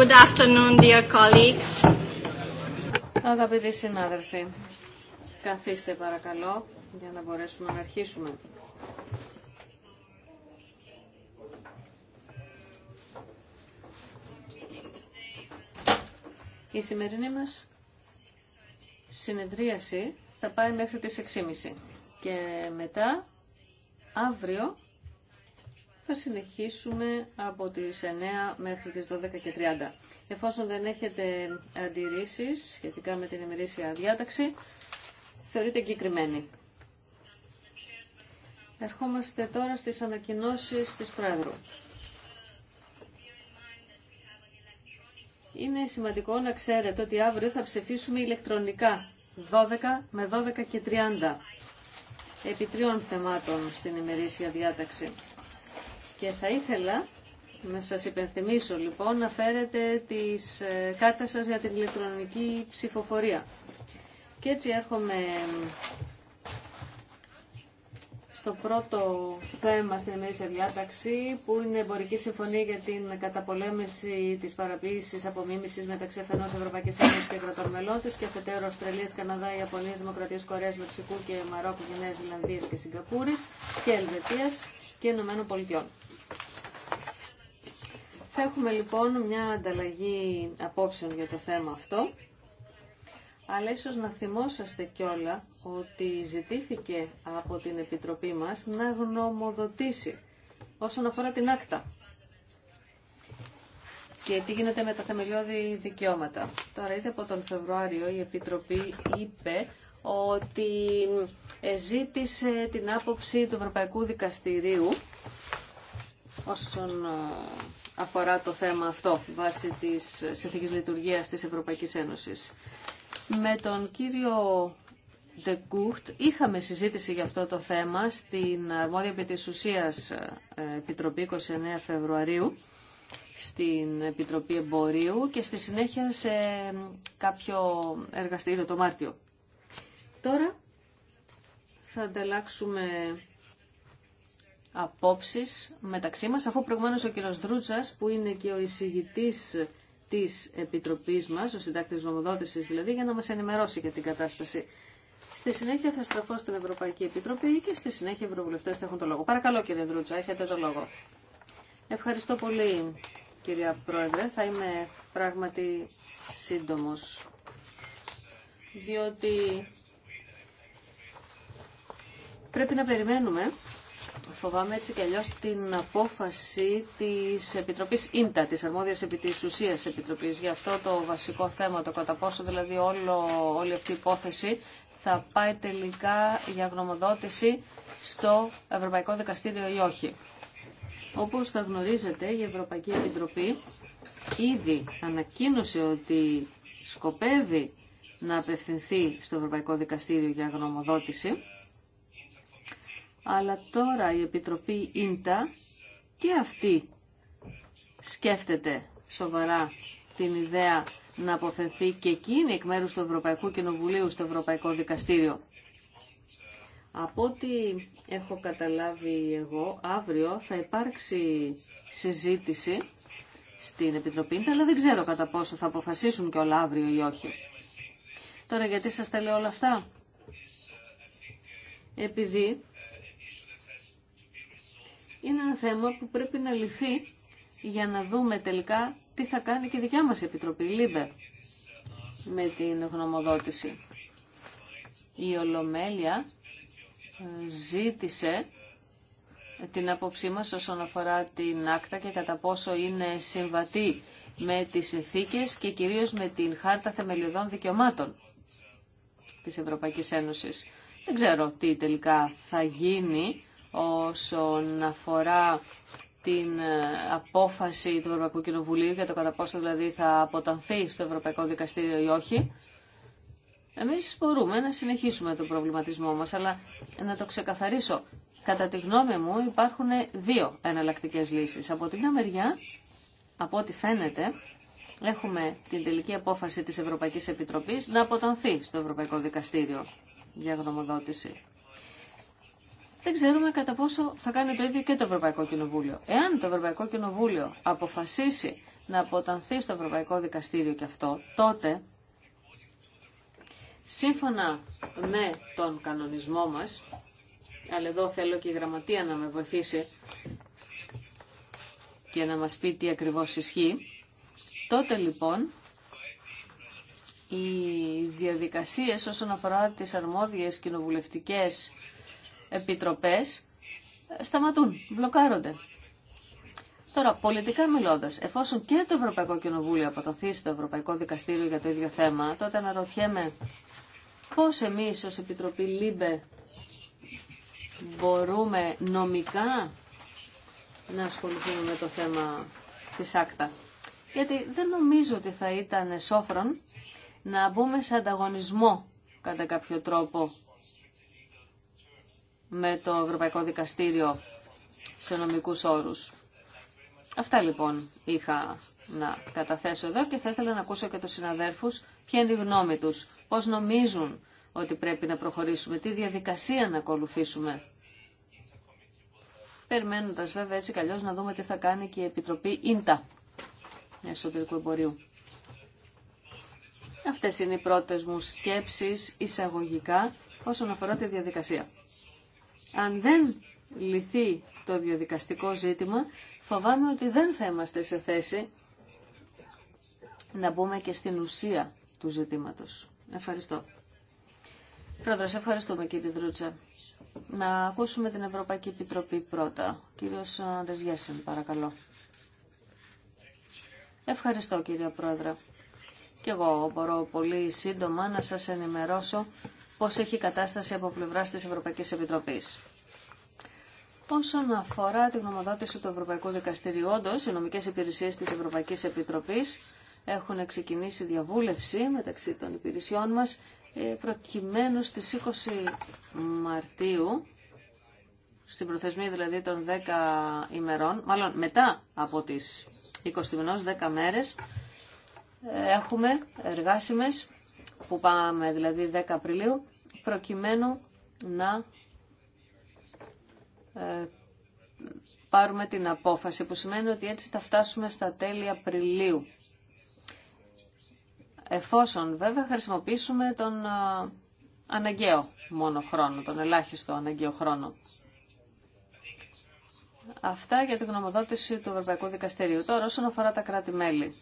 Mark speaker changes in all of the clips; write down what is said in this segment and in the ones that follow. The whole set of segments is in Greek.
Speaker 1: Good afternoon, dear colleagues. Αγαπητοί συνάδελφοι, καθίστε παρακαλώ για να μπορέσουμε να αρχίσουμε. Η σημερινή μας συνεδρίαση θα πάει μέχρι τις 6.30 και μετά αύριο θα συνεχίσουμε από τις 9 μέχρι τις 12.30. Εφόσον δεν έχετε αντιρρήσεις σχετικά με την ημερήσια διάταξη, θεωρείται εγκεκριμένη. Ερχόμαστε τώρα στις ανακοινώσεις της Πρόεδρου. Είναι σημαντικό να ξέρετε ότι αύριο θα ψηφίσουμε ηλεκτρονικά 12 με 12 και 30 επί τριών θεμάτων στην ημερήσια διάταξη. Και θα ήθελα να σας υπενθυμίσω λοιπόν να φέρετε τις ε, κάρτες σας για την ηλεκτρονική ψηφοφορία. Και έτσι έρχομαι στο πρώτο θέμα στην ημερήσια διάταξη που είναι εμπορική συμφωνία για την καταπολέμηση της παραποίησης απομίμησης μεταξύ αφενός Ευρωπαϊκής Ένωσης και κρατών μελών της και αφετέρου Αυστραλίας, Καναδά, Ιαπωνίας, Δημοκρατίας, Κορέας, Μεξικού και Μαρόκου, Γενέας Ιλανδίας και Σιγκαπούρης και Ελβετίας και Ηνωμένων Πολιτειών. Θα έχουμε λοιπόν μια ανταλλαγή απόψεων για το θέμα αυτό. Αλλά ίσως να θυμόσαστε κιόλα ότι ζητήθηκε από την Επιτροπή μας να γνωμοδοτήσει όσον αφορά την άκτα και τι γίνεται με τα θεμελιώδη δικαιώματα. Τώρα, ήδη από τον Φεβρουάριο η Επιτροπή είπε ότι ζήτησε την άποψη του Ευρωπαϊκού Δικαστηρίου όσον ε, αφορά το θέμα αυτό βάσει της συνθήκης λειτουργίας της Ευρωπαϊκής Ένωσης. Με τον κύριο Ντεγκούχτ είχαμε συζήτηση για αυτό το θέμα στην αρμόδια επί της ουσίας ε, Επιτροπή 29 Φεβρουαρίου στην Επιτροπή Εμπορίου και στη συνέχεια σε κάποιο εργαστήριο το Μάρτιο. Τώρα θα ανταλλάξουμε απόψεις μεταξύ μας, αφού προηγουμένως ο κ. Δρούτσας, που είναι και ο εισηγητής της Επιτροπής μας, ο συντάκτης νομοδότηση δηλαδή, για να μας ενημερώσει για την κατάσταση. Στη συνέχεια θα στραφώ στην Ευρωπαϊκή Επιτροπή και στη συνέχεια οι ευρωβουλευτές θα έχουν το λόγο. Παρακαλώ κύριε Δρούτσα, έχετε το λόγο. Ευχαριστώ πολύ κυρία Πρόεδρε. Θα είμαι πράγματι σύντομο, διότι πρέπει να περιμένουμε φοβάμαι έτσι και αλλιώς την απόφαση της Επιτροπής ΙΝΤΑ, της αρμόδιας επί της ουσίας Επιτροπής, για αυτό το βασικό θέμα, το κατά πόσο δηλαδή όλο, όλη αυτή η υπόθεση θα πάει τελικά για γνωμοδότηση στο Ευρωπαϊκό Δικαστήριο ή όχι. Όπως θα γνωρίζετε, η Ευρωπαϊκή Επιτροπή ήδη ανακοίνωσε ότι σκοπεύει να απευθυνθεί στο Ευρωπαϊκό Δικαστήριο για γνωμοδότηση αλλά τώρα η Επιτροπή Ίντα, τι αυτή σκέφτεται σοβαρά την ιδέα να αποφευθεί και εκείνη εκ μέρους του Ευρωπαϊκού Κοινοβουλίου στο Ευρωπαϊκό Δικαστήριο. Από ό,τι έχω καταλάβει εγώ, αύριο θα υπάρξει συζήτηση στην Επιτροπή Ίντα, αλλά δεν ξέρω κατά πόσο θα αποφασίσουν και όλα αύριο ή όχι. Τώρα γιατί σας τα λέω όλα αυτά. Επειδή είναι ένα θέμα που πρέπει να λυθεί για να δούμε τελικά τι θα κάνει και η δικιά μας Επιτροπή ΛΥΜΠΕ με την γνωμοδότηση. Η Ολομέλεια ε, ζήτησε την άποψή μας όσον αφορά την άκτα και κατά πόσο είναι συμβατή με τις συνθήκε και κυρίως με την Χάρτα Θεμελιωδών Δικαιωμάτων της Ευρωπαϊκής Ένωσης. Δεν ξέρω τι τελικά θα γίνει όσον αφορά την ε, απόφαση του Ευρωπαϊκού Κοινοβουλίου για το κατά πόσο δηλαδή θα αποτανθεί στο Ευρωπαϊκό Δικαστήριο ή όχι. Εμείς μπορούμε να συνεχίσουμε τον προβληματισμό μας, αλλά να το ξεκαθαρίσω. Κατά τη γνώμη μου υπάρχουν δύο εναλλακτικές λύσεις. Από τη μια μεριά, από ό,τι φαίνεται, έχουμε την τελική απόφαση της Ευρωπαϊκής Επιτροπής να αποτανθεί στο Ευρωπαϊκό Δικαστήριο για γνωμοδότηση δεν ξέρουμε κατά πόσο θα κάνει το ίδιο και το Ευρωπαϊκό Κοινοβούλιο. Εάν το Ευρωπαϊκό Κοινοβούλιο αποφασίσει να αποτανθεί στο Ευρωπαϊκό Δικαστήριο και αυτό, τότε, σύμφωνα με τον κανονισμό μας, αλλά εδώ θέλω και η Γραμματεία να με βοηθήσει και να μας πει τι ακριβώς ισχύει, τότε λοιπόν οι διαδικασίες όσον αφορά τις αρμόδιες κοινοβουλευτικές επιτροπές σταματούν, μπλοκάρονται. Τώρα, πολιτικά μιλώντα, εφόσον και το Ευρωπαϊκό Κοινοβούλιο αποτοθεί στο Ευρωπαϊκό Δικαστήριο για το ίδιο θέμα, τότε αναρωτιέμαι πώ εμεί ω Επιτροπή ΛΥΜΠΕ μπορούμε νομικά να ασχοληθούμε με το θέμα τη άκτα. Γιατί δεν νομίζω ότι θα ήταν σόφρον να μπούμε σε ανταγωνισμό κατά κάποιο τρόπο με το Ευρωπαϊκό Δικαστήριο σε νομικού όρους. Αυτά λοιπόν είχα να καταθέσω εδώ και θα ήθελα να ακούσω και τους συναδέρφους ποια είναι η γνώμη τους, πώς νομίζουν ότι πρέπει να προχωρήσουμε, τι διαδικασία να ακολουθήσουμε. Περιμένοντας βέβαια έτσι καλώς να δούμε τι θα κάνει και η Επιτροπή ΙΝΤΑ εσωτερικού εμπορίου. Αυτές είναι οι πρώτες μου σκέψεις εισαγωγικά όσον αφορά τη διαδικασία. Αν δεν λυθεί το διαδικαστικό ζήτημα, φοβάμαι ότι δεν θα είμαστε σε θέση να μπούμε και στην ουσία του ζητήματος. Ευχαριστώ. Πρόεδρος, ευχαριστούμε κύριε Δρούτσα. Να ακούσουμε την Ευρωπαϊκή Επιτροπή πρώτα. Κύριος Αντρεσγέσεν, παρακαλώ. Ευχαριστώ κύριε Πρόεδρε. Και εγώ μπορώ πολύ σύντομα να σας ενημερώσω πώς έχει η κατάσταση από πλευράς της Ευρωπαϊκής Επιτροπής. Όσον αφορά τη γνωμοδότηση του Ευρωπαϊκού Δικαστηρίου, όντω, οι Νομικέ υπηρεσίε τη Ευρωπαϊκή Επιτροπή, έχουν ξεκινήσει διαβούλευση μεταξύ των υπηρεσιών μα ε, προκειμένου στι 20 Μαρτίου, στην προθεσμία δηλαδή των 10 ημερών, μάλλον μετά από τις 20 10 μέρες, ε, έχουμε εργάσιμες που πάμε δηλαδή 10 Απριλίου προκειμένου να ε, πάρουμε την απόφαση, που σημαίνει ότι έτσι θα φτάσουμε στα τέλη Απριλίου. Εφόσον βέβαια χρησιμοποιήσουμε τον ε, αναγκαίο μόνο χρόνο, τον ελάχιστο αναγκαίο χρόνο. Αυτά για την γνωμοδότηση του Ευρωπαϊκού Δικαστηρίου. Τώρα όσον αφορά τα κράτη-μέλη.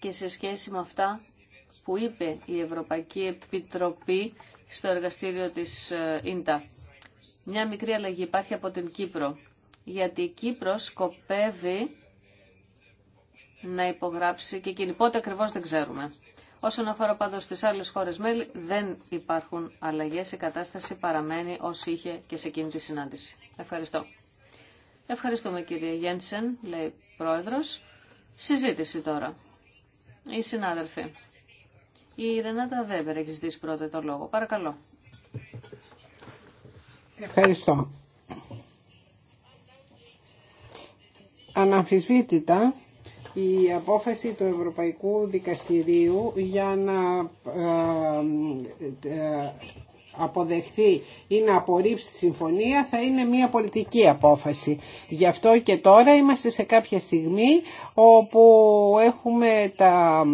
Speaker 1: Και σε σχέση με αυτά που είπε η Ευρωπαϊκή Επιτροπή στο εργαστήριο της ΙΝΤΑ. Ε, Μια μικρή αλλαγή υπάρχει από την Κύπρο, γιατί η Κύπρος σκοπεύει να υπογράψει και εκείνη. Πότε ακριβώς δεν ξέρουμε. Όσον αφορά πάντως στις άλλες χώρες μέλη, δεν υπάρχουν αλλαγές. Η κατάσταση παραμένει όσοι είχε και σε εκείνη τη συνάντηση. Ευχαριστώ. Ευχαριστούμε κύριε Γένσεν, λέει πρόεδρος. Συζήτηση τώρα. Οι συνάδελφοι. Η Ρενάτα Βέμπερ έχει ζητήσει πρώτα το λόγο. Παρακαλώ.
Speaker 2: Ευχαριστώ. Αναμφισβήτητα η απόφαση του Ευρωπαϊκού Δικαστηρίου για να ε, ε, αποδεχθεί ή να απορρίψει τη συμφωνία θα είναι μια πολιτική απόφαση. Γι' αυτό και τώρα είμαστε σε κάποια στιγμή όπου έχουμε τα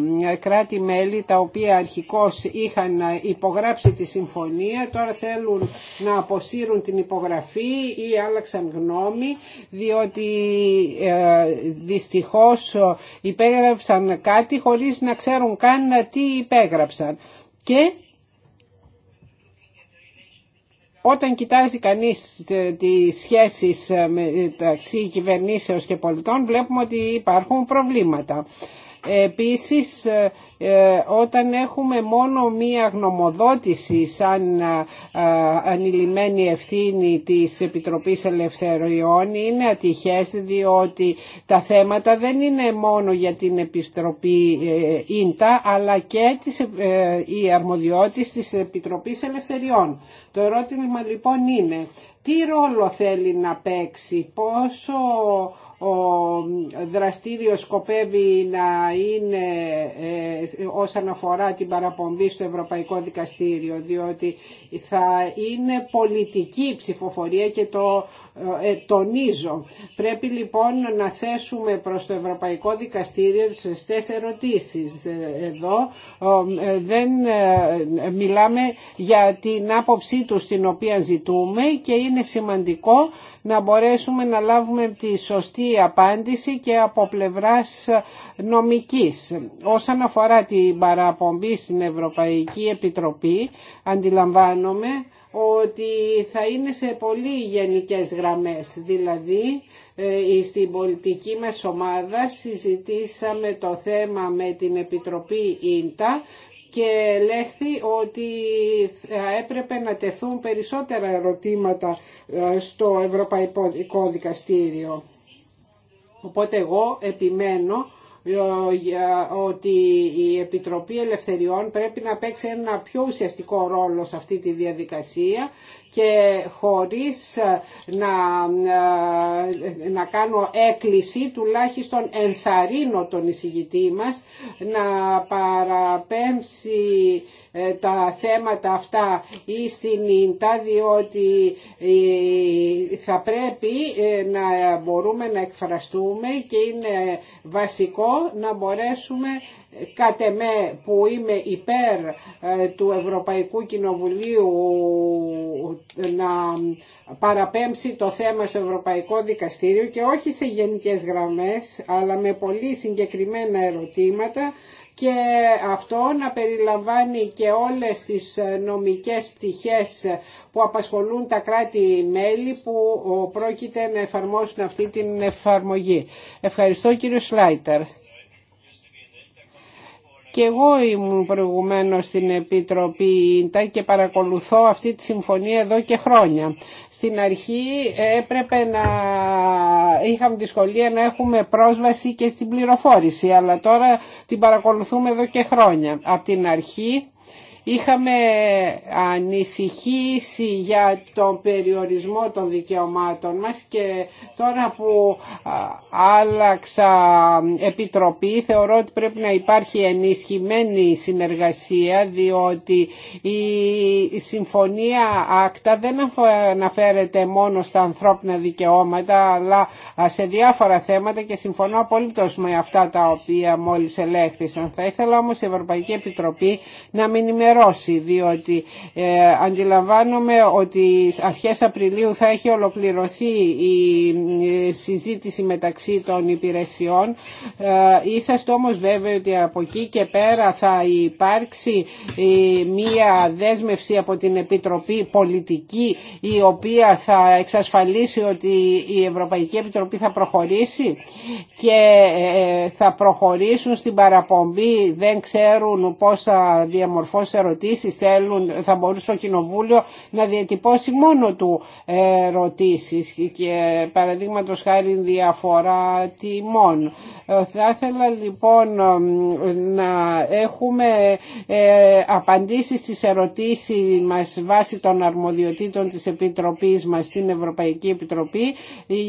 Speaker 2: κράτη-μέλη τα οποία αρχικώς είχαν ε, υπογράψει τη συμφωνία τώρα θέλουν να αποσύρουν την υπογραφή ή άλλαξαν γνώμη διότι ε, δυστυχώς ε, υπέγραψαν κάτι χωρίς να ξέρουν καν τι υπέγραψαν. Και όταν κοιτάζει κανείς ε, τις σχέσεις ε, μεταξύ κυβερνήσεως και πολιτών βλέπουμε ότι υπάρχουν προβλήματα. Επίσης ε, ε, όταν έχουμε μόνο μία γνωμοδότηση σαν ε, ανηλυμένη ευθύνη της Επιτροπής Ελευθεριών είναι ατυχές διότι τα θέματα δεν είναι μόνο για την Επιτροπή Ίντα αλλά και η οι αρμοδιότητες της Επιτροπής Ελευθεριών. Το ερώτημα λοιπόν είναι τι ρόλο θέλει να παίξει, πόσο ο δραστήριος σκοπεύει να είναι ε, όσον αφορά την παραπομπή στο Ευρωπαϊκό Δικαστήριο διότι θα είναι πολιτική ψηφοφορία και το ε, τονίζω. Πρέπει λοιπόν να θέσουμε προς το Ευρωπαϊκό Δικαστήριο τις ερωτήσεις. Ε, εδώ δεν μιλάμε για την άποψή του την οποία ζητούμε και είναι σημαντικό να μπορέσουμε να λάβουμε τη σωστή απάντηση και από πλευράς νομικής. Όσον αφορά την παραπομπή στην Ευρωπαϊκή Επιτροπή, αντιλαμβάνομαι ότι θα είναι σε πολύ γενικές γραμμές. Δηλαδή, ε, στην πολιτική μας ομάδα συζητήσαμε το θέμα με την Επιτροπή Ίντα και λέχθη ότι θα έπρεπε να τεθούν περισσότερα ερωτήματα ε, στο Ευρωπαϊκό Δικαστήριο. Οπότε εγώ επιμένω ε, ότι η Επιτροπή Ελευθεριών πρέπει να παίξει ένα πιο ουσιαστικό ρόλο σε αυτή τη διαδικασία και χωρίς ε, να, ε, να κάνω έκκληση τουλάχιστον ενθαρρύνω τον εισηγητή μας να παραπέμψει ε, τα θέματα αυτά ή στην ΙΝΤΑ διότι ε, θα πρέπει ε, να μπορούμε να εκφραστούμε και είναι βασικό να μπορέσουμε κατ' εμέ που είμαι υπέρ του Ευρωπαϊκού Κοινοβουλίου να παραπέμψει το θέμα στο Ευρωπαϊκό Δικαστήριο και όχι σε γενικές γραμμές αλλά με πολύ συγκεκριμένα ερωτήματα και αυτό να περιλαμβάνει και όλες τις ε, νομικές πτυχές που απασχολούν τα κράτη-μέλη που πρόκειται να εφαρμόσουν αυτή την εφαρμογή. Ευχαριστώ κύριο Σλάιτερ. Και εγώ ήμουν προηγουμένως στην Επιτροπή ΙΝΤΑ και παρακολουθώ αυτή τη συμφωνία εδώ και χρόνια. Στην αρχή έπρεπε να είχαμε δυσκολία να έχουμε πρόσβαση και στην πληροφόρηση, αλλά τώρα την παρακολουθούμε εδώ και χρόνια. Από την αρχή Είχαμε ανησυχήσει για τον περιορισμό των δικαιωμάτων μας και τώρα που άλλαξα επιτροπή θεωρώ ότι πρέπει να υπάρχει ενισχυμένη συνεργασία διότι η συμφωνία ΑΚΤΑ δεν αναφέρεται μόνο στα ανθρώπινα δικαιώματα αλλά σε διάφορα θέματα και συμφωνώ απολύτως με αυτά τα οποία μόλις ελέγχθησαν. Θα ήθελα όμως η Ευρωπαϊκή Επιτροπή να μην διότι ε, αντιλαμβάνομαι ότι αρχές Απριλίου θα έχει ολοκληρωθεί η συζήτηση μεταξύ των υπηρεσιών. Ε, είσαστε όμως βέβαιοι ότι από εκεί και πέρα θα υπάρξει ε, μία δέσμευση από την Επιτροπή Πολιτική η οποία θα εξασφαλίσει ότι η Ευρωπαϊκή Επιτροπή θα προχωρήσει και θα προχωρήσουν στην παραπομπή δεν ξέρουν πώς θα διαμορφώσει ερωτήσεις θα μπορούσε το Κοινοβούλιο να διατυπώσει μόνο του ερωτήσεις και παραδείγματο χάρη διαφορά τιμών. Θα ήθελα λοιπόν να έχουμε ε, απαντήσεις στις ερωτήσεις μας βάσει των αρμοδιοτήτων της Επιτροπής μας στην Ευρωπαϊκή Επιτροπή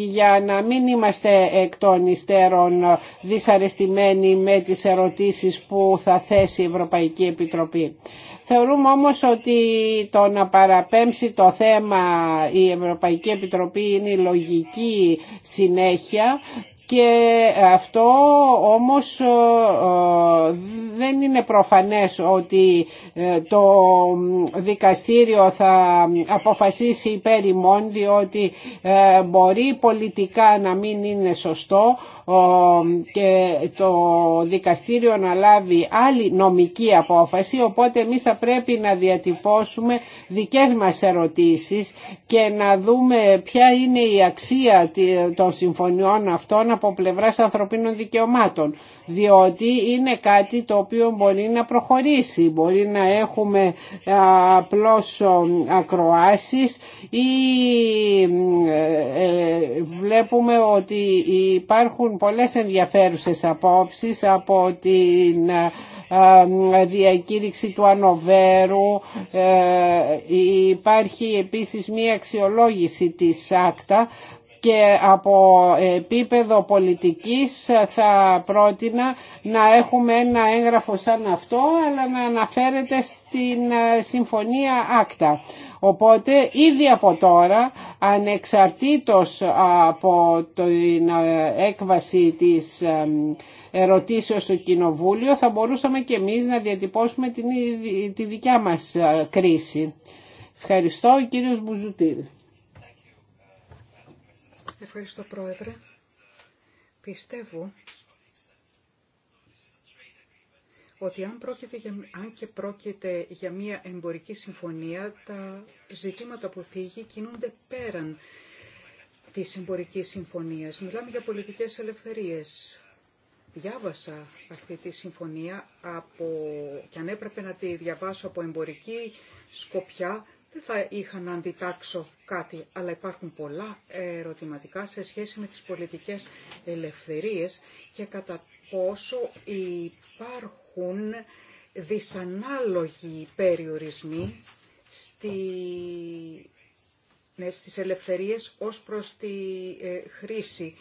Speaker 2: για να μην είμαστε εκ των υστέρων δυσαρεστημένοι με τις ερωτήσεις που θα θέσει η Ευρωπαϊκή Επιτροπή. Θεωρούμε όμως ότι το να παραπέμψει το θέμα η Ευρωπαϊκή Επιτροπή είναι η λογική συνέχεια και αυτό όμως ε, ε, δεν είναι προφανές ότι ε, το δικαστήριο θα αποφασίσει υπέρ ημών διότι μπορεί πολιτικά να μην είναι σωστό και το δικαστήριο να λάβει άλλη νομική απόφαση οπότε εμείς θα πρέπει να διατυπώσουμε δικές μας ερωτήσεις και να δούμε ποια είναι η αξία των συμφωνιών αυτών από πλευράς ανθρωπίνων δικαιωμάτων διότι είναι κάτι το οποίο μπορεί να προχωρήσει μπορεί να έχουμε απλώς ακροάσεις ή ε, ε, βλέπουμε ότι υπάρχουν πολλές ενδιαφέρουσες απόψεις από την διακήρυξη του Ανοβέρου ε, υπάρχει επίσης μία αξιολόγηση της ΣΑΚΤΑ και από επίπεδο πολιτικής θα πρότεινα να έχουμε ένα έγγραφο σαν αυτό αλλά να αναφέρεται στην ε, Συμφωνία Άκτα. Οπότε ήδη από τώρα ανεξαρτήτως από την ε, έκβαση της ε, ερωτήσεως στο Κοινοβούλιο θα μπορούσαμε και εμείς να διατυπώσουμε την, τη δικιά μας κρίση. Ευχαριστώ, κύριος Μπουζουτήλ.
Speaker 3: Ευχαριστώ Πρόεδρε. Πιστεύω ότι αν, για, αν και πρόκειται για μια εμπορική συμφωνία, τα ζητήματα που θίγει κινούνται πέραν της εμπορικής συμφωνίας. Μιλάμε για πολιτικές ελευθερίες. Διάβασα αυτή τη συμφωνία από, και αν έπρεπε να τη διαβάσω από εμπορική σκοπιά, δεν θα είχα να αντιτάξω κάτι, αλλά υπάρχουν πολλά ερωτηματικά σε σχέση με τις πολιτικές ελευθερίες και κατά πόσο υπάρχουν δυσανάλογοι περιορισμοί στη... ναι, στις ελευθερίες ως προς τη ε, χρήση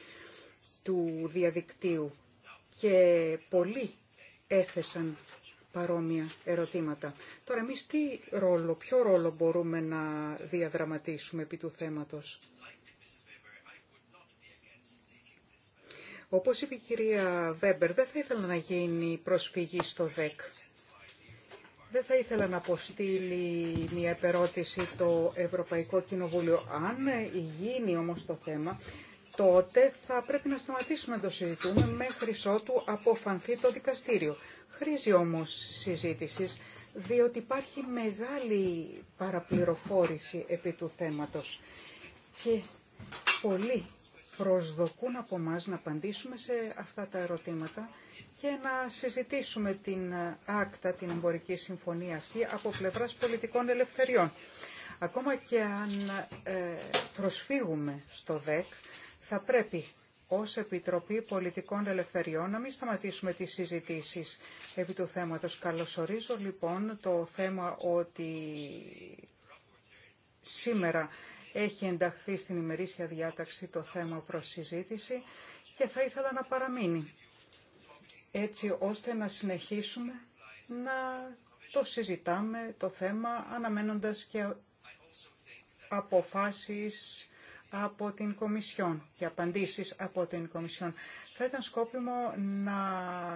Speaker 3: του διαδικτύου. Και πολλοί έθεσαν παρόμοια ερωτήματα. Τώρα εμείς τι ρόλο, ποιο ρόλο μπορούμε να διαδραματίσουμε επί του θέματος. Όπως είπε η κυρία Βέμπερ, δεν θα ήθελα να γίνει προσφυγή στο ΔΕΚ. Δεν θα ήθελα να αποστείλει μια επερώτηση το Ευρωπαϊκό Κοινοβούλιο. Αν γίνει όμως το θέμα, τότε θα πρέπει να σταματήσουμε να το συζητούμε μέχρι ότου αποφανθεί το δικαστήριο. Χρήζει όμως συζήτησης, διότι υπάρχει μεγάλη παραπληροφόρηση επί του θέματος και πολλοί προσδοκούν από μας να απαντήσουμε σε αυτά τα ερωτήματα και να συζητήσουμε την άκτα, την εμπορική συμφωνία αυτή από πλευράς πολιτικών ελευθεριών. Ακόμα και αν ε, προσφύγουμε στο ΔΕΚ, θα πρέπει ως Επιτροπή Πολιτικών Ελευθεριών να μην σταματήσουμε τις συζητήσεις επί του θέματος. Καλωσορίζω λοιπόν το θέμα ότι σήμερα έχει ενταχθεί στην ημερήσια διάταξη το θέμα προς συζήτηση και θα ήθελα να παραμείνει έτσι ώστε να συνεχίσουμε να το συζητάμε το θέμα αναμένοντας και αποφάσεις από την Κομισιόν και απαντήσει από την Κομισιόν. Θα ήταν σκόπιμο να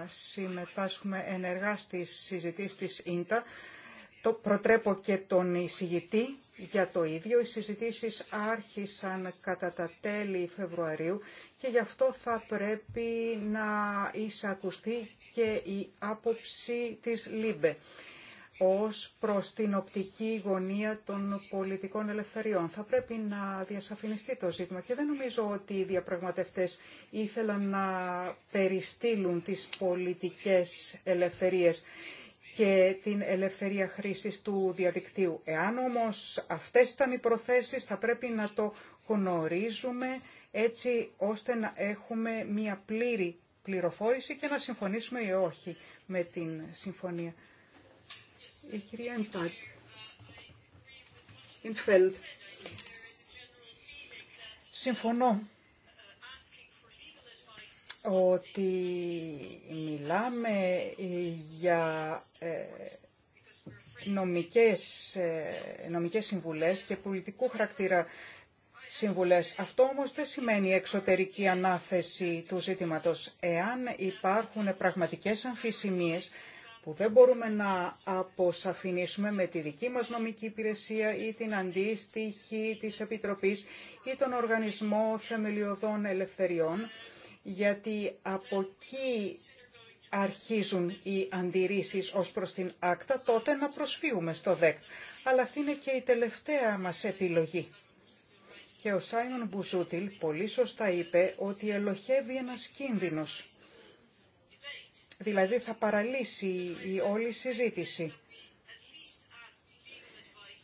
Speaker 3: συμμετάσχουμε ενεργά στις συζητήσεις της ΙΝΤΑ. Το προτρέπω και τον εισηγητή για το ίδιο. Οι συζητήσεις άρχισαν κατά τα τέλη Φεβρουαρίου και γι' αυτό θα πρέπει να εισακουστεί και η άποψη της ΛΥΜΠΕ ως προς την οπτική γωνία των πολιτικών ελευθεριών. Θα πρέπει να διασαφινιστεί το ζήτημα και δεν νομίζω ότι οι διαπραγματευτές ήθελαν να περιστήλουν τις πολιτικές ελευθερίες και την ελευθερία χρήσης του διαδικτύου. Εάν όμως αυτές ήταν οι προθέσεις θα πρέπει να το γνωρίζουμε έτσι ώστε να έχουμε μια πλήρη πληροφόρηση και να συμφωνήσουμε ή όχι με την συμφωνία. Η κυρία Ιντφέλτ. Συμφωνώ ότι μιλάμε για ε, νομικές, ε, νομικές συμβουλές και πολιτικού χαρακτήρα συμβουλές. Αυτό όμως δεν σημαίνει εξωτερική ανάθεση του ζήτηματος. Εάν υπάρχουν πραγματικές αμφισημίες που δεν μπορούμε να αποσαφηνίσουμε με τη δική μας νομική υπηρεσία ή την αντίστοιχη της Επιτροπής ή τον Οργανισμό Θεμελιωδών Ελευθεριών, γιατί από εκεί αρχίζουν οι αντιρρήσεις ως προς την άκτα, τότε να προσφύγουμε στο ΔΕΚ. Αλλά αυτή είναι και η τελευταία μας επιλογή. Και ο Σάιμον Μπουζούτιλ πολύ σωστά είπε ότι ελοχεύει ένας κίνδυνος Δηλαδή θα παραλύσει η όλη συζήτηση.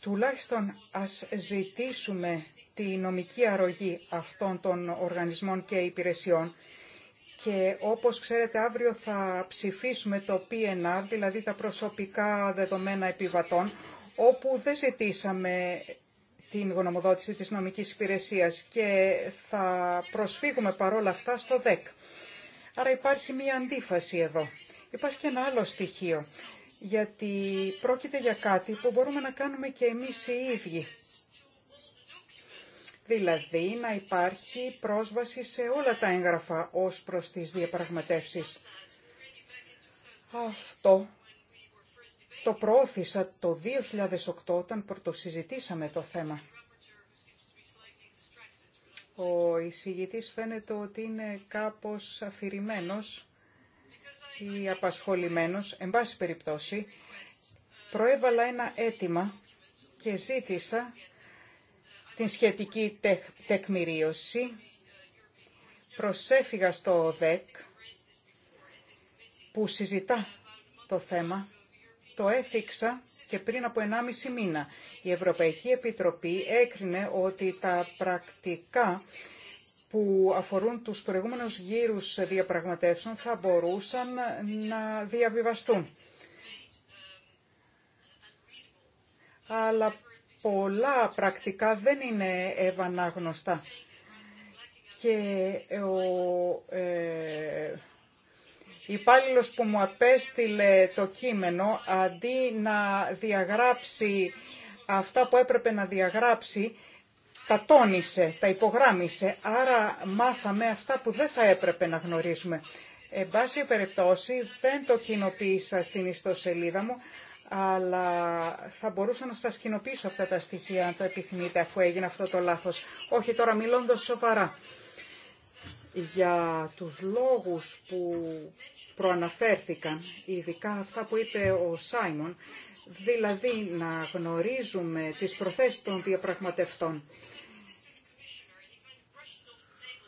Speaker 3: Τουλάχιστον ας ζητήσουμε τη νομική αρρωγή αυτών των οργανισμών και υπηρεσιών και όπως ξέρετε αύριο θα ψηφίσουμε το PNR, δηλαδή τα προσωπικά δεδομένα επιβατών, όπου δεν ζητήσαμε την γνωμοδότηση της νομικής υπηρεσίας και θα προσφύγουμε παρόλα αυτά στο ΔΕΚ. Άρα υπάρχει μία αντίφαση εδώ. Υπάρχει και ένα άλλο στοιχείο, γιατί πρόκειται για κάτι που μπορούμε να κάνουμε και εμείς οι ίδιοι. Δηλαδή να υπάρχει πρόσβαση σε όλα τα έγγραφα ως προς τις διαπραγματεύσεις. Αυτό το προώθησα το 2008 όταν πρωτοσυζητήσαμε το θέμα. Ο εισηγητής φαίνεται ότι είναι κάπως αφηρημένος ή απασχολημένος. Εν πάση περιπτώσει, προέβαλα ένα αίτημα και ζήτησα την σχετική τεκμηρίωση. Προσέφυγα στο ΔΕΚ που συζητά το θέμα το έθιξα και πριν από 1,5 μήνα. Η Ευρωπαϊκή Επιτροπή έκρινε ότι τα πρακτικά που αφορούν τους προηγούμενους γύρους διαπραγματεύσεων θα μπορούσαν να διαβιβαστούν. Αλλά πολλά πρακτικά δεν είναι ευανάγνωστα. Και ο ε, υπάλληλος που μου απέστειλε το κείμενο, αντί να διαγράψει αυτά που έπρεπε να διαγράψει, τα τόνισε, τα υπογράμισε. άρα μάθαμε αυτά που δεν θα έπρεπε να γνωρίσουμε. Εν πάση περιπτώσει, δεν το κοινοποίησα στην ιστοσελίδα μου, αλλά θα μπορούσα να σας κοινοποιήσω αυτά τα στοιχεία, αν το επιθυμείτε, αφού έγινε αυτό το λάθος. Όχι τώρα μιλώντας σοβαρά για τους λόγους που προαναφέρθηκαν, ειδικά αυτά που είπε ο Σάιμον, δηλαδή να γνωρίζουμε τις προθέσεις των διαπραγματευτών,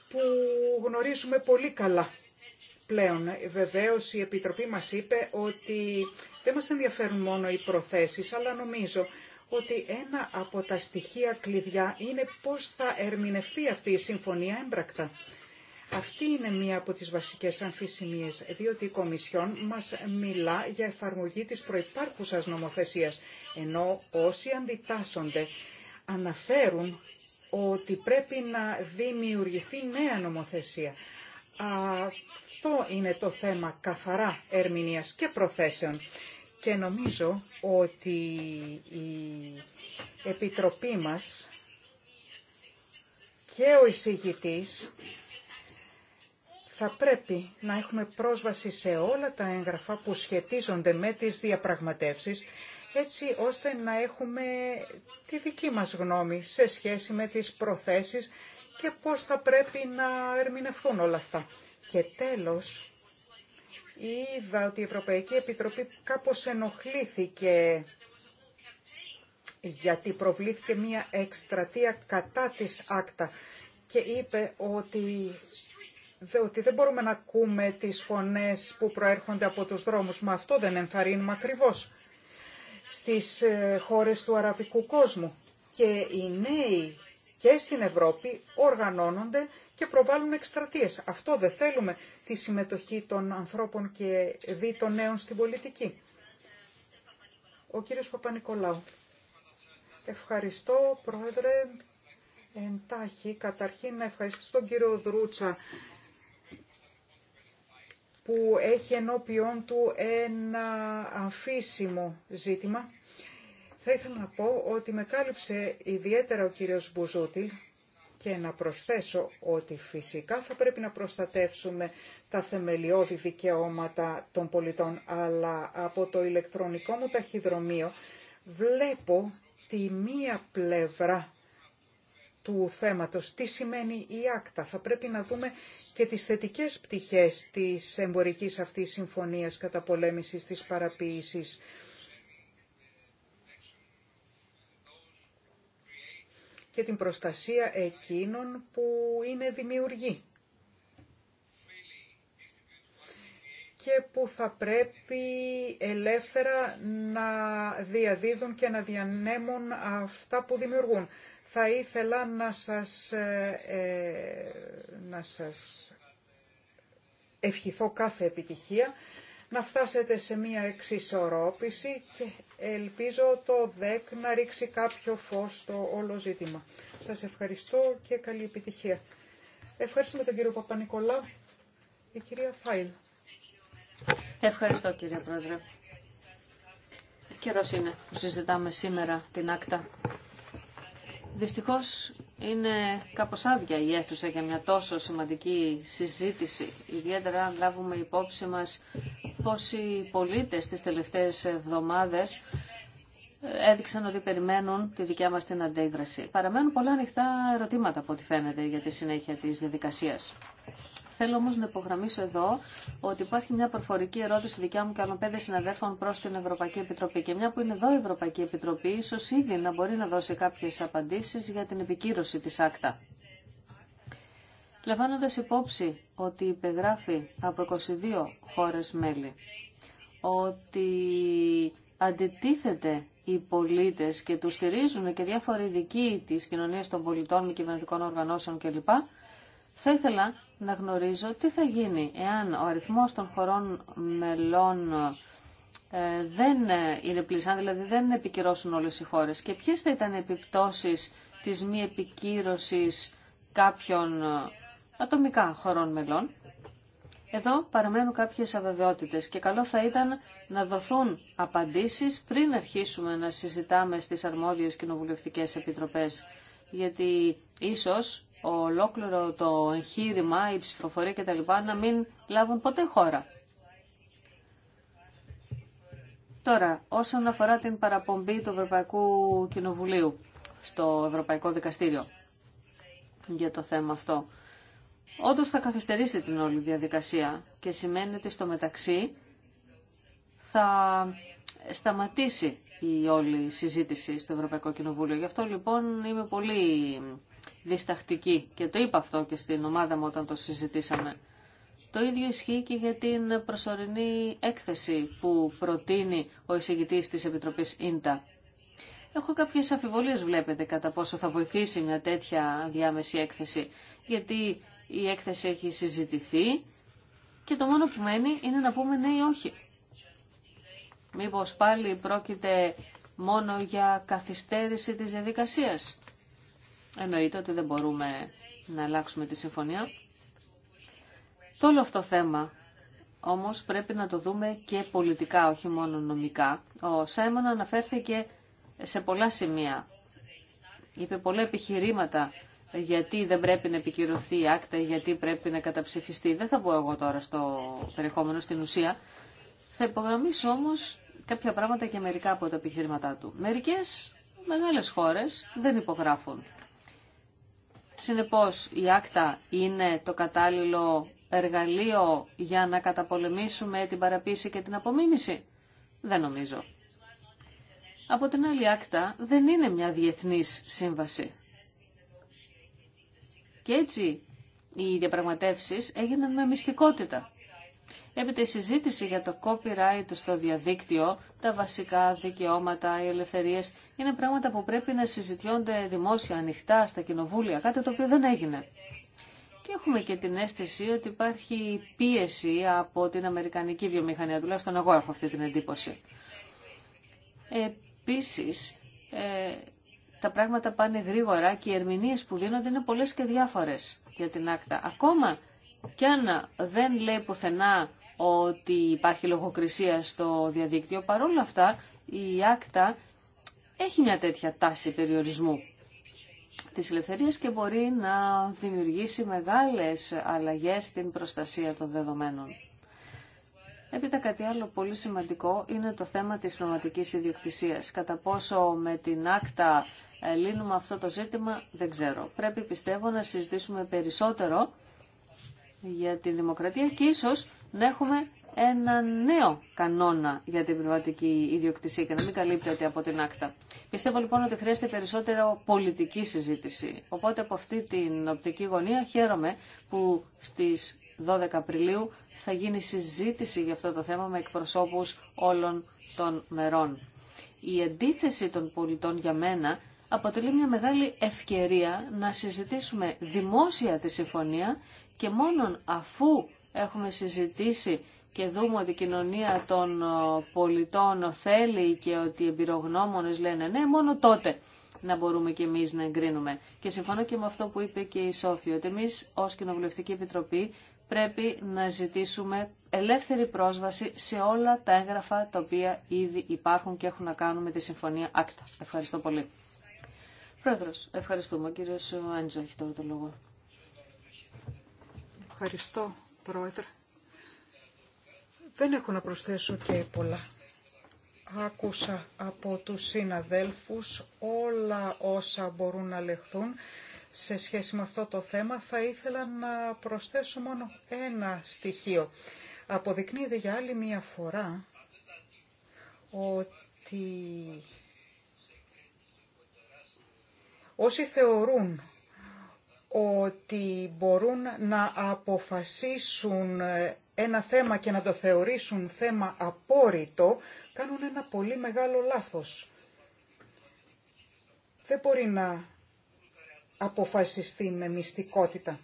Speaker 3: που γνωρίζουμε πολύ καλά πλέον. Βεβαίως η Επιτροπή μας είπε ότι δεν μας ενδιαφέρουν μόνο οι προθέσεις, αλλά νομίζω ότι ένα από τα στοιχεία κλειδιά είναι πώς θα ερμηνευτεί αυτή η συμφωνία έμπρακτα. Αυτή είναι μία από τις βασικές αμφισημίες, διότι η Κομισιόν μας μιλά για εφαρμογή της προϋπάρχουσας νομοθεσίας, ενώ όσοι αντιτάσσονται αναφέρουν ότι πρέπει να δημιουργηθεί νέα νομοθεσία. Αυτό είναι το θέμα καθαρά ερμηνείας και προθέσεων. Και νομίζω ότι η Επιτροπή μας και ο εισηγητής θα πρέπει να έχουμε πρόσβαση σε όλα τα έγγραφα που σχετίζονται με τις διαπραγματεύσεις, έτσι ώστε να έχουμε τη δική μας γνώμη σε σχέση με τις προθέσεις και πώς θα πρέπει να ερμηνευτούν όλα αυτά. Και τέλος, είδα ότι η Ευρωπαϊκή Επιτροπή κάπως ενοχλήθηκε γιατί προβλήθηκε μια εκστρατεία κατά της άκτα και είπε ότι ότι δεν μπορούμε να ακούμε τις φωνές που προέρχονται από τους δρόμους. Μα αυτό δεν ενθαρρύνουμε ακριβώς στις ε, χώρες του αραβικού κόσμου. Και οι νέοι και στην Ευρώπη οργανώνονται και προβάλλουν εκστρατείες. Αυτό δεν θέλουμε τη συμμετοχή των ανθρώπων και δι των νέων στην πολιτική. Ο κύριος Ευχαριστώ, Πρόεδρε. Εντάχει, καταρχήν να ευχαριστήσω τον κύριο Δρούτσα που έχει ενώπιόν του ένα αμφίσιμο ζήτημα. Θα ήθελα να πω ότι με κάλυψε ιδιαίτερα ο κύριος Μπουζούτιλ και να προσθέσω ότι φυσικά θα πρέπει να προστατεύσουμε τα θεμελιώδη δικαιώματα των πολιτών, αλλά από το ηλεκτρονικό μου ταχυδρομείο βλέπω τη μία πλευρά του θέματος. Τι σημαίνει η άκτα. Θα πρέπει να δούμε και τις θετικές πτυχές της εμπορικής αυτής συμφωνίας κατά πολέμησης της παραποίησης. και την προστασία εκείνων που είναι δημιουργοί και που θα πρέπει ελεύθερα να διαδίδουν και να διανέμουν αυτά που δημιουργούν. Θα ήθελα να σας, ε, ε, να σας ευχηθώ κάθε επιτυχία, να φτάσετε σε μία εξισορρόπηση και ελπίζω το ΔΕΚ να ρίξει κάποιο φως στο όλο ζήτημα. Σας ευχαριστώ και καλή επιτυχία. Ευχαριστούμε τον κύριο Παπα-Νικολά,
Speaker 1: κυρία Φάιλ. Ευχαριστώ κύριε Πρόεδρε. Καιρός είναι που συζητάμε σήμερα την άκτα Δυστυχώς είναι κάπως άδεια η αίθουσα για μια τόσο σημαντική συζήτηση, ιδιαίτερα αν λάβουμε υπόψη μας πως οι πολίτες τις τελευταίες εβδομάδες έδειξαν ότι περιμένουν τη δικιά μας την αντίδραση. Παραμένουν πολλά ανοιχτά ερωτήματα από ό,τι φαίνεται για τη συνέχεια της διαδικασίας. Θέλω όμω να υπογραμμίσω εδώ ότι υπάρχει μια προφορική ερώτηση δικιά μου και άλλων πέντε συναδέλφων προ την Ευρωπαϊκή Επιτροπή. Και μια που είναι εδώ η Ευρωπαϊκή Επιτροπή, ίσω ήδη να μπορεί να δώσει κάποιε απαντήσει για την επικύρωση τη άκτα. Λαμβάνοντα υπόψη ότι υπεγράφει από 22 χώρε μέλη, ότι αντιτίθεται οι πολίτες και τους στηρίζουν και διάφοροι ειδικοί της κοινωνίας των πολιτών, μη κυβερνητικών οργανώσεων κλπ. Θα ήθελα να γνωρίζω τι θα γίνει εάν ο αριθμός των χωρών μελών ε, δεν είναι πλησάν, δηλαδή δεν επικυρώσουν όλες οι χώρες. Και ποιες θα ήταν οι επιπτώσεις της μη επικύρωσης κάποιων ε, ατομικά χωρών μελών. Εδώ παραμένουν κάποιες αβεβαιότητες και καλό θα ήταν να δοθούν απαντήσεις πριν αρχίσουμε να συζητάμε στις αρμόδιες κοινοβουλευτικές επιτροπές. Γιατί ίσως ολόκληρο το εγχείρημα, η ψηφοφορία κτλ. να μην λάβουν ποτέ χώρα. Τώρα, όσον αφορά την παραπομπή του Ευρωπαϊκού Κοινοβουλίου στο Ευρωπαϊκό Δικαστήριο για το θέμα αυτό. Όντως θα καθυστερήσει την όλη διαδικασία και σημαίνει ότι στο μεταξύ θα σταματήσει η όλη συζήτηση στο Ευρωπαϊκό Κοινοβούλιο. Γι' αυτό λοιπόν είμαι πολύ διστακτική και το είπα αυτό και στην ομάδα μου όταν το συζητήσαμε. Το ίδιο ισχύει και για την προσωρινή έκθεση που προτείνει ο εισηγητής της Επιτροπής ΙΝΤΑ. Έχω κάποιες αφιβολίες βλέπετε κατά πόσο θα βοηθήσει μια τέτοια διάμεση έκθεση, γιατί η έκθεση έχει συζητηθεί και το μόνο που μένει είναι να πούμε ναι ή όχι. Μήπως πάλι πρόκειται μόνο για καθυστέρηση της διαδικασίας. Εννοείται ότι δεν μπορούμε να αλλάξουμε τη συμφωνία. Το όλο αυτό θέμα όμως πρέπει να το δούμε και πολιτικά, όχι μόνο νομικά. Ο Σάιμον αναφέρθηκε σε πολλά σημεία. Είπε πολλά επιχειρήματα γιατί δεν πρέπει να επικυρωθεί η άκτα, γιατί πρέπει να καταψηφιστεί. Δεν θα πω εγώ τώρα στο περιεχόμενο, στην ουσία. Θα υπογραμμίσω όμως κάποια πράγματα και μερικά από τα επιχειρήματά του. Μερικές μεγάλες χώρες δεν υπογράφουν Συνεπώς, η άκτα είναι το κατάλληλο εργαλείο για να καταπολεμήσουμε την παραπίση και την απομίμηση. Δεν νομίζω. Από την άλλη άκτα δεν είναι μια διεθνής σύμβαση. Και έτσι οι διαπραγματεύσεις έγιναν με μυστικότητα. Έπειτα η συζήτηση για το copyright στο διαδίκτυο, τα βασικά δικαιώματα, οι ελευθερίες είναι πράγματα που πρέπει να συζητιώνται δημόσια, ανοιχτά, στα κοινοβούλια, κάτι το οποίο δεν έγινε. Και έχουμε και την αίσθηση ότι υπάρχει πίεση από την αμερικανική βιομηχανία, τουλάχιστον εγώ έχω αυτή την εντύπωση. Επίσης, ε, τα πράγματα πάνε γρήγορα και οι ερμηνείες που δίνονται είναι πολλές και διάφορες για την άκτα. Ακόμα κι αν δεν λέει πουθενά ότι υπάρχει λογοκρισία στο διαδίκτυο, παρόλα αυτά η άκτα έχει μια τέτοια τάση περιορισμού της ελευθερίας και μπορεί να δημιουργήσει μεγάλες αλλαγές στην προστασία των δεδομένων. Έπειτα κάτι άλλο πολύ σημαντικό είναι το θέμα της πνευματικής ιδιοκτησίας. Κατά πόσο με την άκτα ε, λύνουμε αυτό το ζήτημα δεν ξέρω. Πρέπει πιστεύω να συζητήσουμε περισσότερο για τη δημοκρατία και ίσως να έχουμε ένα νέο κανόνα για την πνευματική ιδιοκτησία και να μην καλύπτεται από την άκτα. Πιστεύω λοιπόν ότι χρειάζεται περισσότερο πολιτική συζήτηση. Οπότε από αυτή την οπτική γωνία χαίρομαι που στις 12 Απριλίου θα γίνει συζήτηση για αυτό το θέμα με εκπροσώπους όλων των μερών. Η αντίθεση των πολιτών για μένα αποτελεί μια μεγάλη ευκαιρία να συζητήσουμε δημόσια τη συμφωνία και μόνον αφού έχουμε συζητήσει και δούμε ότι η κοινωνία των ε, πολιτών θέλει και ότι οι εμπειρογνώμονες λένε ναι, μόνο τότε να μπορούμε και εμείς να εγκρίνουμε. Και συμφωνώ και με αυτό που είπε και η Σόφη, ότι εμείς ως Κοινοβουλευτική Επιτροπή πρέπει να ζητήσουμε ελεύθερη πρόσβαση σε όλα τα έγγραφα τα οποία ήδη υπάρχουν και έχουν να κάνουν με τη Συμφωνία Άκτα. Ευχαριστώ πολύ. Πρόεδρος, ευχαριστούμε. Ο κύριος Άντζο έχει τώρα το λόγο. Ευχαριστώ, Πρόεδρε.
Speaker 3: Δεν έχω να προσθέσω και πολλά. Άκουσα από τους συναδέλφους όλα όσα μπορούν να λεχθούν σε σχέση με αυτό το θέμα. Θα ήθελα να προσθέσω μόνο ένα στοιχείο. Αποδεικνύεται για άλλη μία φορά ότι όσοι θεωρούν ότι μπορούν να αποφασίσουν ένα θέμα και να το θεωρήσουν θέμα απόρριτο, κάνουν ένα πολύ μεγάλο λάθος. Δεν μπορεί να αποφασιστεί με μυστικότητα.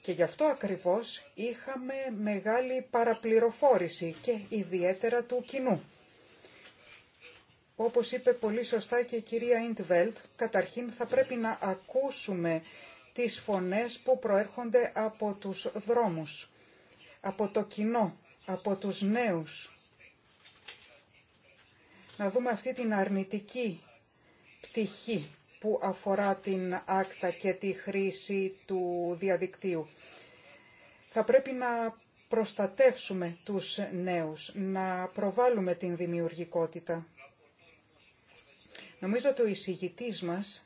Speaker 3: Και γι' αυτό ακριβώς είχαμε μεγάλη παραπληροφόρηση και ιδιαίτερα του κοινού. Όπως είπε πολύ σωστά και η κυρία Ιντβέλτ, καταρχήν θα πρέπει να ακούσουμε τις φωνές που προέρχονται από τους δρόμους από το κοινό, από τους νέους. Να δούμε αυτή την αρνητική πτυχή που αφορά την άκτα και τη χρήση του διαδικτύου. Θα πρέπει να προστατεύσουμε τους νέους, να προβάλλουμε την δημιουργικότητα. Νομίζω ότι ο εισηγητής μας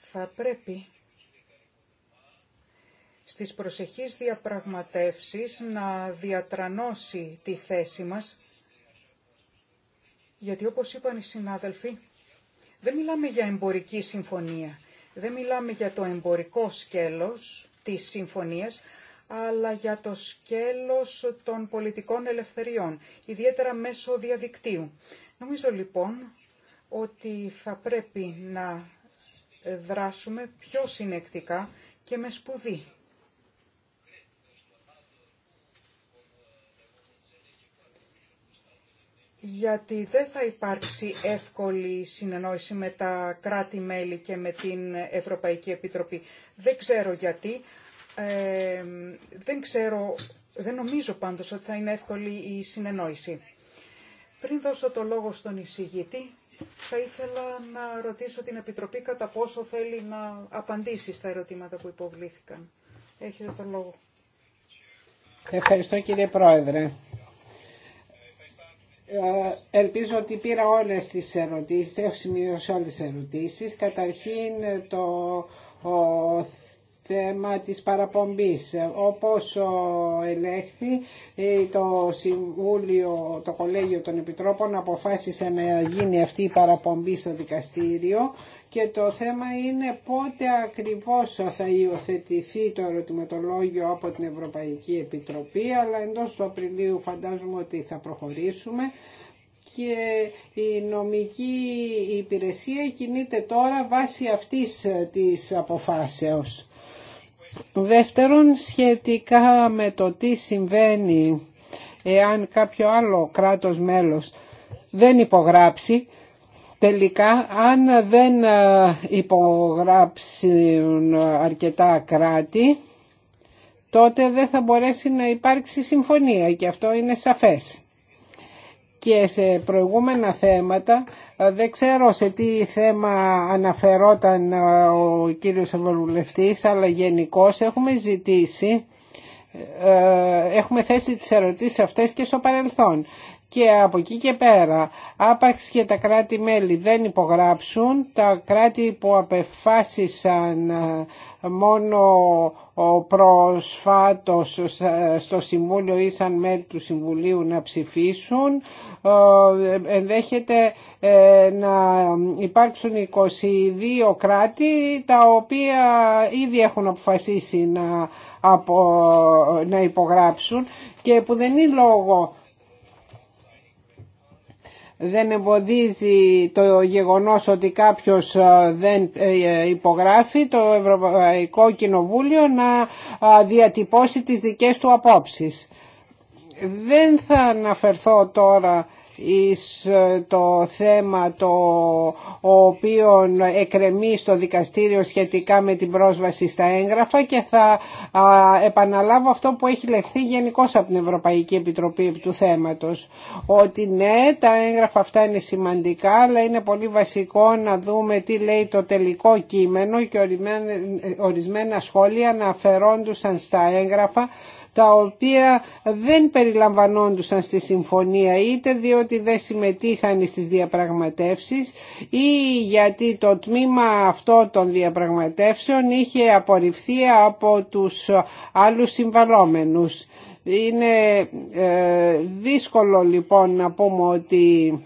Speaker 3: θα πρέπει στις προσεχείς διαπραγματεύσεις να διατρανώσει τη θέση μας, γιατί όπως είπαν οι συνάδελφοι, δεν μιλάμε για εμπορική συμφωνία, δεν μιλάμε για το εμπορικό σκέλος της συμφωνίας, αλλά για το σκέλος των πολιτικών ελευθεριών, ιδιαίτερα μέσω διαδικτύου. Νομίζω λοιπόν ότι θα πρέπει να δράσουμε πιο συνεκτικά και με σπουδή. γιατί δεν θα υπάρξει εύκολη συνεννόηση με τα κράτη-μέλη και με την Ευρωπαϊκή Επιτροπή. Δεν ξέρω γιατί. δεν ξέρω, δεν νομίζω πάντως ότι θα είναι εύκολη η συνεννόηση. Πριν δώσω το λόγο στον εισηγητή, θα ήθελα να ρωτήσω την Επιτροπή κατά πόσο θέλει να απαντήσει στα ερωτήματα που υποβλήθηκαν. Έχετε το λόγο.
Speaker 2: Ευχαριστώ κύριε Πρόεδρε. Ε, ελπίζω ότι πήρα όλες τις ερωτήσεις, έχω σημειώσει όλες τις ερωτήσεις. Καταρχήν το ο, θέμα της παραπομπής. Όπως ελέγχθη, ε, το Συμβούλιο, το Κολέγιο των Επιτρόπων αποφάσισε να γίνει αυτή η παραπομπή στο δικαστήριο και το θέμα είναι πότε ακριβώς θα υιοθετηθεί το ερωτηματολόγιο από την Ευρωπαϊκή Επιτροπή αλλά εντός του Απριλίου φαντάζομαι ότι θα προχωρήσουμε και η νομική υπηρεσία κινείται τώρα βάσει αυτής της αποφάσεως. Δεύτερον, σχετικά με το τι συμβαίνει εάν κάποιο άλλο κράτος μέλος δεν υπογράψει, τελικά αν δεν ε, υπογράψουν αρκετά κράτη τότε δεν θα μπορέσει να υπάρξει συμφωνία και αυτό είναι σαφές. Και σε προηγούμενα θέματα, ε, δεν ξέρω σε τι θέμα αναφερόταν ε, ο κύριος Ευρωβουλευτής, αλλά γενικώ έχουμε ζητήσει, έχουμε θέσει τις ερωτήσεις αυτές και στο παρελθόν και από εκεί και πέρα άπαξ και τα κράτη-μέλη δεν υπογράψουν, τα κράτη που απεφάσισαν ε, μόνο προσφάτως ε, στο Συμβούλιο ή σαν μέλη του Συμβουλίου να ψηφίσουν ε, ενδέχεται να υπάρξουν 22 κράτη τα οποία ήδη έχουν αποφασίσει να υπογράψουν και που δεν είναι λόγο δεν εμποδίζει το γεγονός ότι κάποιος ε, δεν ε, υπογράφει το Ευρωπαϊκό Κοινοβούλιο να ε, διατυπώσει τις δικές του απόψεις. Δεν θα αναφερθώ τώρα εις ε, το θέμα το οποίο εκρεμεί στο δικαστήριο σχετικά με την πρόσβαση στα έγγραφα και θα επαναλάβω αυτό που έχει λεχθεί γενικώ από την Ευρωπαϊκή Επιτροπή του θέματος ότι ναι τα έγγραφα αυτά είναι σημαντικά αλλά είναι πολύ βασικό να δούμε τι λέει το τελικό κείμενο και ε, ορισμένα σχόλια αναφερόντουσαν στα έγγραφα τα οποία δεν περιλαμβανόντουσαν στη συμφωνία είτε διότι δεν συμμετείχαν στις διαπραγματεύσεις ή γιατί το τμήμα αυτό των διαπραγματεύσεων είχε απορριφθεί από τους άλλους συμβαλόμενους. Είναι ε, δύσκολο λοιπόν να πούμε ότι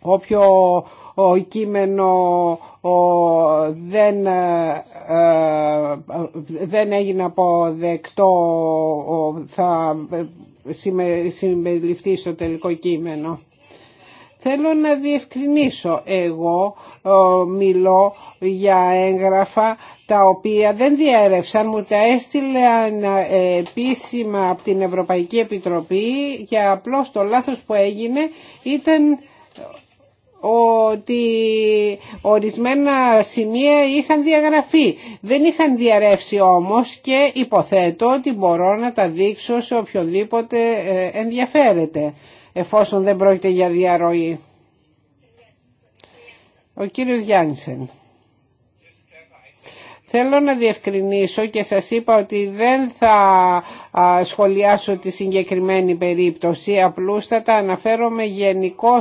Speaker 2: όποιο ο κείμενο δεν, ε, ε, δεν έγινε αποδεκτό, θα ε, συμπεριληφθεί στο τελικό κείμενο. Θέλω να διευκρινίσω, εγώ μιλώ για έγγραφα τα οποία δεν διέρευσαν, μου τα έστειλαν επίσημα από την Ευρωπαϊκή Επιτροπή και απλώς το λάθος που έγινε ήταν ότι ορισμένα σημεία είχαν διαγραφεί. Δεν είχαν διαρρεύσει όμως και υποθέτω ότι μπορώ να τα δείξω σε οποιοδήποτε ε, ενδιαφέρεται, εφόσον δεν πρόκειται για διαρροή. Ο κύριος Γιάννησεν. Θέλω να διευκρινίσω και σας είπα ότι δεν θα σχολιάσω τη συγκεκριμένη περίπτωση, απλούστατα αναφέρομαι γενικώ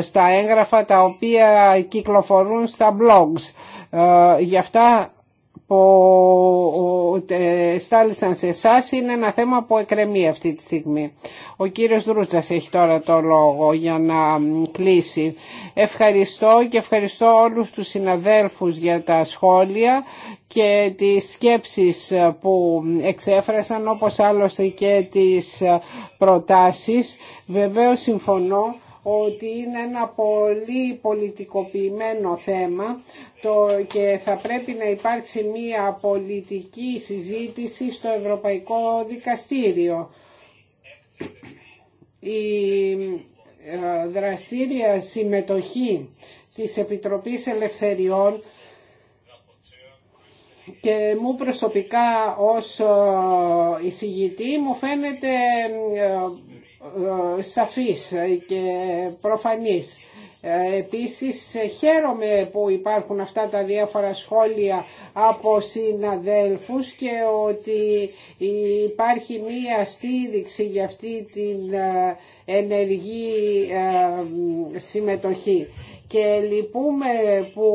Speaker 2: στα έγγραφα τα οποία κυκλοφορούν στα blogs. Γι' αυτά που στάλησαν σε εσά είναι ένα θέμα που εκρεμεί αυτή τη στιγμή. Ο κύριος Δρούτσας έχει τώρα το λόγο για να κλείσει. Ευχαριστώ και ευχαριστώ όλους τους συναδέλφους για τα σχόλια και τις σκέψεις που εξέφρασαν όπως άλλωστε και τις ε, προτάσεις. Βεβαίως συμφωνώ ότι είναι ένα πολύ πολιτικοποιημένο θέμα το και θα πρέπει να υπάρξει μία πολιτική συζήτηση στο Ευρωπαϊκό Δικαστήριο. Η ε, δραστήρια συμμετοχή της Επιτροπής Ελευθεριών και μου προσωπικά ως ε, εισηγητή μου φαίνεται ε, ε, σαφής ε, και προφανής. Ε, επίσης χαίρομαι που υπάρχουν αυτά τα διάφορα σχόλια από συναδέλφους και ότι υπάρχει μία στήριξη για αυτή την ενεργή συμμετοχή. Και λυπούμε που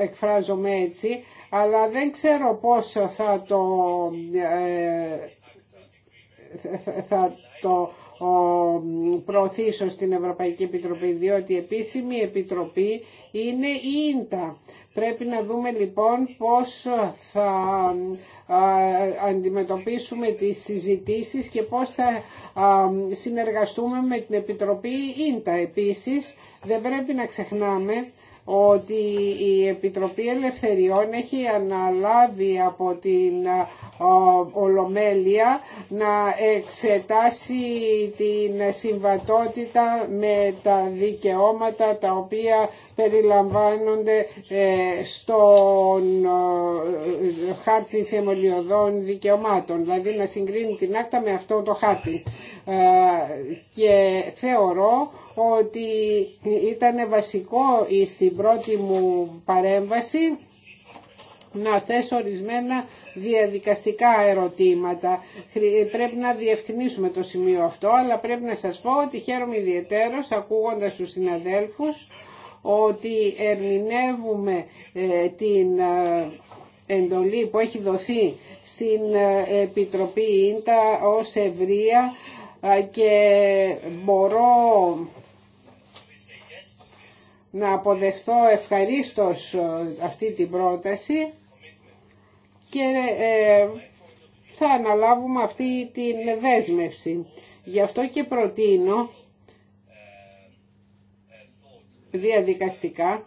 Speaker 2: εκφράζομαι έτσι, αλλά δεν ξέρω πώς θα το... Θα το προωθήσω στην Ευρωπαϊκή Επιτροπή, διότι η επίσημη επιτροπή είναι η ΙΝΤΑ. Πρέπει να δούμε λοιπόν πώς θα αντιμετωπίσουμε τις συζητήσεις και πώς θα συνεργαστούμε με την Επιτροπή ΙΝΤΑ. Επίσης, δεν πρέπει να ξεχνάμε ότι η Επιτροπή Ελευθεριών έχει αναλάβει από την ε, Ολομέλεια να εξετάσει την συμβατότητα με τα δικαιώματα τα οποία περιλαμβάνονται ε, στον ε, χάρτη θεμελιωδών δικαιωμάτων, δηλαδή να συγκρίνει την άκτα με αυτό το χάρτη. Και θεωρώ ότι ήταν βασικό στην πρώτη μου παρέμβαση να θέσω ορισμένα διαδικαστικά ερωτήματα. Πρέπει να διευκρινίσουμε το σημείο αυτό, αλλά πρέπει να σας πω ότι χαίρομαι ιδιαίτερος ακούγοντας τους συναδέλφους ότι ερμηνεύουμε ε, την ε, εντολή που έχει δοθεί στην ε, Επιτροπή Ίντα ως ευρεία και μπορώ να αποδεχθώ ευχαρίστως ε, αυτή την πρόταση και ε, θα αναλάβουμε αυτή την δέσμευση. Γι' αυτό και προτείνω διαδικαστικά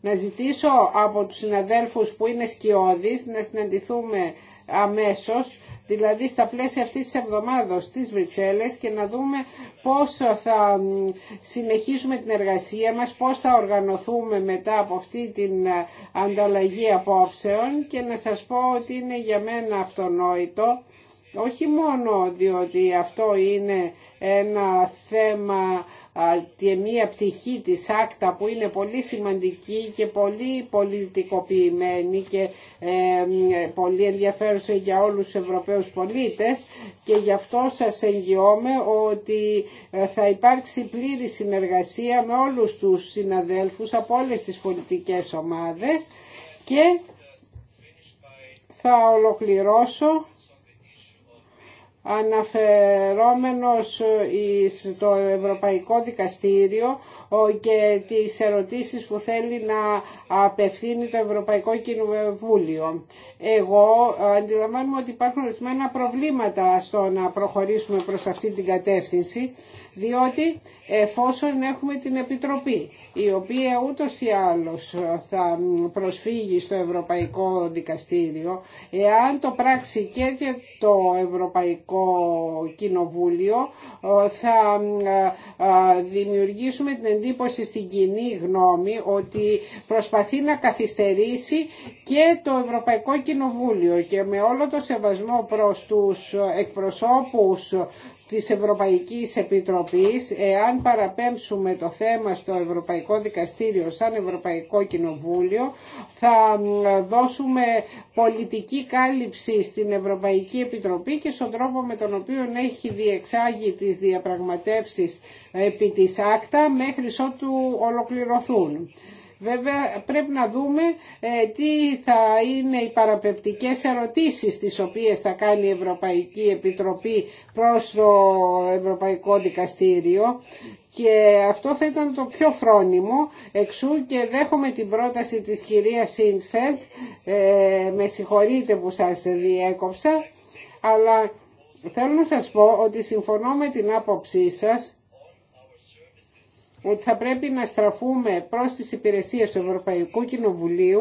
Speaker 2: να ζητήσω από τους συναδέλφους που είναι σκιώδεις να συναντηθούμε αμέσως δηλαδή στα πλαίσια αυτής της εβδομάδος στις Βρυξέλλες και να δούμε πώς θα συνεχίσουμε την εργασία μας, πώς θα οργανωθούμε μετά από αυτή την ε, ανταλλαγή απόψεων και να σας πω ότι είναι για μένα αυτονόητο όχι μόνο διότι αυτό είναι ένα θέμα και μία πτυχή της άκτα που είναι πολύ σημαντική και πολύ πολιτικοποιημένη και ε, πολύ ενδιαφέρουσα για όλους τους Ευρωπαίους πολίτες και γι' αυτό σας εγγυώμαι ότι ε, θα υπάρξει πλήρη συνεργασία με όλους τους συναδέλφους από όλες τις πολιτικές ομάδες και θα ολοκληρώσω αναφερόμενος στο ε, Ευρωπαϊκό Δικαστήριο και τις ερωτήσεις που θέλει να απευθύνει το Ευρωπαϊκό Κοινοβούλιο. Εγώ ε, αντιλαμβάνομαι ότι υπάρχουν ορισμένα προβλήματα στο να προχωρήσουμε προς αυτή την κατεύθυνση διότι εφόσον έχουμε την Επιτροπή η οποία ούτως ή άλλως θα προσφύγει στο Ευρωπαϊκό Δικαστήριο εάν το πράξει και το Ευρωπαϊκό Κοινοβούλιο θα ε, ε, δημιουργήσουμε την εντύπωση στην κοινή γνώμη ότι προσπαθεί να καθυστερήσει και το Ευρωπαϊκό Κοινοβούλιο και με όλο το σεβασμό προς τους εκπροσώπους της Ευρωπαϊκής Επιτροπής εάν παραπέμψουμε το θέμα στο Ευρωπαϊκό Δικαστήριο σαν Ευρωπαϊκό Κοινοβούλιο θα δώσουμε πολιτική κάλυψη στην Ευρωπαϊκή Επιτροπή και στον τρόπο με τον οποίο έχει διεξάγει τις διαπραγματεύσεις επί της άκτα μέχρι ότου ολοκληρωθούν. Βέβαια πρέπει να δούμε ε, τι θα είναι οι παραπεπτικές ερωτήσεις τις οποίες θα κάνει η Ευρωπαϊκή Επιτροπή προς το Ευρωπαϊκό Δικαστήριο και αυτό θα ήταν το πιο φρόνιμο εξού και δέχομαι την πρόταση της κυρίας Σίντφερτ. ε, με συγχωρείτε που σας διέκοψα αλλά θέλω να σας πω ότι συμφωνώ με την άποψή σας ότι θα πρέπει να στραφούμε προς τις υπηρεσίες του Ευρωπαϊκού Κοινοβουλίου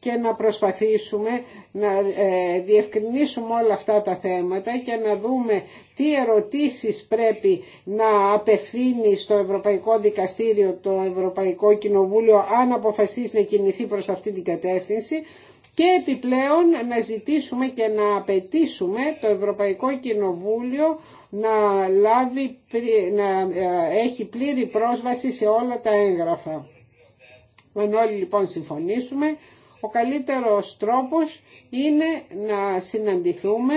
Speaker 2: και να προσπαθήσουμε να ε, διευκρινίσουμε όλα αυτά τα θέματα και να δούμε τι ερωτήσεις πρέπει να απευθύνει στο Ευρωπαϊκό Δικαστήριο το Ευρωπαϊκό Κοινοβούλιο αν αποφασίσει να κινηθεί προς αυτή την κατεύθυνση και επιπλέον να ζητήσουμε και να απαιτήσουμε το Ευρωπαϊκό Κοινοβούλιο να, λάβει, να ε, έχει πλήρη πρόσβαση σε όλα τα έγγραφα. Αν όλοι λοιπόν συμφωνήσουμε, ο καλύτερος τρόπος είναι να συναντηθούμε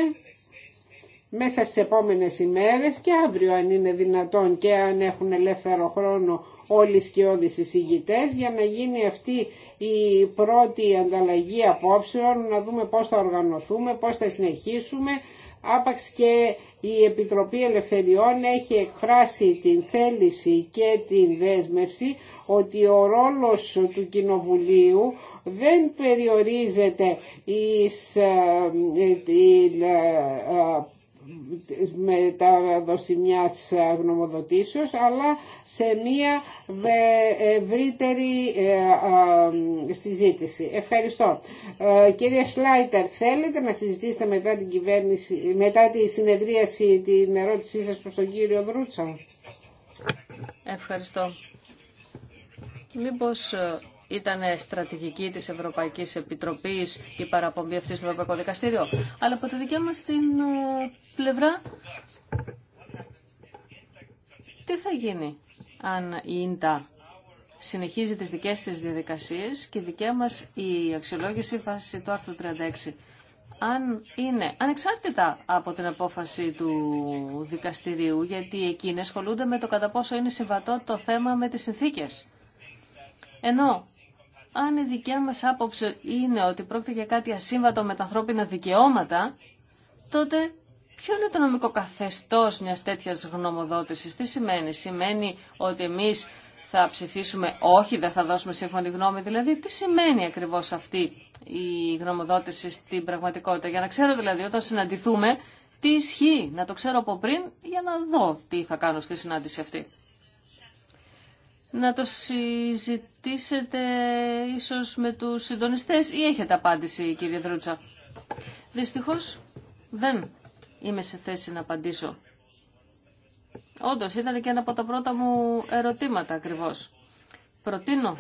Speaker 2: μέσα στις επόμενες ημέρες και αύριο αν είναι δυνατόν και αν έχουν ελεύθερο χρόνο όλοι οι σκιώδεις εισηγητές για να γίνει αυτή η πρώτη ανταλλαγή απόψεων, να δούμε πώς θα οργανωθούμε, πώς θα συνεχίσουμε, άπαξ και η Επιτροπή Ελευθεριών έχει εκφράσει την θέληση και την δέσμευση ότι ο ρόλος του Κοινοβουλίου δεν περιορίζεται εις ε, την ε, μετά δοσημιάς γνωμοδοτήσεως αλλά σε μια ευρύτερη ε, συζήτηση. Ευχαριστώ. Ε, κύριε Σλάιτερ, θέλετε να συζητήσετε μετά την κυβέρνηση, μετά τη συνεδρίαση την ερώτησή σας προς τον κύριο Δρούτσα.
Speaker 1: Ευχαριστώ. Μήπως ε, ήταν στρατηγική της Ευρωπαϊκής Επιτροπής η παραπομπή αυτή στο Ευρωπαϊκό Δικαστήριο. Αλλά από τη δικιά μας την ε, πλευρά, τι θα γίνει αν η ΙΝΤΑ συνεχίζει τις δικές της διαδικασίες και η δικιά μας η αξιολόγηση βάσει του άρθρου 36 αν είναι ανεξάρτητα από την απόφαση του δικαστηρίου, γιατί εκείνες ασχολούνται με το κατά πόσο είναι συμβατό το θέμα με τις συνθήκες. Ενώ αν η δικιά μας άποψη είναι ότι πρόκειται για κάτι ασύμβατο με τα ανθρώπινα δικαιώματα, τότε ποιο είναι το νομικό καθεστώς μιας τέτοιας γνωμοδότησης. Τι σημαίνει. Σημαίνει ότι εμείς θα ψηφίσουμε όχι, δεν θα δώσουμε σύμφωνη γνώμη. Δηλαδή, τι σημαίνει ακριβώς αυτή η γνωμοδότηση στην πραγματικότητα. Για να ξέρω δηλαδή όταν συναντηθούμε τι ισχύει, να το ξέρω από πριν για να δω τι θα κάνω στη συνάντηση αυτή. Να το ρωτήσετε ίσως με τους συντονιστές ή έχετε απάντηση κύριε Δρούτσα. Δυστυχώς δεν είμαι σε θέση να απαντήσω. Όντως ήταν και ένα από τα πρώτα μου ερωτήματα ακριβώς. Προτείνω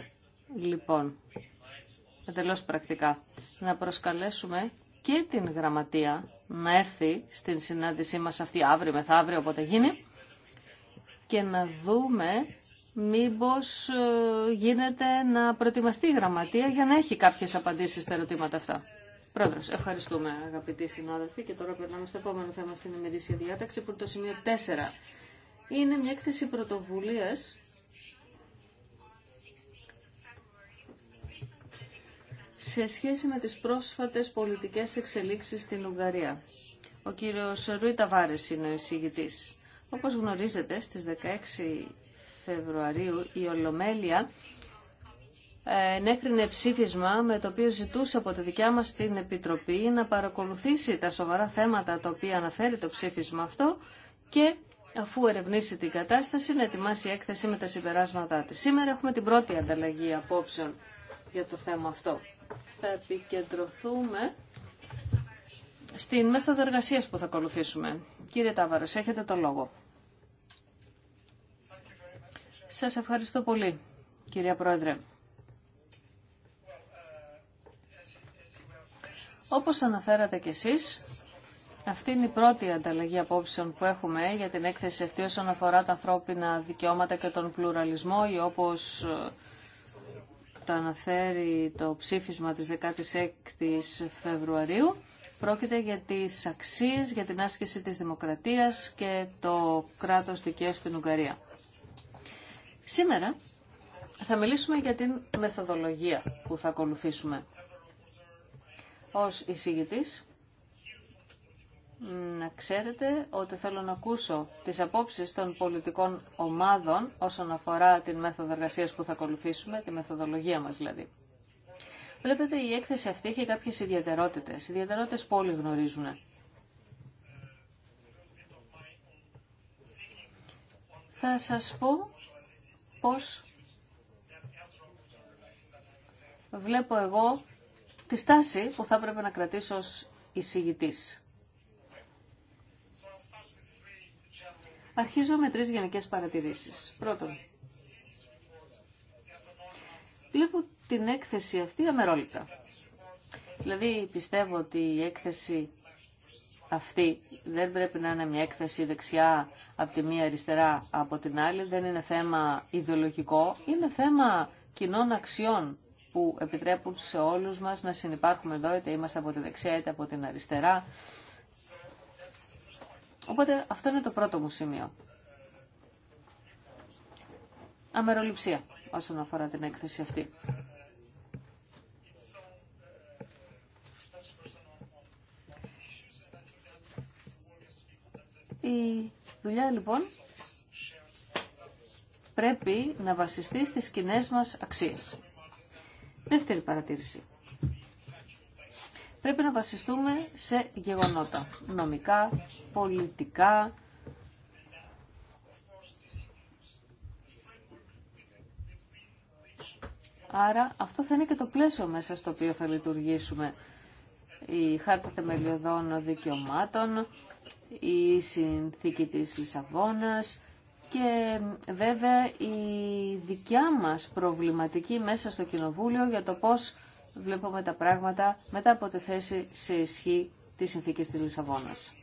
Speaker 1: λοιπόν εντελώ πρακτικά να προσκαλέσουμε και την γραμματεία να έρθει στην συνάντησή μας αυτή αύριο μεθαύριο όποτε γίνει και να δούμε μήπως ε, γίνεται να προετοιμαστεί η γραμματεία για να έχει κάποιες απαντήσεις στα ερωτήματα αυτά. Πρόεδρος, ευχαριστούμε αγαπητοί συνάδελφοι και τώρα περνάμε στο επόμενο θέμα στην ημερήσια διάταξη που είναι το σημείο 4. Είναι μια έκθεση πρωτοβουλίας σε σχέση με τις πρόσφατες πολιτικές εξελίξεις στην Ουγγαρία. Ο κύριος Ρούι Ταβάρης είναι ο εισηγητής. Όπως γνωρίζετε, στις 16 Φεβρουαρίου η Ολομέλεια ε, ενέκρινε ψήφισμα με το οποίο ζητούσε από τη δικιά μας την Επιτροπή να παρακολουθήσει τα σοβαρά θέματα τα οποία αναφέρει το ψήφισμα αυτό και αφού ερευνήσει την κατάσταση να ετοιμάσει έκθεση με τα συμπεράσματά της. Σήμερα έχουμε την πρώτη ανταλλαγή απόψεων για το θέμα αυτό. Θα επικεντρωθούμε στην μέθοδο εργασίας που θα ακολουθήσουμε. Κύριε Τάβαρος, έχετε το λόγο. Σας ευχαριστώ πολύ, κυρία Πρόεδρε. Όπως αναφέρατε κι εσείς, αυτή είναι η πρώτη ανταλλαγή απόψεων που έχουμε για την έκθεση αυτή όσον αφορά τα ανθρώπινα δικαιώματα και τον πλουραλισμό ή όπως ε, τα αναφέρει το ψήφισμα της 16ης Φεβρουαρίου. Πρόκειται για τις αξίες, για την άσκηση της δημοκρατίας και το κράτος δικαίου στην Ουγγαρία. Σήμερα θα μιλήσουμε για την μεθοδολογία που θα ακολουθήσουμε. Ως εισηγητής, να ξέρετε ότι θέλω να ακούσω τις απόψεις των πολιτικών ομάδων όσον αφορά την μέθοδο εργασίας που θα ακολουθήσουμε, τη μεθοδολογία μας δηλαδή. Βλέπετε η έκθεση αυτή έχει κάποιες ιδιαιτερότητες, ιδιαιτερότητες που όλοι γνωρίζουν. Θα σας πω πώς βλέπω εγώ τη στάση που θα έπρεπε να κρατήσω ως εισηγητής. Αρχίζω με τρεις γενικές παρατηρήσεις. Πρώτον, βλέπω την έκθεση αυτή αμερόληπτα. Δηλαδή πιστεύω ότι η έκθεση αυτή δεν πρέπει να είναι μια έκθεση δεξιά από τη μία αριστερά από την άλλη, δεν είναι θέμα ιδεολογικό, είναι θέμα κοινών αξιών που επιτρέπουν σε όλους μας να συνεπάρχουμε εδώ, είτε είμαστε από τη δεξιά είτε από την αριστερά. Οπότε αυτό είναι το πρώτο μου σημείο. Αμεροληψία όσον αφορά την έκθεση αυτή. Η δουλειά λοιπόν πρέπει να βασιστεί στις κοινέ μας αξίες. Δεύτερη παρατήρηση. Πρέπει να βασιστούμε σε γεγονότα, νομικά, πολιτικά, Άρα αυτό θα είναι και το πλαίσιο μέσα στο οποίο θα λειτουργήσουμε. Η Χάρτα Θεμελιωδών Δικαιωμάτων, η συνθήκη της Λισαβόνας και βέβαια η δικιά μας προβληματική μέσα στο Κοινοβούλιο για το πώς βλέπουμε τα πράγματα μετά από τη θέση σε ισχύ της συνθήκης της Λισαβόνας.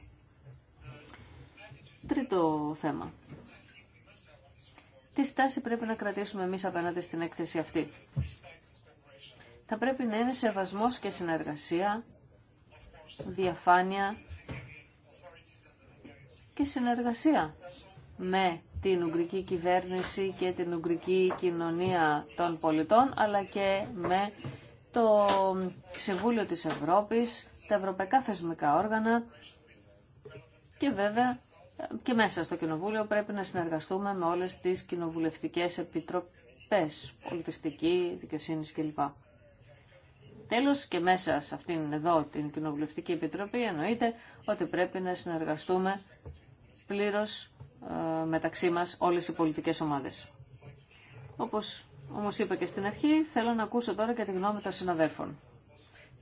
Speaker 1: Τρίτο θέμα. Τι στάση πρέπει να κρατήσουμε εμείς απέναντι στην έκθεση αυτή. Θα πρέπει να είναι σεβασμός και συνεργασία, διαφάνεια και συνεργασία με την Ουγγρική κυβέρνηση και την Ουγγρική κοινωνία των πολιτών, αλλά και με το Συμβούλιο της Ευρώπης, τα ευρωπαϊκά θεσμικά όργανα και βέβαια και μέσα στο Κοινοβούλιο πρέπει να συνεργαστούμε με όλες τις κοινοβουλευτικές επιτροπές, πολιτιστική, δικαιοσύνη κλπ. Τέλος και μέσα σε αυτήν εδώ την Κοινοβουλευτική Επιτροπή εννοείται ότι πρέπει να συνεργαστούμε πλήρως ε, μεταξύ μας όλες οι πολιτικές ομάδες. Όπως όμως είπα και στην αρχή, θέλω να ακούσω τώρα και τη γνώμη των συναδέλφων.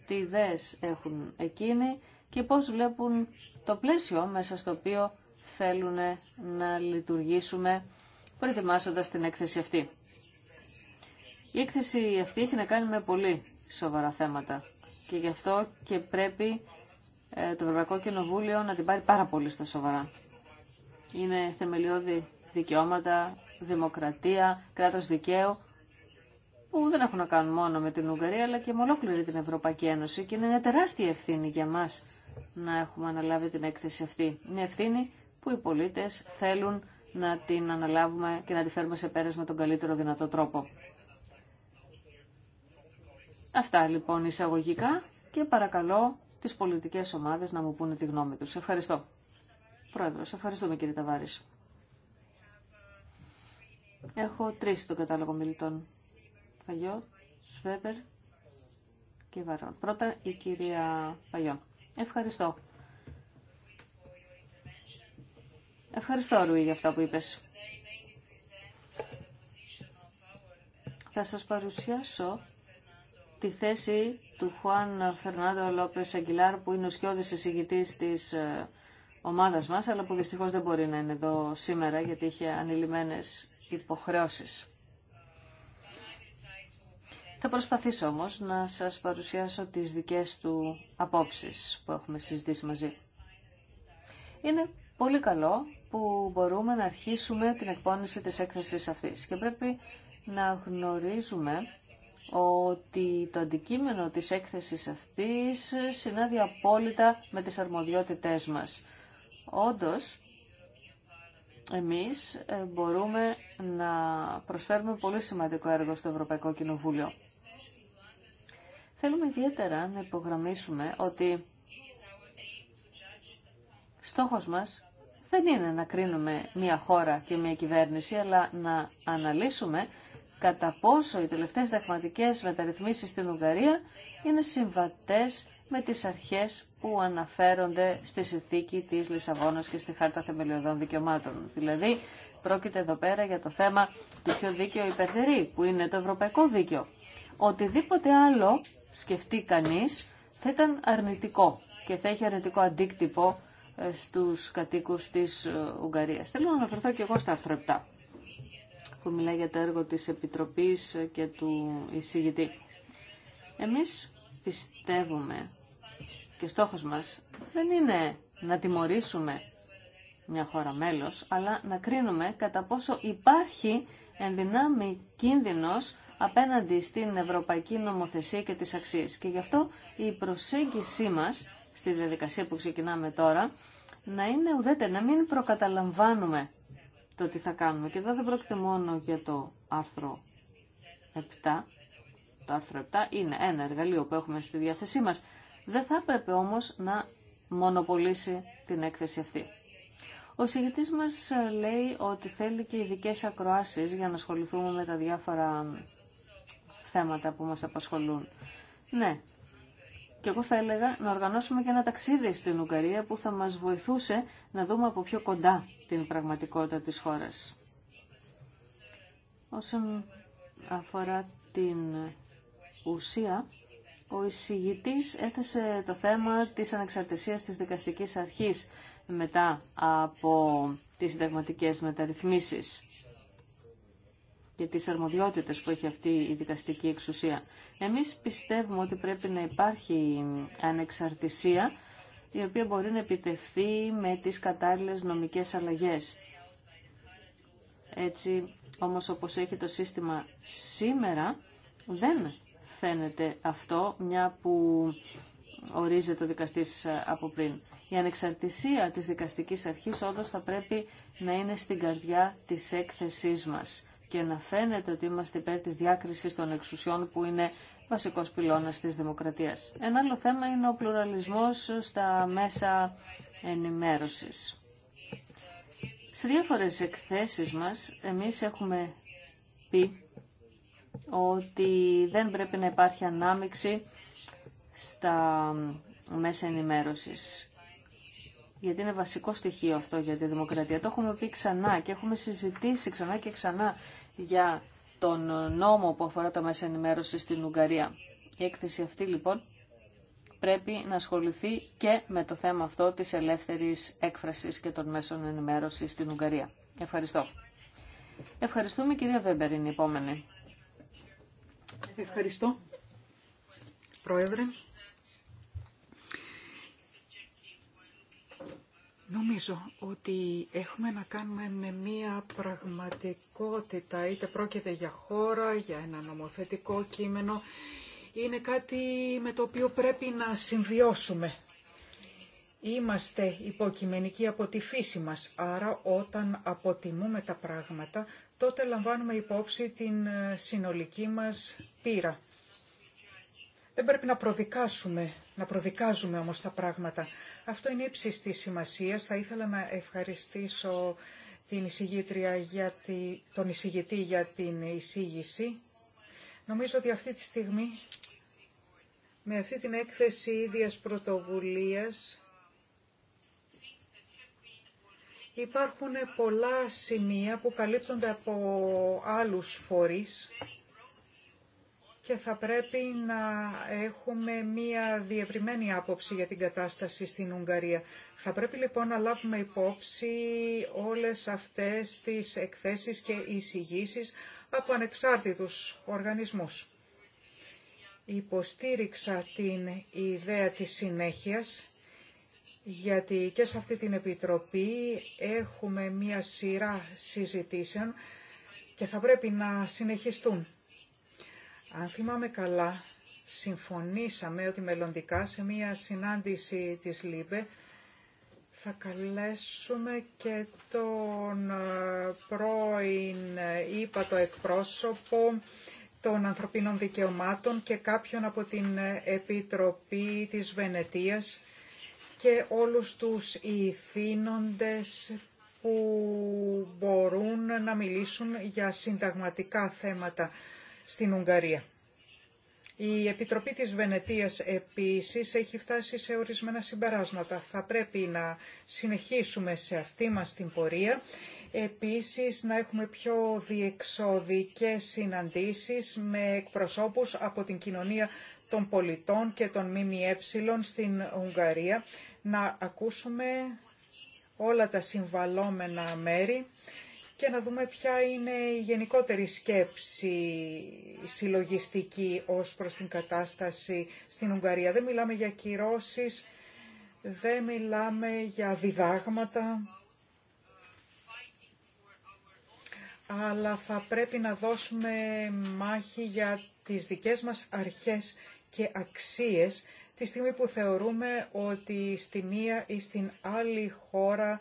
Speaker 1: Τι ιδέες έχουν εκείνοι και πώς βλέπουν το πλαίσιο μέσα στο οποίο θέλουν να λειτουργήσουμε προετοιμάσοντας την έκθεση αυτή. Η έκθεση αυτή έχει να κάνει με πολύ σοβαρά θέματα και γι' αυτό και πρέπει ε, το Ευρωπαϊκό Κοινοβούλιο να την πάρει πάρα πολύ στα σοβαρά είναι θεμελιώδη δικαιώματα, δημοκρατία, κράτος δικαίου, που δεν έχουν να κάνουν μόνο με την Ουγγαρία, αλλά και με ολόκληρη την Ευρωπαϊκή Ένωση. Και είναι μια τεράστια ευθύνη για μας να έχουμε αναλάβει την έκθεση αυτή. Μια ευθύνη που οι πολίτες θέλουν να την αναλάβουμε και να τη φέρουμε σε πέρας με τον καλύτερο δυνατό τρόπο. Αυτά λοιπόν εισαγωγικά και παρακαλώ τις πολιτικές ομάδες να μου πούνε τη γνώμη τους. Ευχαριστώ. Πρόεδρος, ευχαριστούμε κύριε Ταβάρης. Έχω τρεις στον κατάλογο μιλητών. Φαγιό, Σβέμπερ και Βαρόν. Πρώτα η κυρία Φαγιό. Ευχαριστώ. Ευχαριστώ, Ρουή, για αυτά που είπες. Θα σας παρουσιάσω τη θέση του Χουάν Φερνάντο Λόπες Αγγιλάρ, που είναι ο σκιώδης εισηγητής της ε, ομάδας μας, αλλά που δυστυχώ δεν μπορεί να είναι εδώ σήμερα γιατί είχε ανηλυμένε υποχρεώσει. Θα προσπαθήσω όμω να σα παρουσιάσω τις δικές του απόψει που έχουμε συζητήσει μαζί. Είναι πολύ καλό που μπορούμε να αρχίσουμε την εκπόνηση της έκθεσης αυτής και πρέπει να γνωρίζουμε ότι το αντικείμενο της έκθεσης αυτής συνάδει απόλυτα με τις αρμοδιότητές μας. Όντως, εμείς ε, μπορούμε να προσφέρουμε πολύ σημαντικό έργο στο Ευρωπαϊκό Κοινοβούλιο. Θέλουμε ιδιαίτερα να υπογραμμίσουμε ότι στόχος μας δεν είναι να κρίνουμε μια χώρα και μια κυβέρνηση, αλλά να αναλύσουμε κατά πόσο οι τελευταίες δεχματικές μεταρρυθμίσεις στην Ουγγαρία είναι συμβατές με τις αρχές που αναφέρονται στη συνθήκη της Λισαβόνας και στη Χάρτα Θεμελιωδών Δικαιωμάτων. Δηλαδή, πρόκειται εδώ πέρα για το θέμα του πιο δίκαιο υπερτερή, που είναι το ευρωπαϊκό δίκαιο. Οτιδήποτε άλλο σκεφτεί κανείς θα ήταν αρνητικό και θα έχει αρνητικό αντίκτυπο ε, στους κατοίκους της ε, Ουγγαρίας. Θέλω να αναφερθώ και εγώ στα αρθρεπτά που μιλάει για το έργο της Επιτροπής και του εισηγητή. Εμείς πιστεύουμε και στόχος μας δεν είναι να τιμωρήσουμε μια χώρα μέλος, αλλά να κρίνουμε κατά πόσο υπάρχει ενδυνάμει κίνδυνος απέναντι στην ευρωπαϊκή νομοθεσία και τις αξίες. Και γι' αυτό η προσέγγισή μας στη διαδικασία που ξεκινάμε τώρα να είναι ουδέτερη, να μην προκαταλαμβάνουμε το τι θα κάνουμε. Και εδώ δεν πρόκειται μόνο για το άρθρο 7. Το άρθρο 7 είναι ένα εργαλείο που έχουμε στη διάθεσή μας, δεν θα έπρεπε όμως να μονοπολίσει την έκθεση αυτή. Ο συγητής μας λέει ότι θέλει και ειδικέ ακροάσεις για να ασχοληθούμε με τα διάφορα θέματα που μας απασχολούν. Ναι, και εγώ θα έλεγα να οργανώσουμε και ένα ταξίδι στην Ουγγαρία που θα μας βοηθούσε να δούμε από πιο κοντά την πραγματικότητα της χώρας. Όσον αφορά την ουσία, ο εισηγητής έθεσε το θέμα της ανεξαρτησίας της δικαστικής αρχής μετά από τις συνταγματικέ μεταρρυθμίσεις και τις αρμοδιότητες που έχει αυτή η δικαστική εξουσία. Εμείς πιστεύουμε ότι πρέπει να υπάρχει ανεξαρτησία η οποία μπορεί να επιτευχθεί με τις κατάλληλες νομικές αλλαγές. Έτσι, όμως όπως έχει το σύστημα σήμερα, δεν φαίνεται αυτό, μια που ορίζεται ο δικαστής ε, από πριν. Η ανεξαρτησία της δικαστικής αρχής όντως θα πρέπει να είναι στην καρδιά της έκθεσής μας και να φαίνεται ότι είμαστε υπέρ της διάκρισης των εξουσιών που είναι βασικός πυλώνας της δημοκρατίας. Ένα άλλο θέμα είναι ο πλουραλισμός στα μέσα ενημέρωσης. Σε διάφορες εκθέσεις μας εμείς έχουμε πει ότι δεν πρέπει να υπάρχει ανάμειξη στα μέσα ενημέρωσης. Γιατί είναι βασικό στοιχείο αυτό για τη δημοκρατία. Το έχουμε πει ξανά και έχουμε συζητήσει ξανά και ξανά για τον νόμο που αφορά τα μέσα ενημέρωση στην Ουγγαρία. Η έκθεση αυτή λοιπόν πρέπει να ασχοληθεί και με το θέμα αυτό της ελεύθερης έκφρασης και των μέσων ενημέρωσης στην Ουγγαρία. Ευχαριστώ. Ευχαριστούμε κυρία Βέμπερ, είναι η επόμενη. Ευχαριστώ, Πρόεδρε.
Speaker 3: Νομίζω ότι έχουμε να κάνουμε με μία πραγματικότητα, είτε πρόκειται για χώρα, για ένα νομοθετικό κείμενο. Είναι κάτι με το οποίο πρέπει να συμβιώσουμε. Είμαστε υποκειμενικοί από τη φύση μας, άρα όταν αποτιμούμε τα πράγματα τότε λαμβάνουμε υπόψη την ε, συνολική μας πείρα. Δεν πρέπει να προδικάσουμε, να προδικάζουμε όμως τα πράγματα. Αυτό είναι ύψης της σημασίας. Θα ήθελα να ευχαριστήσω την εισηγήτρια για τη, τον εισηγητή για την εισήγηση. Νομίζω ότι αυτή τη στιγμή με αυτή την έκθεση ίδιας πρωτοβουλίας Υπάρχουν πολλά σημεία που καλύπτονται από άλλους φορείς και θα πρέπει να έχουμε μία διευρυμένη άποψη για την κατάσταση στην Ουγγαρία. Θα πρέπει λοιπόν να λάβουμε υπόψη όλες αυτές τις εκθέσεις και εισηγήσεις από ανεξάρτητους οργανισμούς. Υποστήριξα την ιδέα της συνέχειας γιατί και σε αυτή την Επιτροπή έχουμε μία σειρά συζητήσεων και θα πρέπει να συνεχιστούν. Αν θυμάμαι καλά, συμφωνήσαμε ότι μελλοντικά σε μία συνάντηση της ΛΥΠΕ θα καλέσουμε και τον ε, πρώην ε, είπα το εκπρόσωπο των ανθρωπίνων δικαιωμάτων και κάποιον από την ε, Επιτροπή της Βενετίας και όλους τους ηθήνοντες που μπορούν να μιλήσουν για συνταγματικά θέματα στην Ουγγαρία. Η Επιτροπή της Βενετίας επίσης έχει φτάσει σε ορισμένα συμπεράσματα. Θα πρέπει να συνεχίσουμε σε αυτή μας την πορεία. Επίσης να έχουμε πιο διεξοδικές συναντήσεις με εκπροσώπους από την κοινωνία των πολιτών και των ΜΜΕ στην Ουγγαρία, να ακούσουμε όλα τα συμβαλόμενα μέρη και να δούμε ποια είναι η γενικότερη σκέψη συλλογιστική ως προς την κατάσταση στην Ουγγαρία. Δεν μιλάμε για κυρώσεις, δεν μιλάμε για διδάγματα, αλλά θα πρέπει να δώσουμε μάχη για τις δικές μας αρχές και αξίες τη στιγμή που θεωρούμε ότι στη μία ή στην άλλη χώρα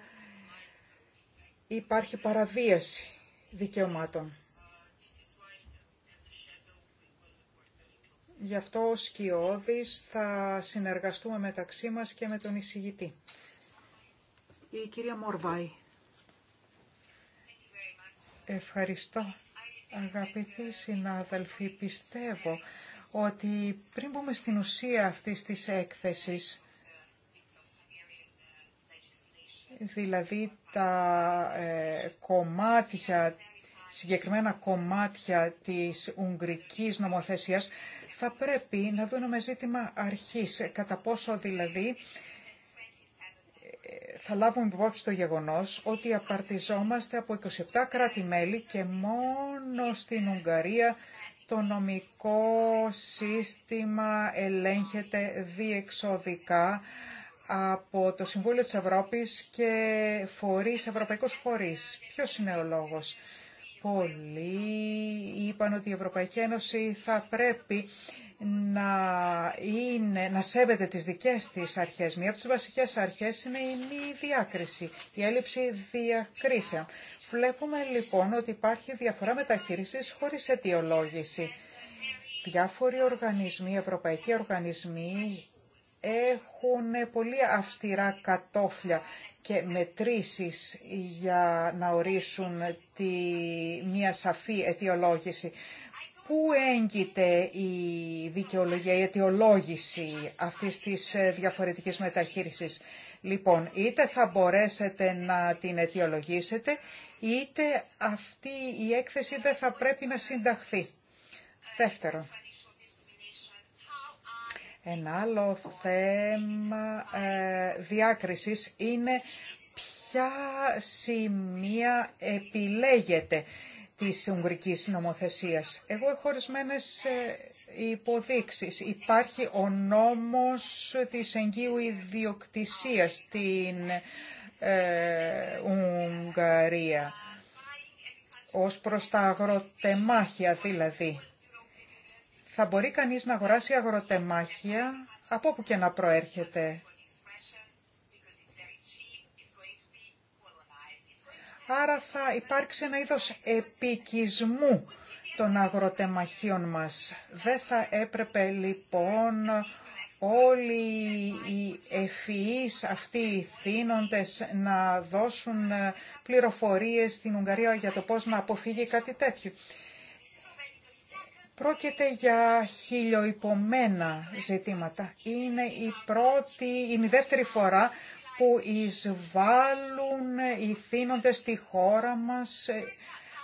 Speaker 3: υπάρχει παραβίαση δικαιωμάτων. Γι' αυτό ο Σκιώδης θα συνεργαστούμε μεταξύ μας και με τον εισηγητή. Η κυρία Μορβάη. Ευχαριστώ. Αγαπητοί συνάδελφοι, πιστεύω ότι πριν μπούμε στην ουσία αυτής της έκθεσης, δηλαδή τα ε, κομμάτια, συγκεκριμένα κομμάτια της Ουγγρικής νομοθεσίας, θα πρέπει να δούμε ζήτημα αρχής, κατά πόσο δηλαδή ε, θα λάβουμε υπόψη το γεγονός ότι απαρτιζόμαστε από 27 κράτη-μέλη και μόνο στην Ουγγαρία το νομικό σύστημα ελέγχεται διεξοδικά από το Συμβούλιο της Ευρώπης και φορείς, ευρωπαϊκούς φορείς. Ποιος είναι ο λόγος. Πολλοί είπαν ότι η Ευρωπαϊκή Ένωση θα πρέπει να, είναι, να σέβεται τις δικές της αρχές. Μία από τις βασικές αρχές είναι η μη διάκριση, η έλλειψη διακρίσεων. Βλέπουμε λοιπόν ότι υπάρχει διαφορά μεταχείρισης χωρίς αιτιολόγηση. Διάφοροι οργανισμοί, ευρωπαϊκοί οργανισμοί, έχουν πολύ αυστηρά κατόφλια και μετρήσεις για να ορίσουν τη, μια σαφή αιτιολόγηση. Πού έγκυται η δικαιολογία, η αιτιολόγηση αυτής της ε, διαφορετικής μεταχείρισης. Λοιπόν, είτε θα μπορέσετε να την αιτιολογήσετε, είτε αυτή η έκθεση δεν θα πρέπει να συνταχθεί. Δεύτερο, ένα άλλο θέμα ε, διάκρισης είναι ποια σημεία επιλέγεται της Ουγγρικής νομοθεσίας. Εγώ έχω ορισμένε ε, υποδείξεις. Υπάρχει ο νόμος της εγγύου ιδιοκτησίας στην ε, Ουγγαρία, ως προς τα αγροτεμάχια δηλαδή. Θα μπορεί κανείς να αγοράσει αγροτεμάχια από όπου και να προέρχεται Άρα θα υπάρξει ένα είδος επικισμού των αγροτεμαχίων μας. Δεν θα έπρεπε λοιπόν όλοι οι ευφυείς αυτοί οι θύνοντες να δώσουν πληροφορίες στην Ουγγαρία για το πώς να αποφύγει κάτι τέτοιο. Πρόκειται για χιλιοϊπωμένα ζητήματα. Είναι η πρώτη, είναι η δεύτερη φορά που εισβάλλουν οι θύνοντες στη χώρα μας ε,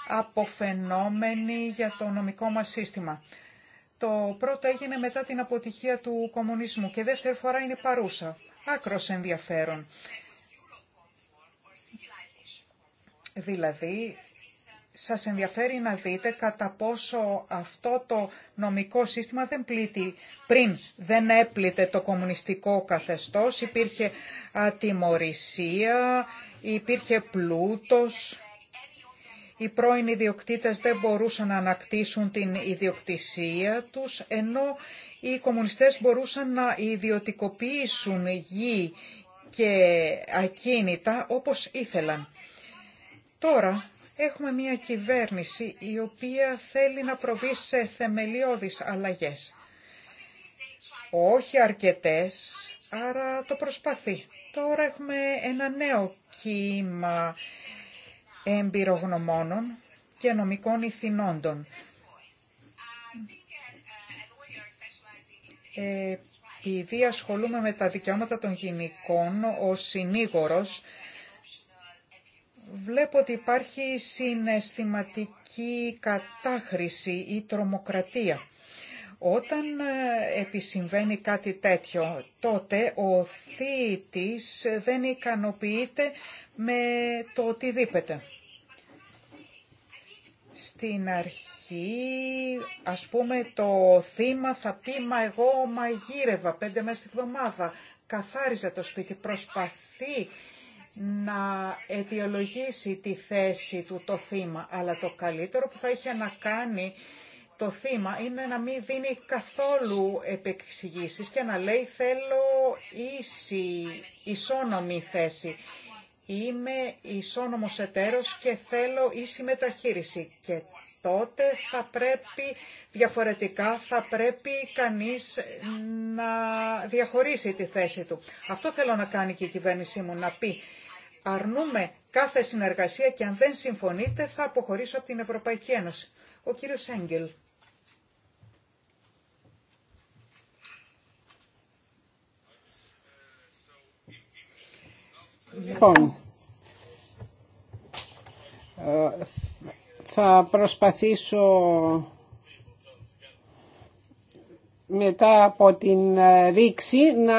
Speaker 3: αποφαινόμενοι για το νομικό μας σύστημα. Το πρώτο έγινε μετά την αποτυχία του κομμουνισμού και δεύτερη φορά είναι παρούσα. Άκρος ενδιαφέρον. Δηλαδή, σας ενδιαφέρει να δείτε κατά πόσο αυτό το νομικό σύστημα δεν πλήττει. Πριν δεν έπλητε το κομμουνιστικό καθεστώς, υπήρχε ατιμορρησία, υπήρχε πλούτος. Οι πρώην ιδιοκτήτες δεν μπορούσαν να ανακτήσουν την ιδιοκτησία τους, ενώ οι κομμουνιστές μπορούσαν να ιδιωτικοποιήσουν γη και ακίνητα όπως ήθελαν. Τώρα έχουμε μια κυβέρνηση η οποία θέλει να προβεί σε θεμελιώδεις αλλαγές. Όχι αρκετές, άρα το προσπαθεί. Τώρα έχουμε ένα νέο κύμα εμπειρογνωμόνων και νομικών ηθινόντων. Ε, επειδή ασχολούμαι με τα δικαιώματα των γυναικών, ο συνήγορος Βλέπω ότι υπάρχει συναισθηματική κατάχρηση ή τρομοκρατία. Όταν ε, επισυμβαίνει κάτι τέτοιο, τότε ο θήτης δεν ικανοποιείται με το οτιδήποτε. Στην αρχή, ας πούμε, το θύμα θα πει «Μα εγώ μαγείρευα πέντε μέσα τη βδομάδα, καθάριζα το σπίτι, προσπαθεί να αιτιολογήσει τη θέση του το θύμα, αλλά το καλύτερο που θα είχε να κάνει το θύμα είναι να μην δίνει καθόλου επεξηγήσεις και να λέει θέλω ίση, ισόνομη θέση είμαι ισόνομος εταίρος και θέλω ίση μεταχείριση. Και τότε θα πρέπει, διαφορετικά, θα πρέπει κανείς να διαχωρίσει τη θέση του. Αυτό θέλω να κάνει και η κυβέρνησή μου, να πει αρνούμε κάθε συνεργασία και αν δεν συμφωνείτε θα αποχωρήσω από την Ευρωπαϊκή Ένωση. Ο κύριος Έγγελ.
Speaker 2: Λοιπόν, ε, θα προσπαθήσω μετά από την ε, ρήξη να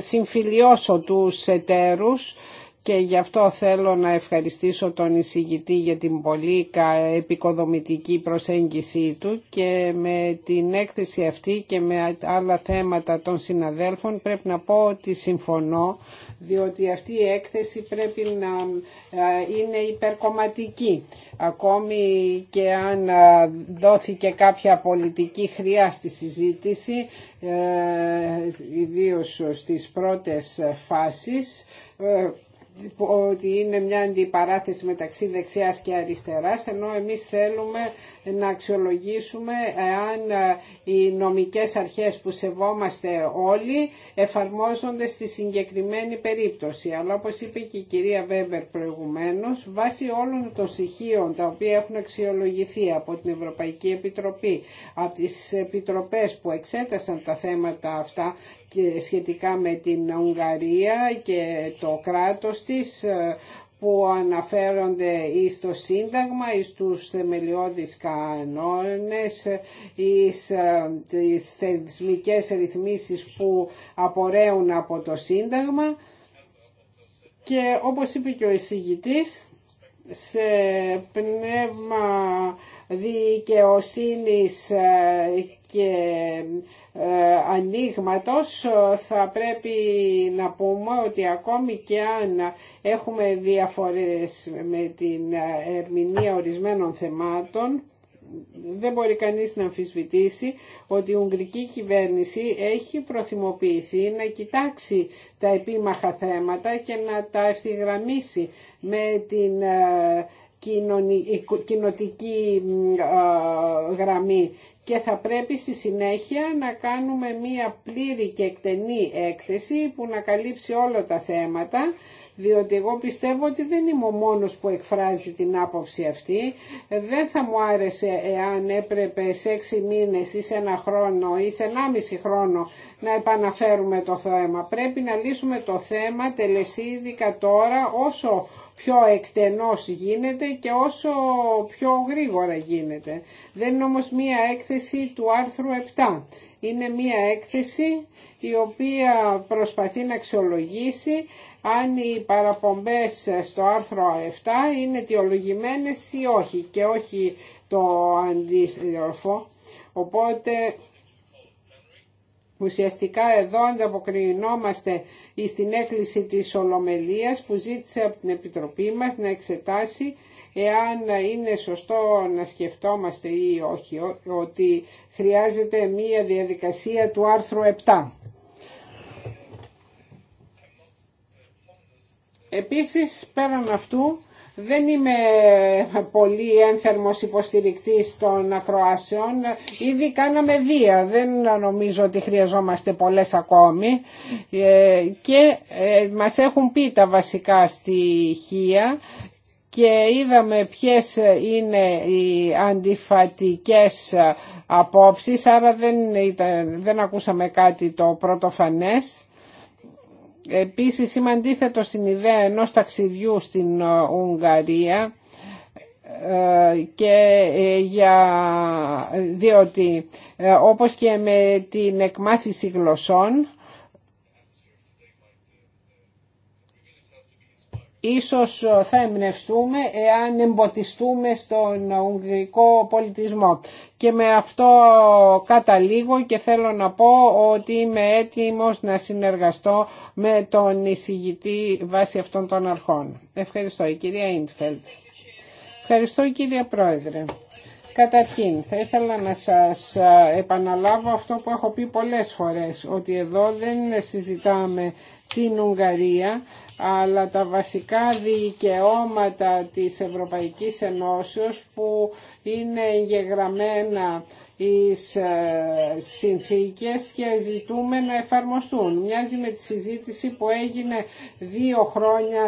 Speaker 2: συμφιλιώσω τους εταίρους και γι' αυτό θέλω να ευχαριστήσω τον εισηγητή για την πολύ επικοδομητική προσέγγιση του και με την έκθεση αυτή και με άλλα θέματα των συναδέλφων πρέπει να πω ότι συμφωνώ διότι αυτή η έκθεση πρέπει να ε, είναι υπερκομματική. Ακόμη και αν ε, δόθηκε κάποια πολιτική χρειά στη συζήτηση, ε, ιδίω στις πρώτες φάσεις, ότι είναι μια αντιπαράθεση μεταξύ δεξιάς και αριστεράς, ενώ εμείς θέλουμε να αξιολογήσουμε αν ε, οι νομικές αρχές που σεβόμαστε όλοι εφαρμόζονται στη συγκεκριμένη περίπτωση. Αλλά όπως είπε και η κυρία Βέμπερ προηγουμένως, βάσει όλων των στοιχείων τα οποία έχουν αξιολογηθεί από την Ευρωπαϊκή Επιτροπή, από τις επιτροπές που εξέτασαν τα θέματα αυτά σχετικά με την Ουγγαρία και το κράτος της ε, που αναφέρονται εις το Σύνταγμα, εις τους θεμελιώδεις κανόνες, ή ε, τις θεσμικές ρυθμίσεις που απορρέουν από το Σύνταγμα και όπως είπε και ο εισηγητής, σε πνεύμα δικαιοσύνης ε, και ε, ανοίγματο ε, θα πρέπει να πούμε ότι ακόμη και αν έχουμε διαφορές με την ε, ερμηνεία ορισμένων θεμάτων δεν μπορεί κανείς να αμφισβητήσει ότι η Ουγγρική κυβέρνηση έχει προθυμοποιηθεί να κοιτάξει τα επίμαχα θέματα και να τα ευθυγραμμίσει με την κοινοτική γραμμή και θα πρέπει στη συνέχεια να κάνουμε μία πλήρη και εκτενή έκθεση που να καλύψει όλα τα θέματα διότι εγώ πιστεύω ότι δεν είμαι ο μόνος που εκφράζει την άποψη αυτή. Δεν θα μου άρεσε εάν έπρεπε σε έξι μήνες ή σε ένα χρόνο ή σε ένα μισή χρόνο να επαναφέρουμε το θέμα. Πρέπει να λύσουμε το θέμα τελεσίδικα τώρα όσο πιο εκτενώς γίνεται και όσο πιο γρήγορα γίνεται. Δεν είναι όμως μία έκθεση του άρθρου 7. Είναι μία έκθεση η οποία προσπαθεί να αξιολογήσει αν οι παραπομπές στο άρθρο 7 είναι αιτιολογημένες ή όχι και όχι το αντίστροφο. Οπότε Ουσιαστικά εδώ ανταποκρινόμαστε στην έκκληση της Ολομελίας που ζήτησε από την Επιτροπή μας να εξετάσει εάν είναι σωστό να σκεφτόμαστε ή όχι ότι χρειάζεται μία διαδικασία του άρθρου 7. Επίσης πέραν αυτού δεν είμαι πολύ ένθερμος υποστηρικτής των ακροάσεων. Ήδη κάναμε δύο. Δεν νομίζω ότι χρειαζόμαστε πολλές ακόμη. Ε, και ε, μας έχουν πει τα βασικά στοιχεία και είδαμε ποιες είναι οι αντιφατικές απόψεις, άρα δεν, δεν ακούσαμε κάτι το πρωτοφανές. Επίσης είμαι αντίθετο στην ιδέα ενός ταξιδιού στην ε, Ουγγαρία ε, και ε, για, διότι όπως και με την εκμάθηση γλωσσών ίσως ε, θα εμπνευστούμε εάν εμποτιστούμε στον ουγγρικό πολιτισμό. Και με αυτό καταλήγω και θέλω να πω ότι είμαι έτοιμος να συνεργαστώ με τον εισηγητή βάσει αυτών των αρχών. Ευχαριστώ η κυρία Ιντφελτ. Ευχαριστώ κύριε Πρόεδρε. Καταρχήν, θα ήθελα να σας ε, επαναλάβω αυτό που έχω πει πολλές φορές, ότι εδώ δεν συζητάμε την Ουγγαρία, αλλά τα βασικά δικαιώματα της Ευρωπαϊκής Ενώσεως που είναι εγγεγραμμένα εις ε, συνθήκες και ζητούμε να εφαρμοστούν. Μοιάζει με τη συζήτηση που έγινε δύο χρόνια,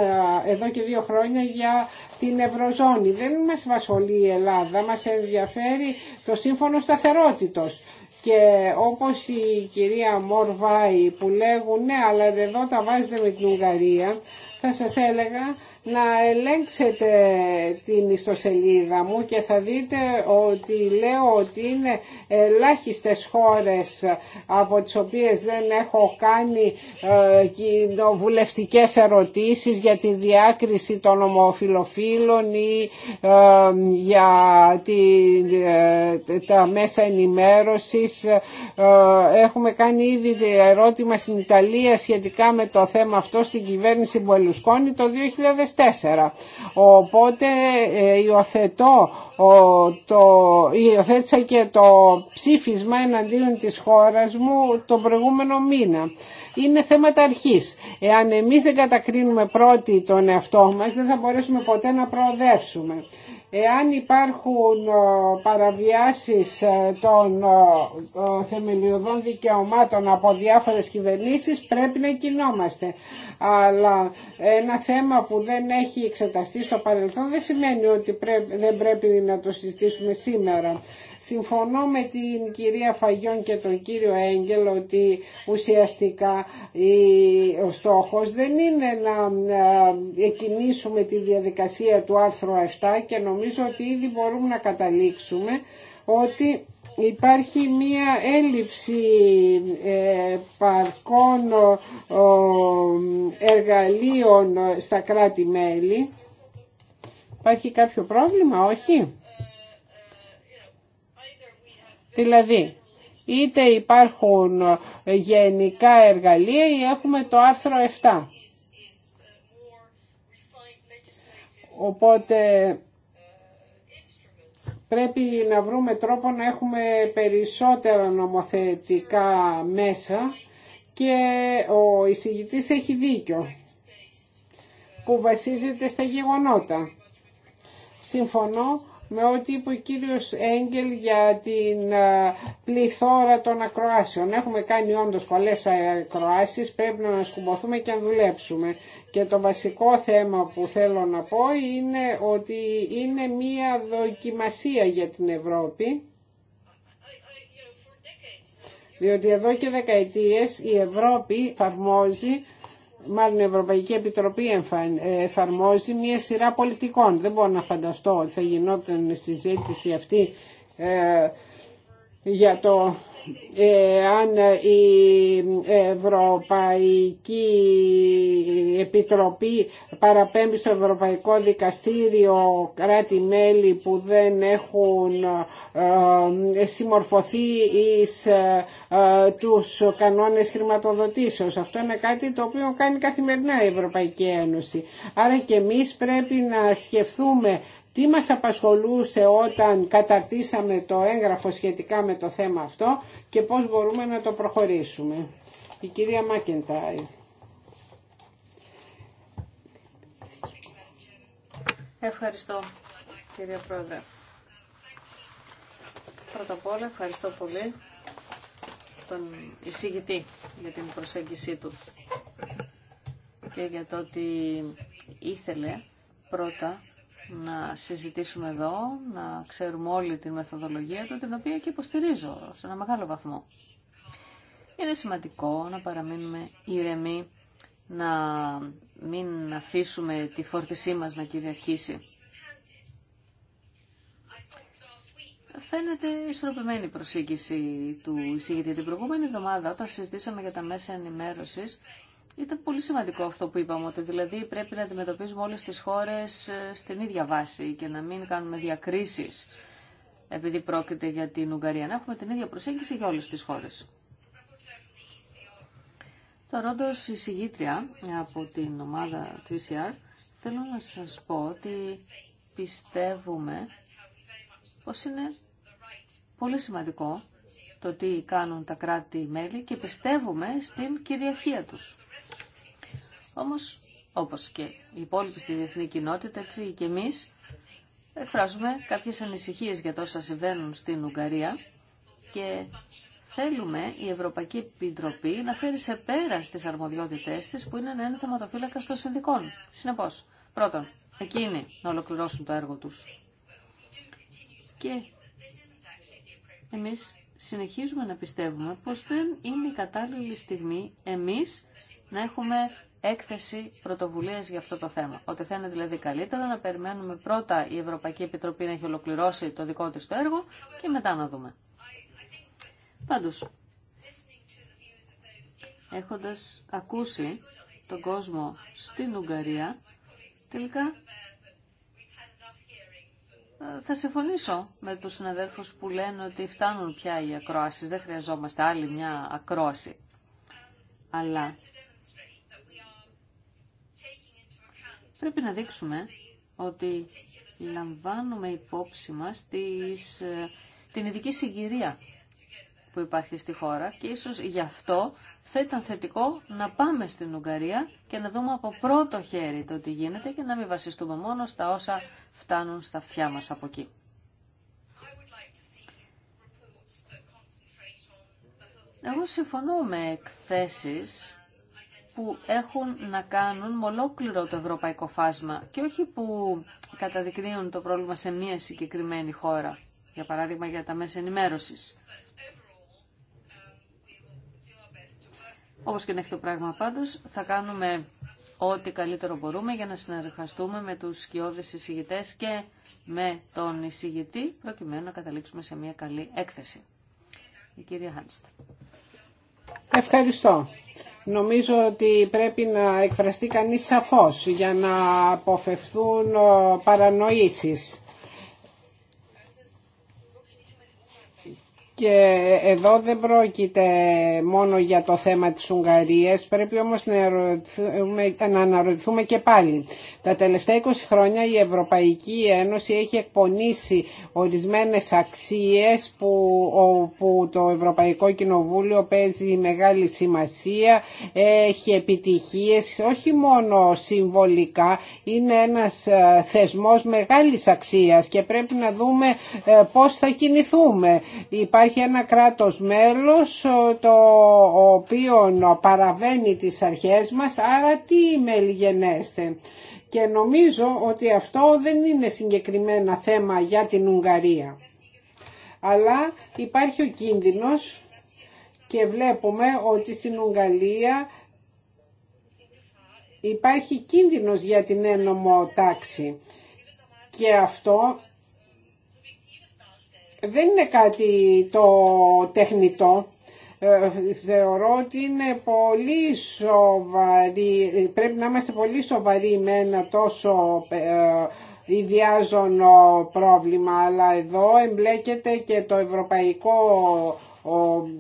Speaker 2: εδώ και δύο χρόνια για την Ευρωζώνη. Δεν μας βασολεί η Ελλάδα, μας ενδιαφέρει το Σύμφωνο Σταθερότητος και όπως η κυρία Μορβάη που λέγουν ναι αλλά εδώ τα βάζετε με την Ουγγαρία θα σας έλεγα να ελέγξετε την ιστοσελίδα μου και θα δείτε ότι λέω ότι είναι ελάχιστες χώρες από τις οποίες δεν έχω κάνει ε, κοινοβουλευτικές ερωτήσεις για τη διάκριση των ομοφιλοφίλων ή ε, για ε, τα μέσα ενημέρωσης. Έχουμε κάνει ήδη ερώτημα στην Ιταλία σχετικά με το θέμα αυτό στην κυβέρνηση Μπολουσκόνη το 2000 Οπότε ε, υιοθετώ το, υιοθέτησα και το ψήφισμα εναντίον της χώρας μου τον προηγούμενο μήνα. Είναι θέματα αρχής. Εάν εμείς δεν κατακρίνουμε πρώτοι τον εαυτό μας δεν θα μπορέσουμε ποτέ να προοδεύσουμε. Εάν υπάρχουν ε, παραβιάσεις ε, των ε, θεμελιωδών δικαιωμάτων από διάφορες κυβερνήσεις πρέπει να κοινόμαστε. Αλλά ένα θέμα που δεν έχει εξεταστεί στο παρελθόν δεν σημαίνει ότι δεν πρέπει να το συζητήσουμε σήμερα. Συμφωνώ με την κυρία Φαγιόν και τον κύριο Έγγελ ότι ουσιαστικά ο στόχος δεν είναι να εκινήσουμε τη διαδικασία του άρθρου 7 και νομίζω ότι ήδη μπορούμε να καταλήξουμε ότι Υπάρχει μία έλλειψη ε, παρκών εργαλείων στα κράτη-μέλη. Υπάρχει κάποιο πρόβλημα, όχι. Δηλαδή, είτε υπάρχουν γενικά εργαλεία ή έχουμε το άρθρο 7. Οπότε πρέπει να βρούμε τρόπο να έχουμε περισσότερα νομοθετικά μέσα και ο εισηγητής έχει δίκιο που βασίζεται στα γεγονότα. Συμφωνώ με ό,τι είπε ο κύριος Έγγελ για την ε, πληθώρα των ακροάσεων. Έχουμε κάνει όντως πολλές ακροάσεις, πρέπει να σκουμποθούμε και να δουλέψουμε. Και το βασικό θέμα που θέλω να πω είναι ότι είναι μία δοκιμασία για την Ευρώπη διότι εδώ και δεκαετίες η Ευρώπη εφαρμόζει μάλλον η Ευρωπαϊκή Επιτροπή εφαρμόζει μια σειρά πολιτικών. Δεν μπορώ να φανταστώ ότι θα γινόταν συζήτηση αυτή ε, για το ε, αν η Ευρωπαϊκή Επιτροπή παραπέμπει στο Ευρωπαϊκό Δικαστήριο κράτη-μέλη που δεν έχουν ε, συμμορφωθεί εις ε, τους κανόνες χρηματοδοτήσεως. Αυτό είναι κάτι το οποίο κάνει καθημερινά η Ευρωπαϊκή Ένωση. Άρα και εμείς πρέπει να σκεφτούμε τι μας απασχολούσε όταν καταρτήσαμε το έγγραφο σχετικά με το θέμα αυτό και πώς μπορούμε να το προχωρήσουμε. Η κυρία Μάκεντάι.
Speaker 1: Ευχαριστώ κυρία Πρόεδρε. Πρώτα απ' όλα ευχαριστώ πολύ τον εισηγητή για την προσέγγιση του και για το ότι ήθελε πρώτα να συζητήσουμε εδώ, να ξέρουμε όλη την μεθοδολογία του, την οποία και υποστηρίζω σε ένα μεγάλο βαθμό. Είναι σημαντικό να παραμείνουμε ήρεμοι, να μην αφήσουμε τη φόρτισή μας να κυριαρχήσει. Φαίνεται ισορροπημένη η προσήγηση του εισηγητή. Την προηγούμενη εβδομάδα, όταν συζητήσαμε για τα μέσα ενημέρωσης, ήταν πολύ σημαντικό αυτό που είπαμε, ότι δηλαδή πρέπει να αντιμετωπίζουμε όλες τις χώρες ε, στην ίδια βάση και να μην κάνουμε διακρίσεις επειδή πρόκειται για την Ουγγαρία. Να έχουμε την ίδια προσέγγιση για όλες τις χώρες. Τώρα όντως η συγγήτρια από την ομάδα του ECR θέλω να σας πω ότι πιστεύουμε πως είναι πολύ σημαντικό το τι κάνουν τα κράτη-μέλη και πιστεύουμε στην κυριαρχία τους. Όμως, όπως και οι υπόλοιποι στη διεθνή κοινότητα, έτσι και εμείς εκφράζουμε κάποιες ανησυχίες για τόσα συμβαίνουν στην Ουγγαρία και θέλουμε η Ευρωπαϊκή Επιτροπή να φέρει σε πέρα στις αρμοδιότητές της που είναι ένα θεματοφύλακα των συνδικών. Συνεπώς, πρώτον, εκείνοι να ολοκληρώσουν το έργο τους. Και εμείς συνεχίζουμε να πιστεύουμε πως δεν είναι η κατάλληλη στιγμή εμείς να έχουμε έκθεση πρωτοβουλίας για αυτό το θέμα. Ότι θα είναι δηλαδή καλύτερο να περιμένουμε πρώτα η Ευρωπαϊκή Επιτροπή να έχει ολοκληρώσει το δικό της το έργο και μετά να δούμε. Πάντως, έχοντας ακούσει τον κόσμο στην Ουγγαρία, τελικά ε, θα συμφωνήσω με τους συναδέλφους που λένε ότι φτάνουν πια οι ακρόασεις, δεν χρειαζόμαστε άλλη μια ακρόαση. Αλλά Πρέπει να δείξουμε ότι λαμβάνουμε υπόψη μας ε, την ειδική συγκυρία που υπάρχει στη χώρα και ίσως γι' αυτό θα ήταν θετικό να πάμε στην Ουγγαρία και να δούμε από πρώτο χέρι το τι γίνεται και να μην βασιστούμε μόνο στα όσα φτάνουν στα αυτιά μας από εκεί. Εγώ συμφωνώ με εκθέσεις που έχουν να κάνουν με ολόκληρο το ευρωπαϊκό φάσμα και όχι που καταδεικνύουν το πρόβλημα σε μία συγκεκριμένη χώρα, για παράδειγμα για τα μέσα ενημέρωσης. Όπως και να έχει το πράγμα πάντως, θα κάνουμε ό,τι καλύτερο μπορούμε για να συνεργαστούμε με τους σκιώδες εισηγητέ και με τον εισηγητή, προκειμένου να καταλήξουμε σε μια καλή έκθεση. Η κυρία
Speaker 2: Ευχαριστώ. Νομίζω ότι πρέπει να εκφραστεί κανείς σαφώς για να αποφευθούν ε, παρανοήσεις. Και εδώ δεν πρόκειται μόνο για το θέμα της Ουγγαρίας, πρέπει όμως να, να αναρωτηθούμε και πάλι. Τα τελευταία 20 χρόνια η Ευρωπαϊκή Ένωση έχει εκπονήσει ορισμένες αξίες που, το Ευρωπαϊκό Κοινοβούλιο παίζει μεγάλη σημασία, έχει επιτυχίες, όχι μόνο συμβολικά, είναι ένας ε, θεσμός μεγάλης αξίας και πρέπει να δούμε ε, πώς θα κινηθούμε υπάρχει ένα κράτος μέλος το οποίο παραβαίνει τις αρχές μας, άρα τι μελιγενέστε. Και νομίζω ότι αυτό δεν είναι συγκεκριμένα θέμα για την Ουγγαρία. Αλλά υπάρχει ο κίνδυνος και βλέπουμε ότι στην Ουγγαρία υπάρχει κίνδυνος για την ένομο τάξη. Και αυτό δεν είναι κάτι το τεχνητό. Ε, θεωρώ ότι είναι πολύ σοβαρή, πρέπει να είμαστε πολύ σοβαροί με ένα τόσο ε, ιδιάζωνο πρόβλημα, αλλά εδώ εμπλέκεται και το ευρωπαϊκό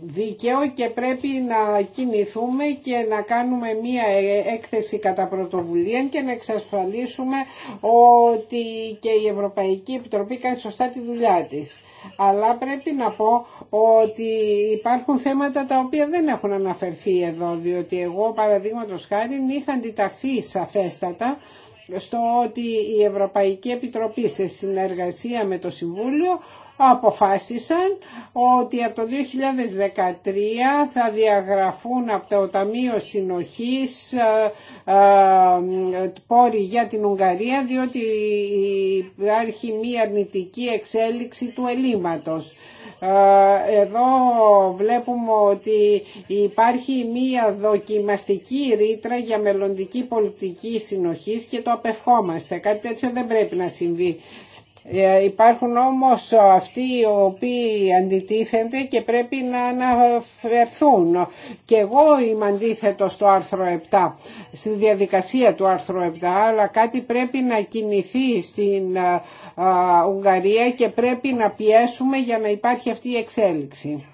Speaker 2: δίκαιο και πρέπει να κινηθούμε και να κάνουμε μία ε, έκθεση κατά πρωτοβουλία και να εξασφαλίσουμε ότι και η Ευρωπαϊκή Επιτροπή κάνει σωστά τη δουλειά της αλλά πρέπει να πω ότι υπάρχουν θέματα τα οποία δεν έχουν αναφερθεί εδώ, διότι εγώ παραδείγματο χάρη είχα αντιταχθεί σαφέστατα στο ότι η Ευρωπαϊκή Επιτροπή σε συνεργασία με το Συμβούλιο αποφάσισαν ότι από το 2013 θα διαγραφούν από το Ταμείο Συνοχής ε, ε, πόροι για την Ουγγαρία διότι υπάρχει μία αρνητική εξέλιξη του ελίματος. Ε, εδώ βλέπουμε ότι υπάρχει μία δοκιμαστική ρήτρα για μελλοντική πολιτική συνοχής και το απευχόμαστε. Κάτι τέτοιο δεν πρέπει να συμβεί ε, υπάρχουν όμως αυτοί οι οποίοι αντιτίθενται και πρέπει να αναφερθούν. Και εγώ είμαι αντίθετο στο άρθρο 7, στη διαδικασία του άρθρου 7, αλλά κάτι πρέπει να κινηθεί στην Ουγγαρία και πρέπει να πιέσουμε για να υπάρχει αυτή η εξέλιξη.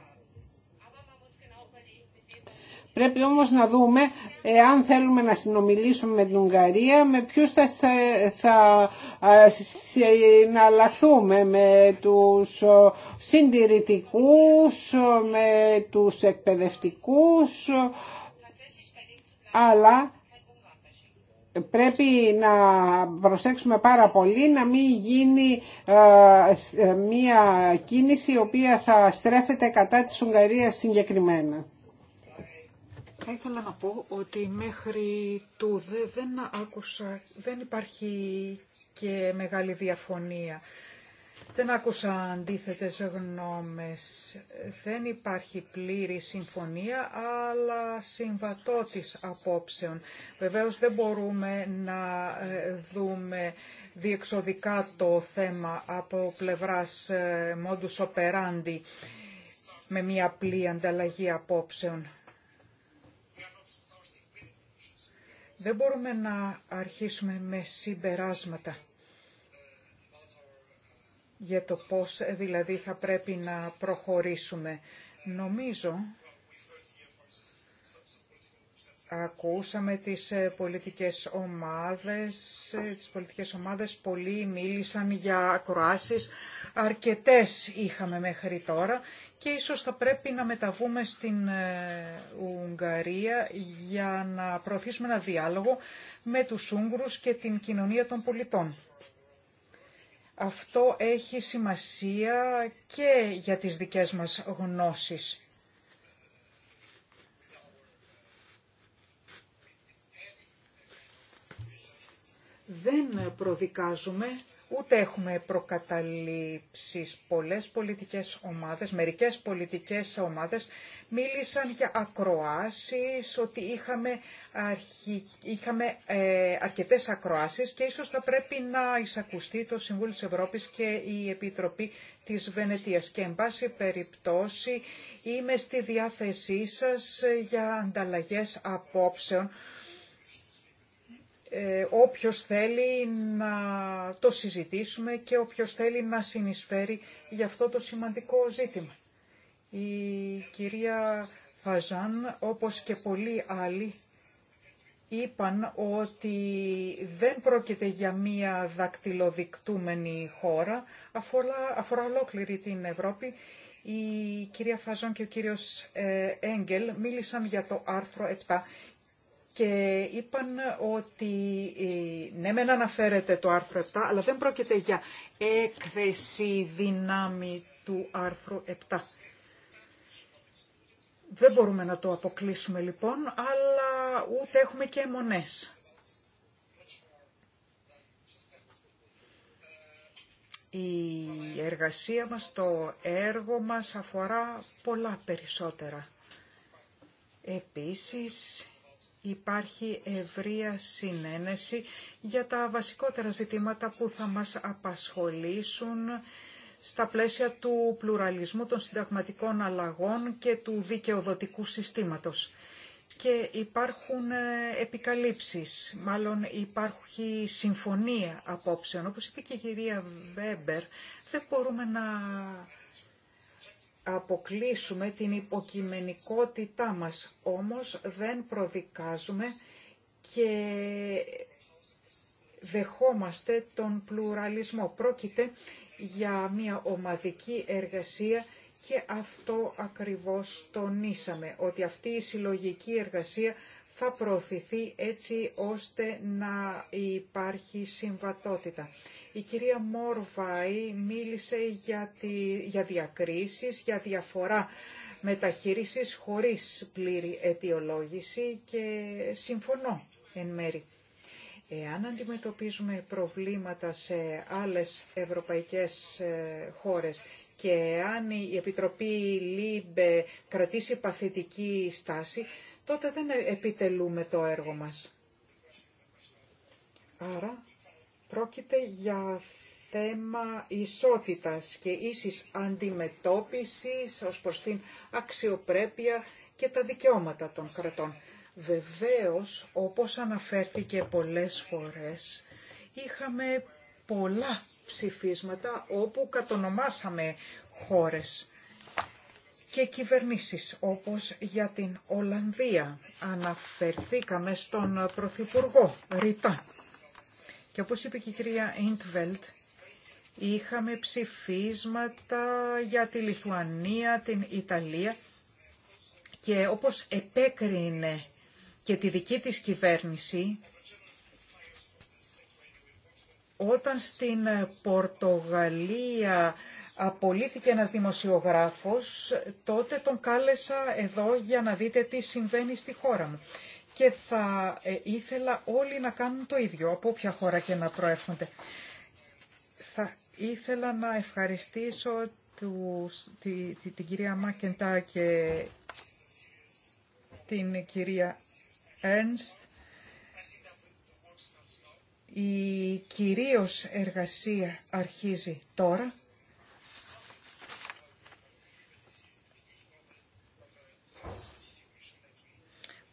Speaker 2: Πρέπει όμως να δούμε εάν θέλουμε να συνομιλήσουμε με την Ουγγαρία, με ποιους θα, θα συναλλαχθούμε, με τους συντηρητικούς, με τους εκπαιδευτικούς, αλλά πρέπει να προσέξουμε πάρα πολύ να μην γίνει μια κίνηση η οποία θα στρέφεται κατά της Ουγγαρίας συγκεκριμένα.
Speaker 3: Θα ήθελα να πω ότι μέχρι τούδε δεν άκουσα, δεν υπάρχει και μεγάλη διαφωνία. Δεν άκουσα αντίθετες γνώμες. Δεν υπάρχει πλήρη συμφωνία, αλλά συμβατότης απόψεων. Βεβαίως δεν μπορούμε να ε, δούμε διεξοδικά το θέμα από πλευράς ε, modus operandi με μια απλή ανταλλαγή απόψεων. Δεν μπορούμε να αρχίσουμε με συμπεράσματα για το πώς ε, δηλαδή θα πρέπει να προχωρήσουμε. Νομίζω ακούσαμε τις ε, πολιτικές ομάδες, ε, τις πολιτικές ομάδες πολλοί μίλησαν για ακροάσεις, αρκετές είχαμε μέχρι τώρα και ίσως θα πρέπει να μεταβούμε στην ε, Ουγγαρία για να προωθήσουμε ένα διάλογο με τους Ούγγρους και την κοινωνία των πολιτών. Αυτό έχει σημασία και για τις δικές μας γνώσεις. Δεν προδικάζουμε Ούτε έχουμε προκαταλήψεις. Πολλές πολιτικές ομάδες, μερικές πολιτικές ομάδες μίλησαν για ακροάσεις, ότι είχαμε, αρχι... είχαμε ε, αρκετές ακροάσεις και ίσως θα πρέπει να εισακουστεί το Συμβούλιο της Ευρώπης και η Επιτροπή της Βενετίας. Και εν πάση περιπτώσει είμαι στη διάθεσή σας για ανταλλαγές απόψεων ε, όποιος θέλει να το συζητήσουμε και όποιος θέλει να συνεισφέρει για αυτό το σημαντικό ζήτημα. Η κυρία Φαζάν, όπως και πολλοί άλλοι, είπαν ότι δεν πρόκειται για μία δακτυλοδεικτούμενη χώρα, αφορά, αφορά ολόκληρη την Ευρώπη. Η κυρία Φαζόν και ο κύριος ε, Έγγελ μίλησαν για το άρθρο 7 και είπαν ότι ε, ναι μεν αναφέρεται το άρθρο 7 αλλά δεν πρόκειται για έκθεση δυνάμει του άρθρου 7. Δεν μπορούμε να το αποκλείσουμε λοιπόν, αλλά ούτε έχουμε και αιμονές. Η εργασία μας, το έργο μας αφορά πολλά περισσότερα. Επίσης, υπάρχει ευρεία συνένεση για τα βασικότερα ζητήματα που θα μας απασχολήσουν στα πλαίσια του πλουραλισμού των συνταγματικών αλλαγών και του δικαιοδοτικού συστήματος. Και υπάρχουν ε, επικαλύψεις, μάλλον υπάρχει συμφωνία απόψεων. Όπως είπε και η κυρία Βέμπερ, δεν μπορούμε να αποκλείσουμε την υποκειμενικότητά μας, όμως δεν προδικάζουμε και δεχόμαστε τον πλουραλισμό. Πρόκειται για μια ομαδική εργασία και αυτό ακριβώς τονίσαμε, ότι αυτή η συλλογική εργασία θα προωθηθεί έτσι ώστε να υπάρχει συμβατότητα. Η κυρία Μόρβαη μίλησε για, τη, για διακρίσεις, για διαφορά μεταχείρισης χωρίς πλήρη αιτιολόγηση και συμφωνώ εν μέρη. Εάν αντιμετωπίζουμε προβλήματα σε άλλες ευρωπαϊκές ε, χώρες και εάν η Επιτροπή ΛΥΜΠΕ κρατήσει παθητική στάση, τότε δεν επιτελούμε το έργο μας. Άρα Πρόκειται για θέμα ισότητας και ίσης αντιμετώπισης ως προς την αξιοπρέπεια και τα δικαιώματα των κρατών. Βεβαίως, όπως αναφέρθηκε πολλές φορές, είχαμε πολλά ψηφίσματα όπου κατονομάσαμε χώρες και κυβερνήσεις, όπως για την Ολλανδία. Αναφερθήκαμε στον Πρωθυπουργό Ριτά. Και όπως είπε και η κυρία Ιντβελτ, είχαμε ψηφίσματα για τη Λιθουανία, την Ιταλία και όπως επέκρινε και τη δική της κυβέρνηση, όταν στην Πορτογαλία απολύθηκε ένας δημοσιογράφος, τότε τον κάλεσα εδώ για να δείτε τι συμβαίνει στη χώρα μου και θα ε, ήθελα όλοι να κάνουν το ίδιο, από όποια χώρα και να προέρχονται. Θα ήθελα να ευχαριστήσω τους, τη, τη, την κυρία Μάκεντά και την κυρία Έρνστ. Η κυρίως εργασία αρχίζει τώρα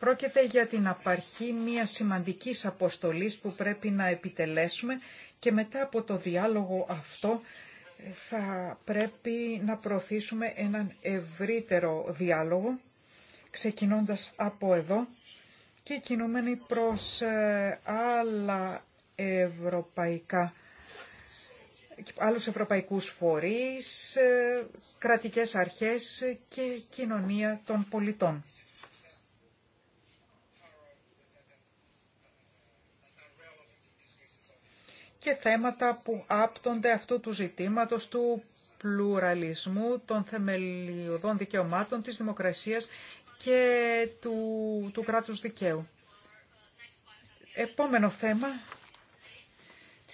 Speaker 3: Πρόκειται για την απαρχή μιας σημαντικής αποστολής που πρέπει να επιτελέσουμε και μετά από το διάλογο αυτό ε, θα πρέπει να προωθήσουμε έναν ευρύτερο διάλογο, ξεκινώντας από εδώ και κινούμενοι προς ε, άλλα ευρωπαϊκά άλλους ευρωπαϊκούς φορείς, ε, κρατικές αρχές και κοινωνία των πολιτών. και θέματα που άπτονται αυτού του ζητήματος του πλουραλισμού, των θεμελιωδών δικαιωμάτων, της δημοκρασίας και του, του κράτους δικαίου. Επόμενο θέμα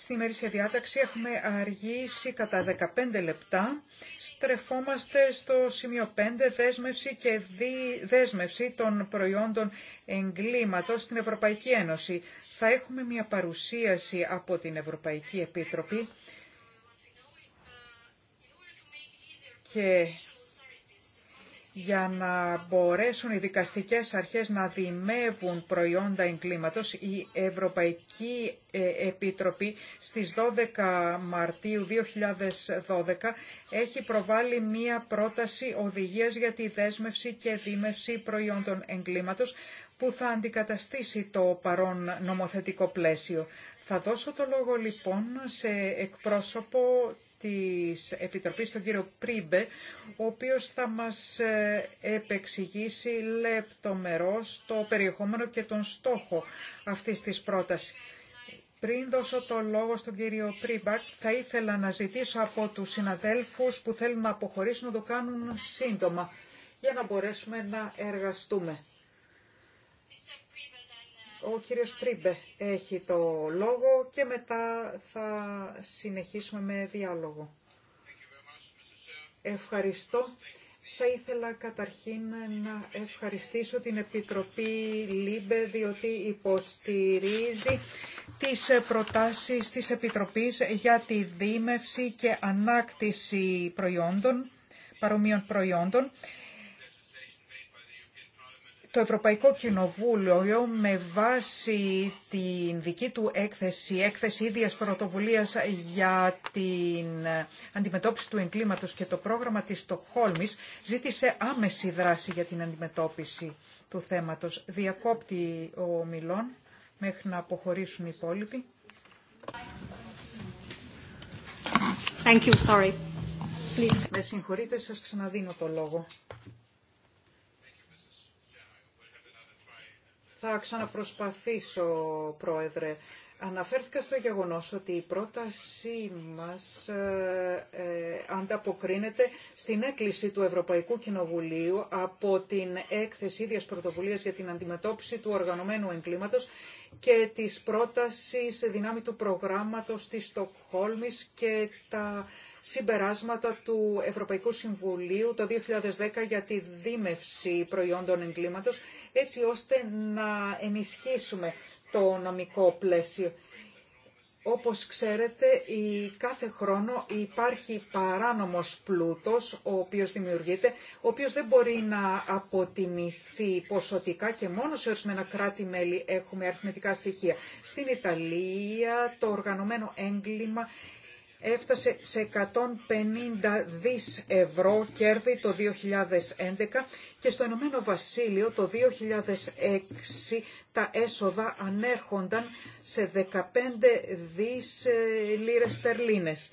Speaker 3: Στη μερίσια διάταξη έχουμε αργήσει κατά 15 λεπτά. Στρεφόμαστε στο σημείο 5, δέσμευση και δι... δέσμευση των προϊόντων εγκλήματος στην Ευρωπαϊκή Ένωση. Θα έχουμε μια παρουσίαση από την Ευρωπαϊκή Επίτροπη και για να μπορέσουν οι δικαστικές αρχές να δημεύουν προϊόντα εγκλήματος, η Ευρωπαϊκή ε, Επιτροπή στις 12 Μαρτίου 2012 έχει προβάλει μία πρόταση οδηγίας για τη δέσμευση και δίμευση προϊόντων εγκλήματος που θα αντικαταστήσει το παρόν νομοθετικό πλαίσιο. Θα δώσω το λόγο λοιπόν σε εκπρόσωπο της Επιτροπής, τον κύριο Πρίμπε, ο οποίος θα μας ε, επεξηγήσει λεπτομερώς το περιεχόμενο και τον στόχο αυτής της πρότασης. Πριν δώσω το λόγο στον κύριο Πρίμπακ, θα ήθελα να ζητήσω από τους συναδέλφους που θέλουν να αποχωρήσουν να το κάνουν σύντομα, για να μπορέσουμε να εργαστούμε. Ο κύριος Τρίμπε έχει το λόγο και μετά θα συνεχίσουμε με διάλογο. Ευχαριστώ. Θα ήθελα καταρχήν να ευχαριστήσω την Επιτροπή Λίμπε διότι υποστηρίζει τις προτάσεις της Επιτροπής για τη δίμευση και ανάκτηση προϊόντων, παρομοίων προϊόντων το Ευρωπαϊκό Κοινοβούλιο με βάση την δική του έκθεση, έκθεση ίδιας πρωτοβουλίας για την αντιμετώπιση του εγκλήματος και το πρόγραμμα της Στοκχόλμης ζήτησε άμεση δράση για την αντιμετώπιση του θέματος. Διακόπτει ο Μιλών μέχρι να αποχωρήσουν οι υπόλοιποι.
Speaker 1: Thank you, sorry. Please. Με συγχωρείτε, σας ξαναδίνω το λόγο.
Speaker 3: Θα ξαναπροσπαθήσω, Πρόεδρε. Αναφέρθηκα στο γεγονός ότι η πρότασή μας ε, ε, ανταποκρίνεται στην έκκληση του Ευρωπαϊκού Κοινοβουλίου από την έκθεση ίδιας πρωτοβουλίας για την αντιμετώπιση του οργανωμένου εγκλήματος και της πρότασης δυνάμει του προγράμματος της Στοκχόλμης και τα συμπεράσματα του Ευρωπαϊκού Συμβουλίου το 2010 για τη δίμευση προϊόντων εγκλήματος έτσι ώστε να ενισχύσουμε το νομικό πλαίσιο. Όπως ξέρετε, κάθε χρόνο υπάρχει παράνομος πλούτος, ο οποίος δημιουργείται, ο οποίος δεν μπορεί να αποτιμηθεί ποσοτικά και μόνο σε ορισμένα κράτη-μέλη έχουμε αριθμητικά στοιχεία. Στην Ιταλία το οργανωμένο έγκλημα έφτασε σε 150 δις ευρώ κέρδη το 2011 και στο Ηνωμένο Βασίλειο το 2006 τα έσοδα ανέρχονταν σε 15 δις ε, λίρες τερλίνες.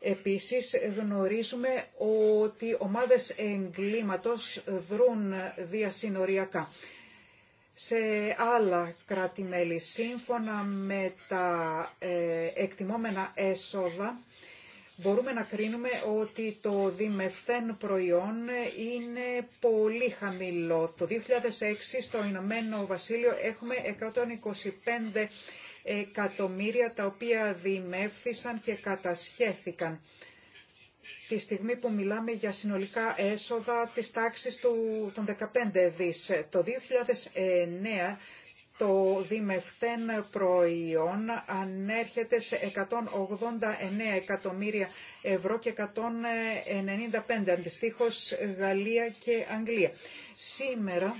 Speaker 3: Επίσης γνωρίζουμε ότι ομάδες εγκλήματος δρούν διασυνοριακά σε άλλα κράτη-μέλη. Σύμφωνα με τα εκτιμώμενα εκτιμόμενα έσοδα, μπορούμε να κρίνουμε ότι το διμεθέν προϊόν είναι πολύ χαμηλό. Το 2006 στο Ηνωμένο Βασίλειο έχουμε 125 εκατομμύρια τα οποία δημεύθησαν και κατασχέθηκαν τη στιγμή που μιλάμε για συνολικά έσοδα της τάξης του, των 15 δις. Το 2009 το διμευθέν προϊόν ανέρχεται σε 189 εκατομμύρια ευρώ και 195 αντιστοίχως Γαλλία και Αγγλία. Σήμερα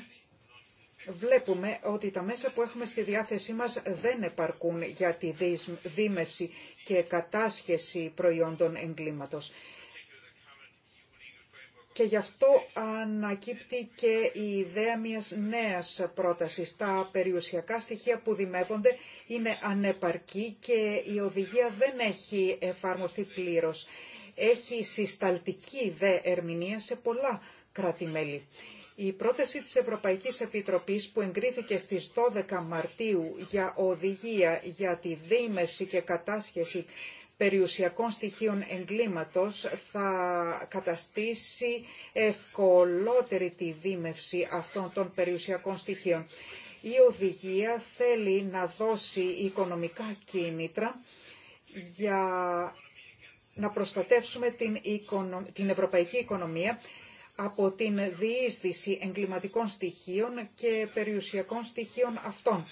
Speaker 3: βλέπουμε ότι τα μέσα που έχουμε στη διάθεσή μας δεν επαρκούν για τη δίμευση και κατάσχεση προϊόντων εγκλήματος. Και γι' αυτό ανακύπτει και η ιδέα μιας νέας πρότασης. Τα περιουσιακά στοιχεία που δημεύονται είναι ανεπαρκή και η οδηγία δεν έχει εφαρμοστεί πλήρως. Έχει συσταλτική δε ερμηνεία σε πολλά κράτη-μέλη. Η πρόταση της Ευρωπαϊκής Επιτροπής που εγκρίθηκε στις 12 Μαρτίου για οδηγία για τη δίμευση και κατάσχεση περιουσιακών στοιχείων εγκλήματος θα καταστήσει ευκολότερη τη δίμευση αυτών των περιουσιακών στοιχείων. Η οδηγία θέλει να δώσει οικονομικά κίνητρα για να προστατεύσουμε την, την ευρωπαϊκή οικονομία από την διείσδυση εγκληματικών στοιχείων και περιουσιακών στοιχείων αυτών.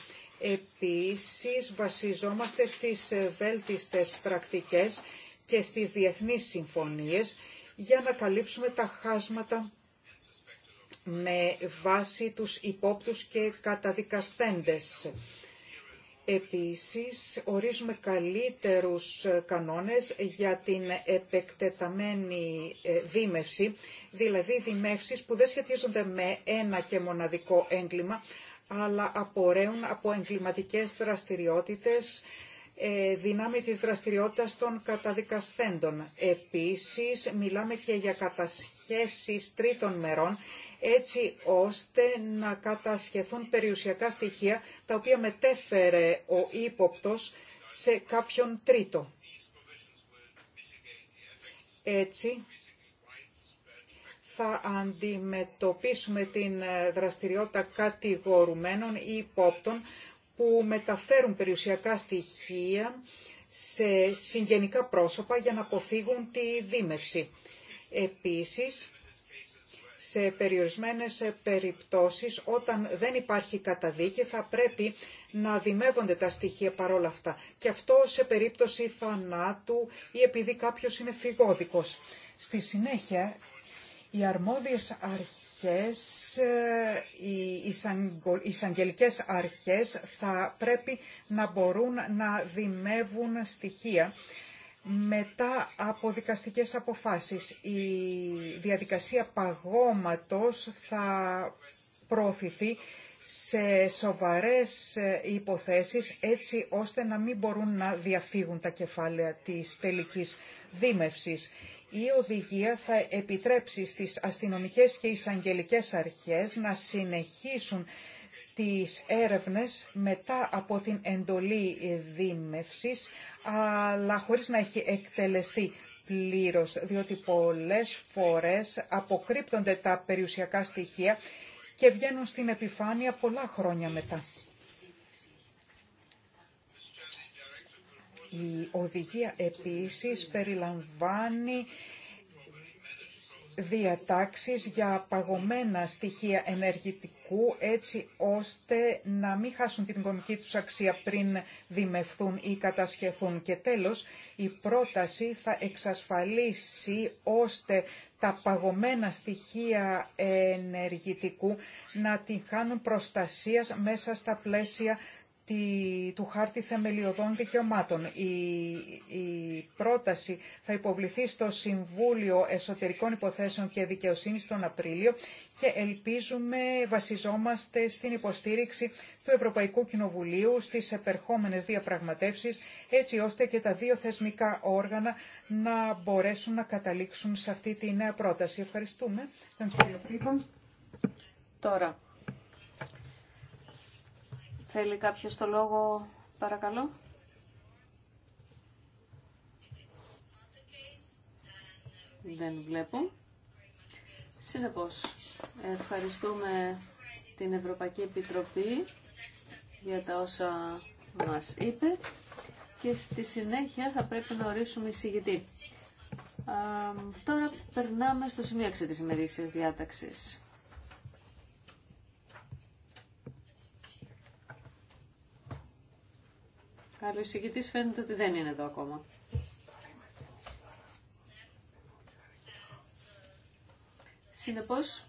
Speaker 3: Επίσης, βασιζόμαστε στις ε, βέλτιστες πρακτικές και στις διεθνείς συμφωνίες για να καλύψουμε τα χάσματα με βάση τους υπόπτους και καταδικαστέντες. Επίσης, ορίζουμε καλύτερους ε, κανόνες για την επεκτεταμένη ε, δίμευση, δηλαδή δημεύσεις που δεν σχετίζονται με ένα και μοναδικό έγκλημα, αλλά απορρέουν από εγκληματικές δραστηριότητες ε, δυνάμει της δραστηριότητας των καταδικασθέντων. Επίσης, μιλάμε και για κατασχέσεις τρίτων μερών, έτσι ώστε να κατασχεθούν περιουσιακά στοιχεία, τα οποία μετέφερε ο ύποπτος σε κάποιον τρίτο. Έτσι, θα αντιμετωπίσουμε την ε, δραστηριότητα κατηγορουμένων ή υπόπτων που μεταφέρουν περιουσιακά στοιχεία σε συγγενικά πρόσωπα για να αποφύγουν τη δίμευση. Επίσης, σε περιορισμένες περιπτώσεις, όταν δεν υπάρχει καταδίκη, θα πρέπει να δημεύονται τα στοιχεία παρόλα αυτά. Και αυτό σε περίπτωση θανάτου ή επειδή κάποιος είναι φυγόδικος. Στη συνέχεια, οι αρμόδιες αρχές, ε, οι εισαγγελικές αρχές θα πρέπει να μπορούν να δημεύουν στοιχεία μετά από δικαστικές αποφάσεις. Η διαδικασία παγώματος θα προωθηθεί σε σοβαρές ε, υποθέσεις έτσι ώστε να μην μπορούν να διαφύγουν τα κεφάλαια της τελικής δήμευσης. Η οδηγία θα επιτρέψει στις αστυνομικές και εισαγγελικές αρχές να συνεχίσουν τις έρευνες μετά από την εντολή δίμευσης, αλλά χωρίς να έχει εκτελεστεί πλήρως, διότι πολλές φορές αποκρύπτονται τα περιουσιακά στοιχεία και βγαίνουν στην επιφάνεια πολλά χρόνια μετά. Η οδηγία επίσης περιλαμβάνει διατάξεις για παγωμένα στοιχεία ενεργητικού έτσι ώστε να μην χάσουν την οικονομική τους αξία πριν δημευθούν ή κατασχεθούν. Και τέλος, η πρόταση θα εξασφαλίσει ώστε τα παγωμένα στοιχεία ενεργητικού να την κάνουν προστασίας μέσα στα πλαίσια του Χάρτη Θεμελιωδών Δικαιωμάτων. Η, η πρόταση θα υποβληθεί στο Συμβούλιο Εσωτερικών Υποθέσεων και Δικαιοσύνης τον Απρίλιο και ελπίζουμε, βασιζόμαστε στην υποστήριξη του Ευρωπαϊκού Κοινοβουλίου στις επερχόμενες διαπραγματεύσεις, έτσι ώστε και τα δύο θεσμικά όργανα να μπορέσουν να καταλήξουν σε αυτή τη νέα πρόταση. Ευχαριστούμε
Speaker 1: τον Τώρα, Θέλει κάποιος το λόγο, παρακαλώ. Δεν βλέπω. Συνεπώς, ευχαριστούμε την Ευρωπαϊκή Επιτροπή για τα όσα μας είπε και στη συνέχεια θα πρέπει να ορίσουμε εισηγητή. τώρα περνάμε στο σημείο της ημερήσιας διάταξης. Αλλά εισηγητής φαίνεται ότι δεν είναι εδώ ακόμα. Συνεπώς,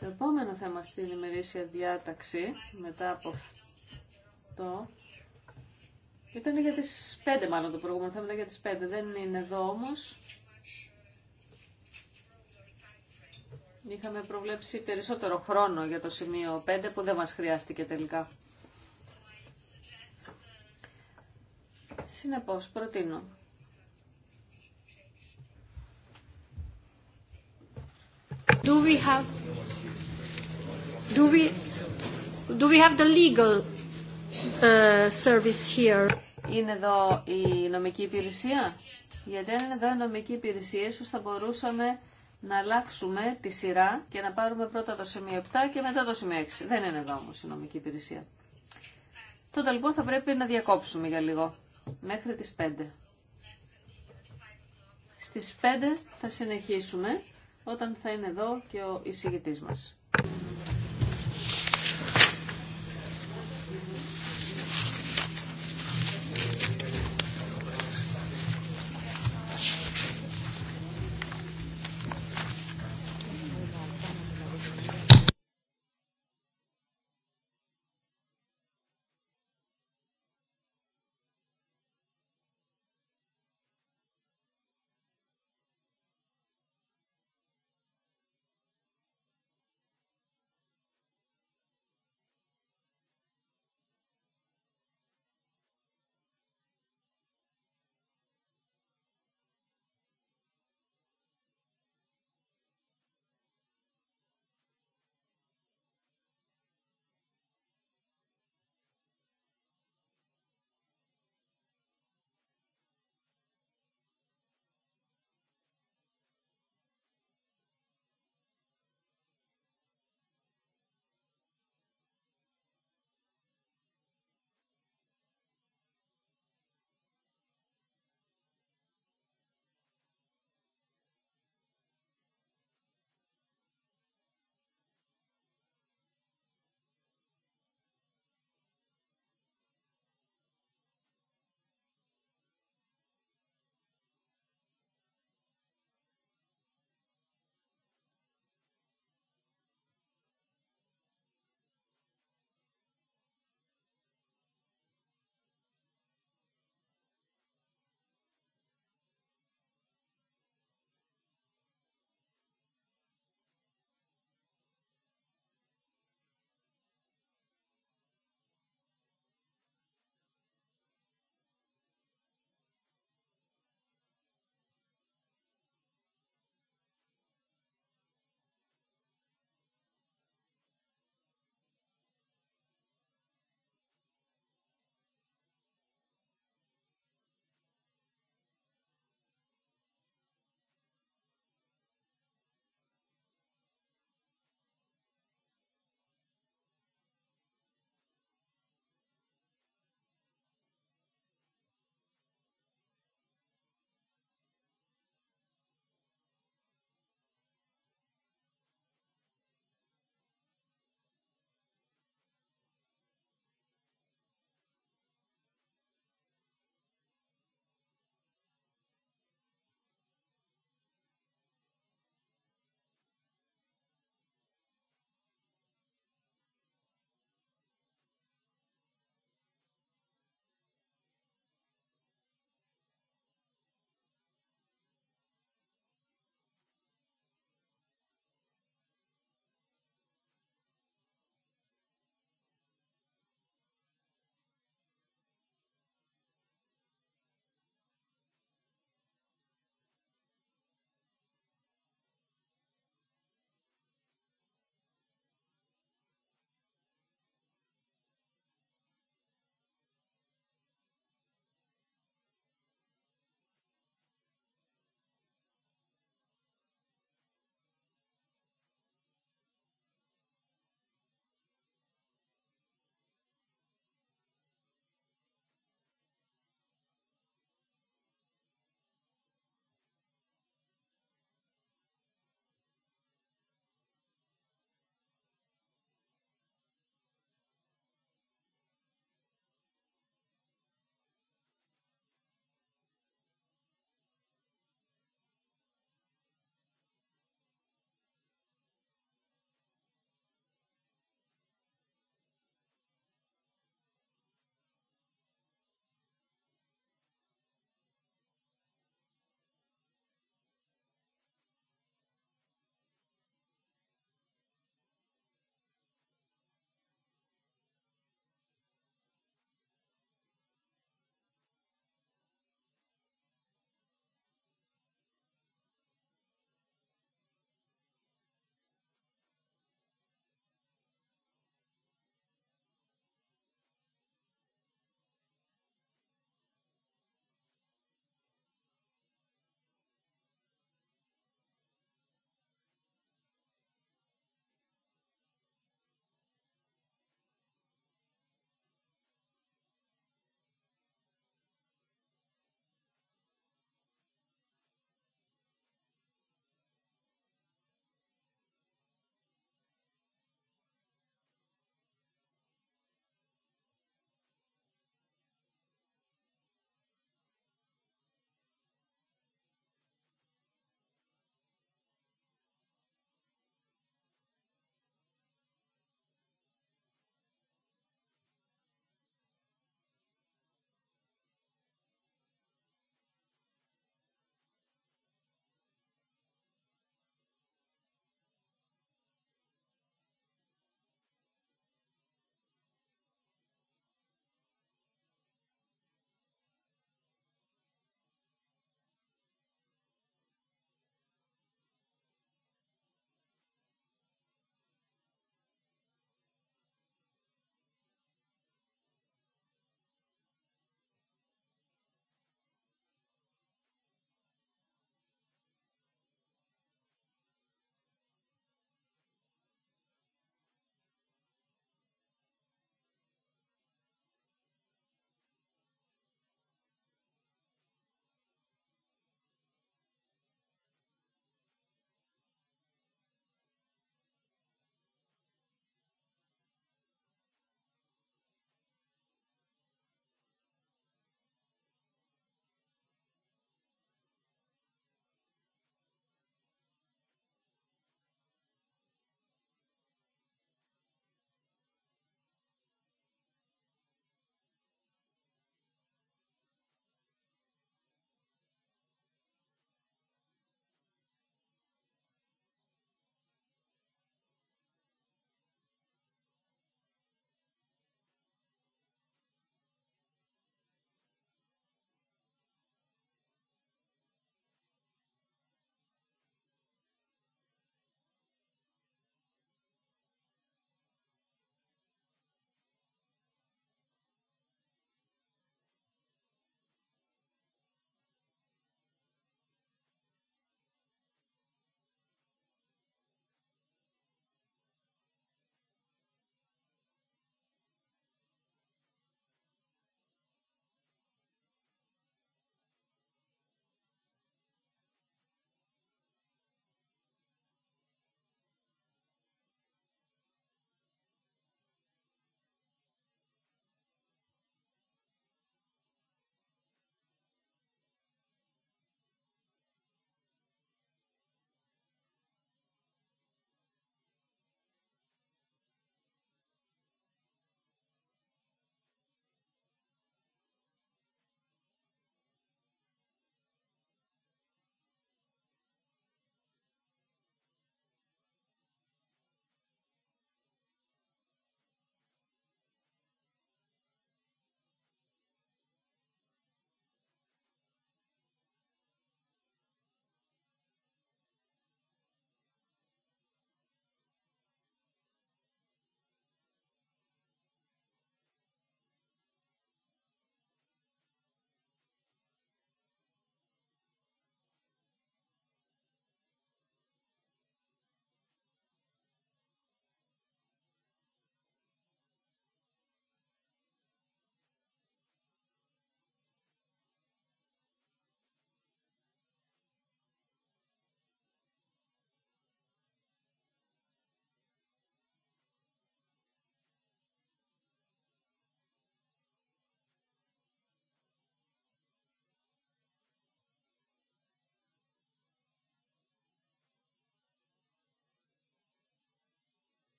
Speaker 1: το επόμενο θέμα στην ημερήσια διάταξη, μετά από αυτό, ήταν για τις 5 μάλλον το προηγούμενο θέμα, για τις 5. Δεν είναι εδώ όμως. Είχαμε προβλέψει περισσότερο χρόνο για το σημείο 5 που δεν μας χρειάστηκε τελικά. Συνεπώς, προτείνω.
Speaker 2: Do we have... Do we... Do we have the legal uh, service here?
Speaker 1: Είναι εδώ η νομική υπηρεσία. Γιατί αν είναι εδώ η νομική υπηρεσία, ίσως θα μπορούσαμε να αλλάξουμε τη σειρά και να πάρουμε πρώτα το σημείο 7 και μετά το σημείο 6. Δεν είναι εδώ όμως η νομική υπηρεσία. Τότε λοιπόν θα πρέπει να διακόψουμε για λίγο μέχρι τις 5. Στις 5 θα συνεχίσουμε όταν θα είναι εδώ και ο εισηγητής μας.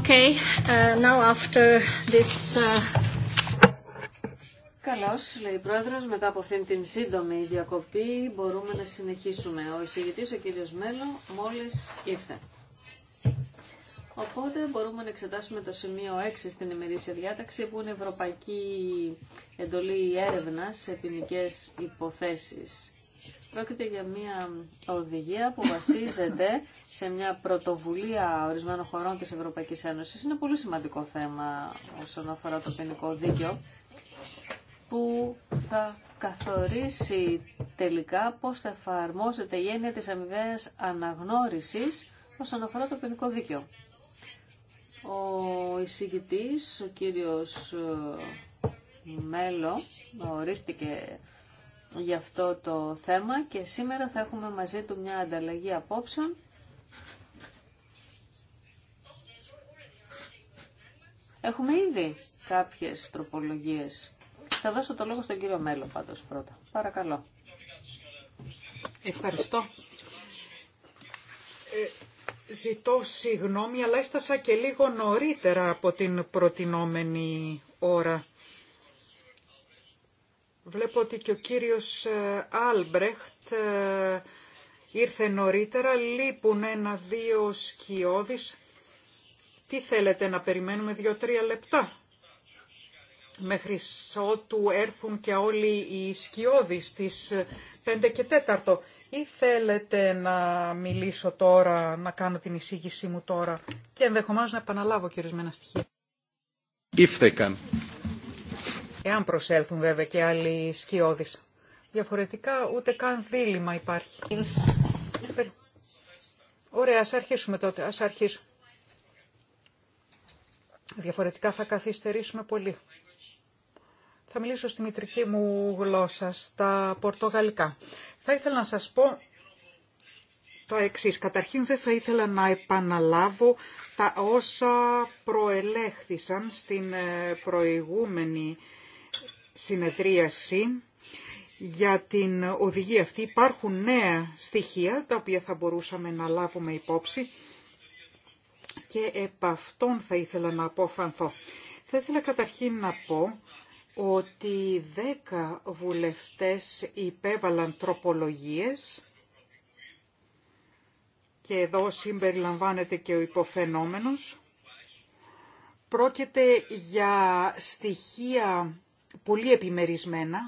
Speaker 1: Okay, uh, now after this, uh, Καλώς, λέει η Πρόεδρος, μετά από αυτήν την σύντομη διακοπή μπορούμε να συνεχίσουμε. Ο εισηγητής, ο κύριος Μέλλο, μόλις ήρθε. Οπότε μπορούμε να εξετάσουμε το σημείο 6 στην ημερήσια διάταξη που είναι Ευρωπαϊκή Εντολή Έρευνας σε υποθέσεις. Πρόκειται για μια οδηγία που βασίζεται σε μια πρωτοβουλία ορισμένων χωρών της Ευρωπαϊκής Ένωσης. Είναι πολύ σημαντικό θέμα όσον αφορά το ποινικό δίκαιο που θα καθορίσει τελικά πώς θα εφαρμόζεται η έννοια της αμοιβαίας αναγνώρισης όσον αφορά το ποινικό δίκαιο. Ο εισηγητής, ο κύριος ε, Μέλο, ορίστηκε για αυτό το θέμα και σήμερα θα έχουμε μαζί του μια ανταλλαγή απόψεων Έχουμε ήδη κάποιες τροπολογίες. Θα δώσω το λόγο στον κύριο Μέλο πάντως πρώτα. Παρακαλώ. Ευχαριστώ. Ε, ζητώ
Speaker 3: συγγνώμη, αλλά έφτασα και λίγο νωρίτερα από την προτινόμενη ώρα. Βλέπω ότι και ο κύριος ε, Άλμπρεχτ ε, ήρθε νωρίτερα. Λείπουν ένα-δύο σκιώδεις. Τι θέλετε να περιμένουμε δύο-τρία λεπτά μέχρι ότου έρθουν και όλοι οι σκιώδεις στις 5 και 4 ή θέλετε να μιλήσω τώρα, να κάνω την εισήγησή μου τώρα και ενδεχομένως να επαναλάβω μενα στοιχεία.
Speaker 1: If
Speaker 3: Εάν προσέλθουν βέβαια και άλλοι σκιώδεις. Διαφορετικά ούτε καν δίλημα υπάρχει. Ωραία, ας αρχίσουμε τότε, ας Διαφορετικά θα καθυστερήσουμε πολύ. Θα μιλήσω στη μητρική μου γλώσσα, στα πορτογαλικά. Θα ήθελα να σας πω το εξής. Καταρχήν δεν θα ήθελα να επαναλάβω τα όσα προελέχθησαν στην ε, προηγούμενη συνεδρίαση για την οδηγία αυτή. Υπάρχουν νέα στοιχεία τα οποία θα μπορούσαμε να λάβουμε υπόψη και επ' αυτών θα ήθελα να αποφανθώ. Θα ήθελα καταρχήν να πω ότι δέκα βουλευτές υπέβαλαν τροπολογίες και εδώ συμπεριλαμβάνεται και ο υποφαινόμενος. Πρόκειται για στοιχεία πολύ επιμερισμένα.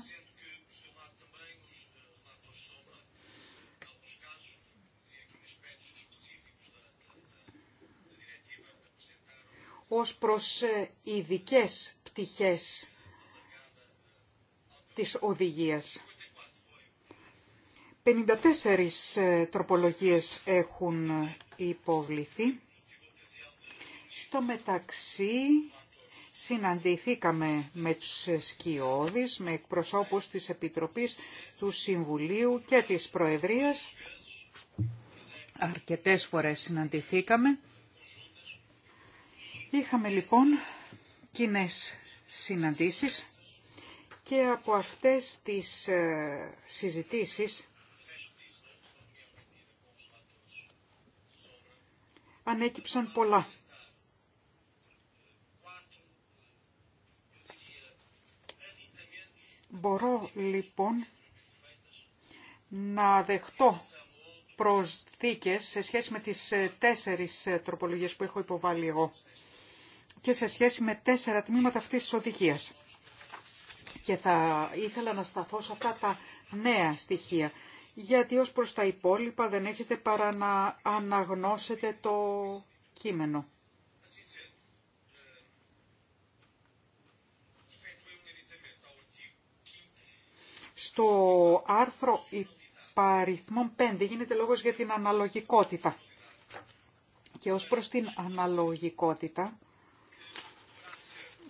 Speaker 3: ως προς ε, ειδικέ πτυχές της οδηγίας. 54 ε, τροπολογίες έχουν υποβληθεί. Στο μεταξύ συναντηθήκαμε με τους σκιώδεις, με εκπροσώπους της Επιτροπής, του Συμβουλίου και της Προεδρίας. Αρκετές φορές συναντηθήκαμε. Είχαμε λοιπόν κοινέ συναντήσεις και από αυτές τις ε, συζητήσεις ανέκυψαν πολλά. Μπορώ λοιπόν να δεχτώ προσθήκες σε σχέση με τις ε, τέσσερις ε, τροπολογίες που έχω υποβάλει εγώ και σε σχέση με τέσσερα τμήματα αυτής της οδηγίας. Και θα ήθελα να σταθώ σε αυτά τα νέα στοιχεία, γιατί ως προς τα υπόλοιπα δεν έχετε παρά να αναγνώσετε το κείμενο. Το άρθρο υπαριθμών 5 γίνεται λόγος για την αναλογικότητα. Και ως προς την αναλογικότητα,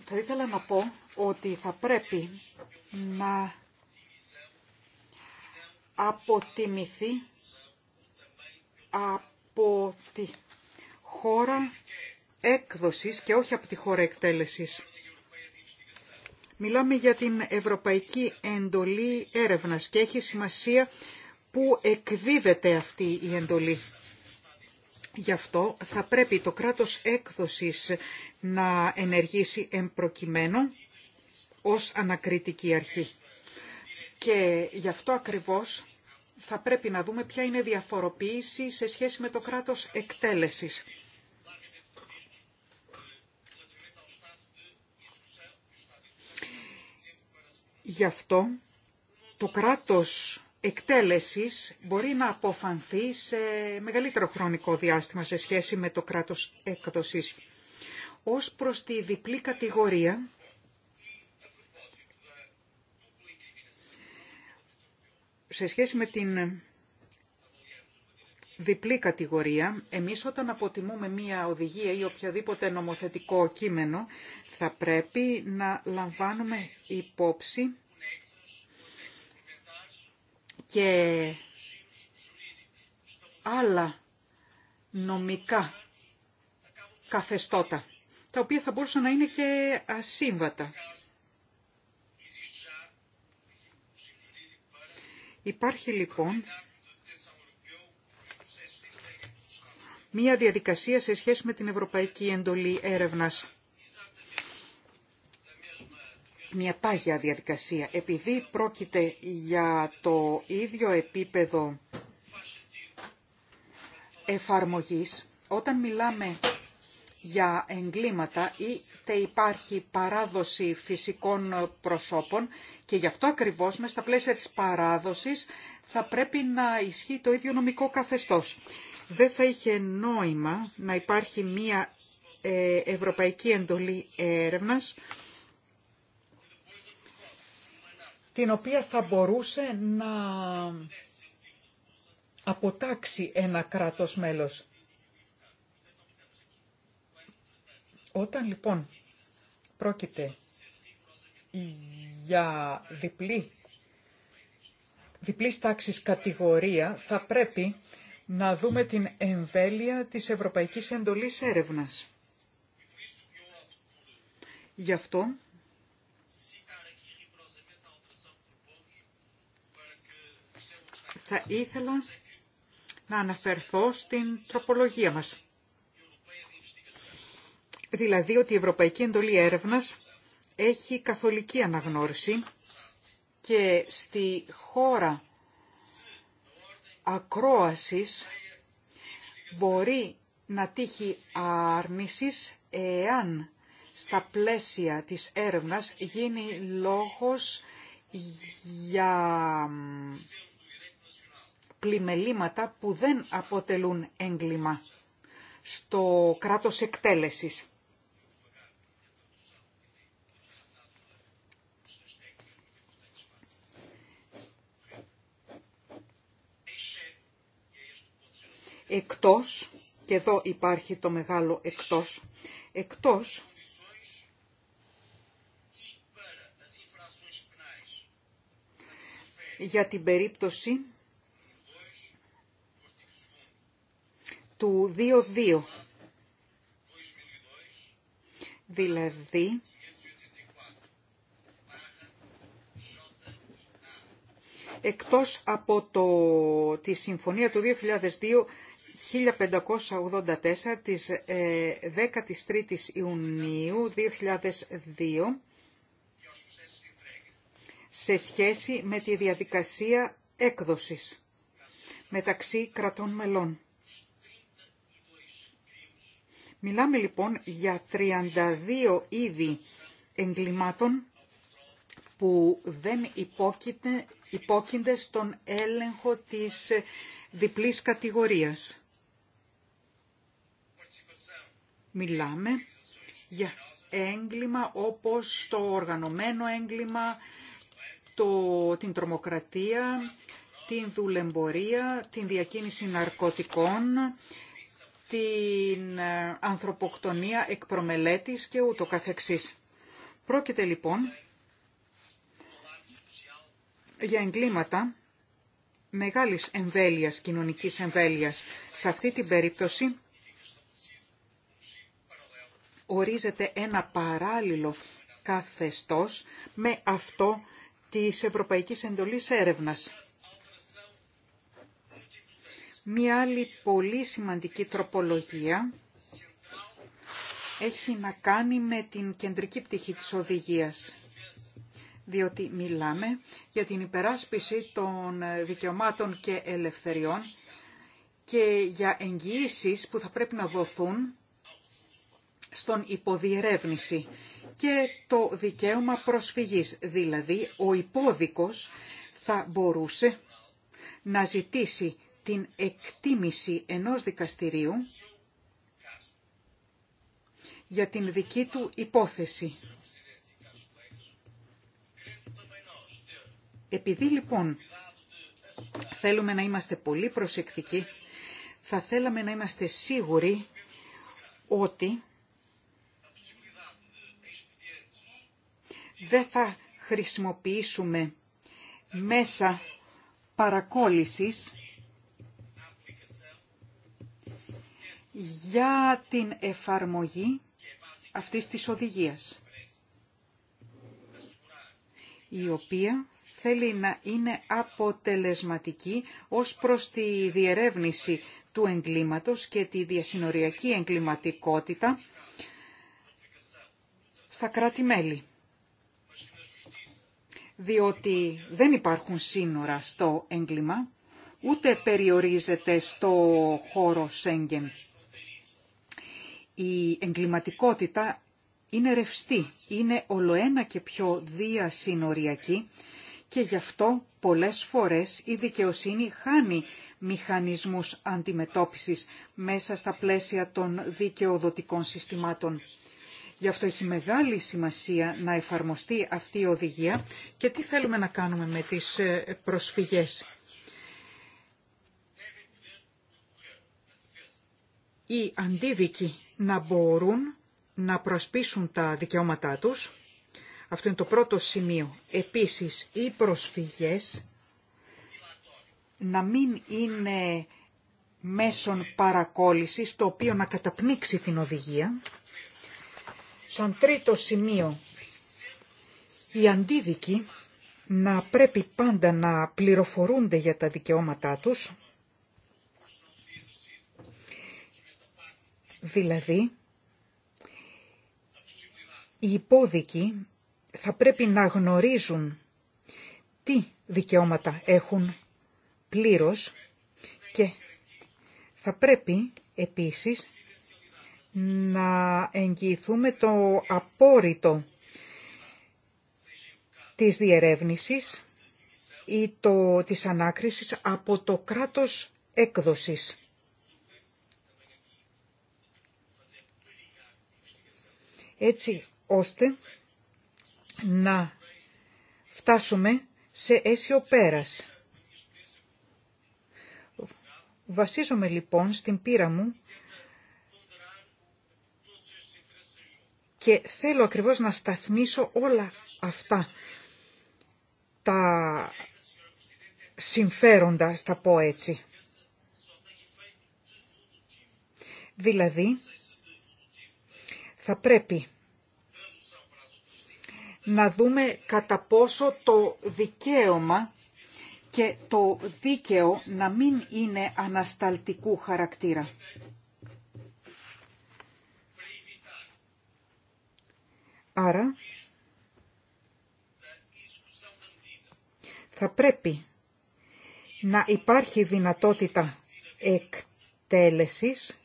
Speaker 3: θα ήθελα να πω ότι θα πρέπει να αποτιμηθεί από τη χώρα έκδοσης και όχι από τη χώρα εκτέλεσης. Μιλάμε για την Ευρωπαϊκή Εντολή Έρευνας και έχει σημασία που εκδίδεται αυτή η εντολή. Γι' αυτό θα πρέπει το κράτος έκδοσης να ενεργήσει εμπροκειμένο ως ανακριτική αρχή. Και γι' αυτό ακριβώς θα πρέπει να δούμε ποια είναι η διαφοροποίηση σε σχέση με το κράτος εκτέλεσης. Γι' αυτό το κράτος εκτέλεσης μπορεί να αποφανθεί σε μεγαλύτερο χρονικό διάστημα σε σχέση με το κράτος έκδοσης. Ως προς τη διπλή κατηγορία, σε σχέση με την διπλή κατηγορία. Εμείς όταν αποτιμούμε μία οδηγία ή οποιαδήποτε νομοθετικό κείμενο, θα πρέπει να λαμβάνουμε υπόψη και άλλα νομικά καθεστώτα, τα οποία θα μπορούσαν να είναι και ασύμβατα. Υπάρχει λοιπόν μία διαδικασία σε σχέση με την Ευρωπαϊκή Εντολή Έρευνας. Μια πάγια διαδικασία. Επειδή πρόκειται για το ίδιο επίπεδο εφαρμογής, όταν μιλάμε για εγκλήματα είτε υπάρχει παράδοση φυσικών προσώπων και γι' αυτό ακριβώς μέσα στα πλαίσια της παράδοσης θα πρέπει να ισχύει το ίδιο νομικό καθεστώς δεν θα είχε νόημα να υπάρχει μία ε, ευρωπαϊκή εντολή έρευνας την οποία θα μπορούσε να αποτάξει ένα κράτος μέλος. Όταν λοιπόν πρόκειται για διπλή, διπλής τάξης κατηγορία, θα πρέπει να δούμε την εμβέλεια της Ευρωπαϊκής Εντολής Έρευνας. Γι' αυτό θα ήθελα να αναφερθώ στην τροπολογία μας. Δηλαδή ότι η Ευρωπαϊκή Εντολή Έρευνας έχει καθολική αναγνώριση και στη χώρα ακρόασης μπορεί να τύχει άρνησης εάν στα πλαίσια της έρευνας γίνει λόγος για πλημελήματα που δεν αποτελούν έγκλημα στο κράτος εκτέλεσης. εκτός, και εδώ υπάρχει το μεγάλο εκτός, εκτός για την περίπτωση του 2-2. Δηλαδή, εκτός από το, τη συμφωνία του 2002 1584 της 13ης ε, Ιουνίου 2002 σε σχέση με τη διαδικασία έκδοσης μεταξύ κρατών μελών. Μιλάμε λοιπόν για 32 είδη εγκλημάτων που δεν υπόκεινται, υπόκεινται στον έλεγχο της διπλής κατηγορίας. Μιλάμε για έγκλημα όπως το οργανωμένο έγκλημα, το, την τρομοκρατία, την δουλεμπορία, την διακίνηση ναρκωτικών, την ε, ανθρωποκτονία εκ προμελέτης και ούτω καθεξής. Πρόκειται λοιπόν για εγκλήματα μεγάλης εμβέλειας, κοινωνικής εμβέλειας. Σε αυτή την περίπτωση ορίζεται ένα παράλληλο καθεστώς με αυτό της Ευρωπαϊκής Εντολής Έρευνας. Μία άλλη πολύ σημαντική τροπολογία έχει να κάνει με την κεντρική πτυχή της οδηγίας, διότι μιλάμε για την υπεράσπιση των δικαιωμάτων και ελευθεριών και για εγγυήσεις που θα πρέπει να δοθούν στον υποδιερεύνηση και το δικαίωμα προσφυγής, δηλαδή ο υπόδικος θα μπορούσε να ζητήσει την εκτίμηση ενός δικαστηρίου για την δική του υπόθεση. Επειδή λοιπόν θέλουμε να είμαστε πολύ προσεκτικοί, θα θέλαμε να είμαστε σίγουροι ότι δεν θα χρησιμοποιήσουμε μέσα παρακόλλησης για την εφαρμογή αυτής της οδηγίας, η οποία θέλει να είναι αποτελεσματική ως προς τη διερεύνηση του εγκλήματος και τη διασυνοριακή εγκληματικότητα στα κράτη-μέλη διότι δεν υπάρχουν σύνορα στο έγκλημα, ούτε περιορίζεται στο χώρο Σέγγεν. Η εγκληματικότητα είναι ρευστή, είναι ολοένα και πιο διασυνοριακή και γι' αυτό πολλές φορές η δικαιοσύνη χάνει μηχανισμούς αντιμετώπισης μέσα στα πλαίσια των δικαιοδοτικών συστημάτων. Γι' αυτό έχει μεγάλη σημασία να εφαρμοστεί αυτή η οδηγία και τι θέλουμε να κάνουμε με τις ε, προσφυγές. Οι αντίδικοι να μπορούν να προσπίσουν τα δικαιώματά τους. Αυτό είναι το πρώτο σημείο. Επίσης, οι προσφυγές να μην είναι μέσον παρακόλλησης, το οποίο να καταπνίξει την οδηγία σαν τρίτο σημείο οι αντίδικοι να πρέπει πάντα να πληροφορούνται για τα δικαιώματά τους, δηλαδή οι υπόδικοι θα πρέπει να γνωρίζουν τι δικαιώματα έχουν πλήρως και θα πρέπει επίσης να εγγυηθούμε το απόρριτο της διερεύνησης ή το, της ανάκρισης από το κράτος έκδοσης. Έτσι ώστε να φτάσουμε σε αίσιο πέρας. Βασίζομαι λοιπόν στην πείρα μου Και θέλω ακριβώς να σταθμίσω όλα αυτά τα συμφέροντα, στα πω έτσι. Δηλαδή, θα πρέπει να δούμε κατά πόσο το δικαίωμα και το δίκαιο να μην είναι ανασταλτικού χαρακτήρα. Άρα θα πρέπει να υπάρχει δυνατότητα εκτέλεσης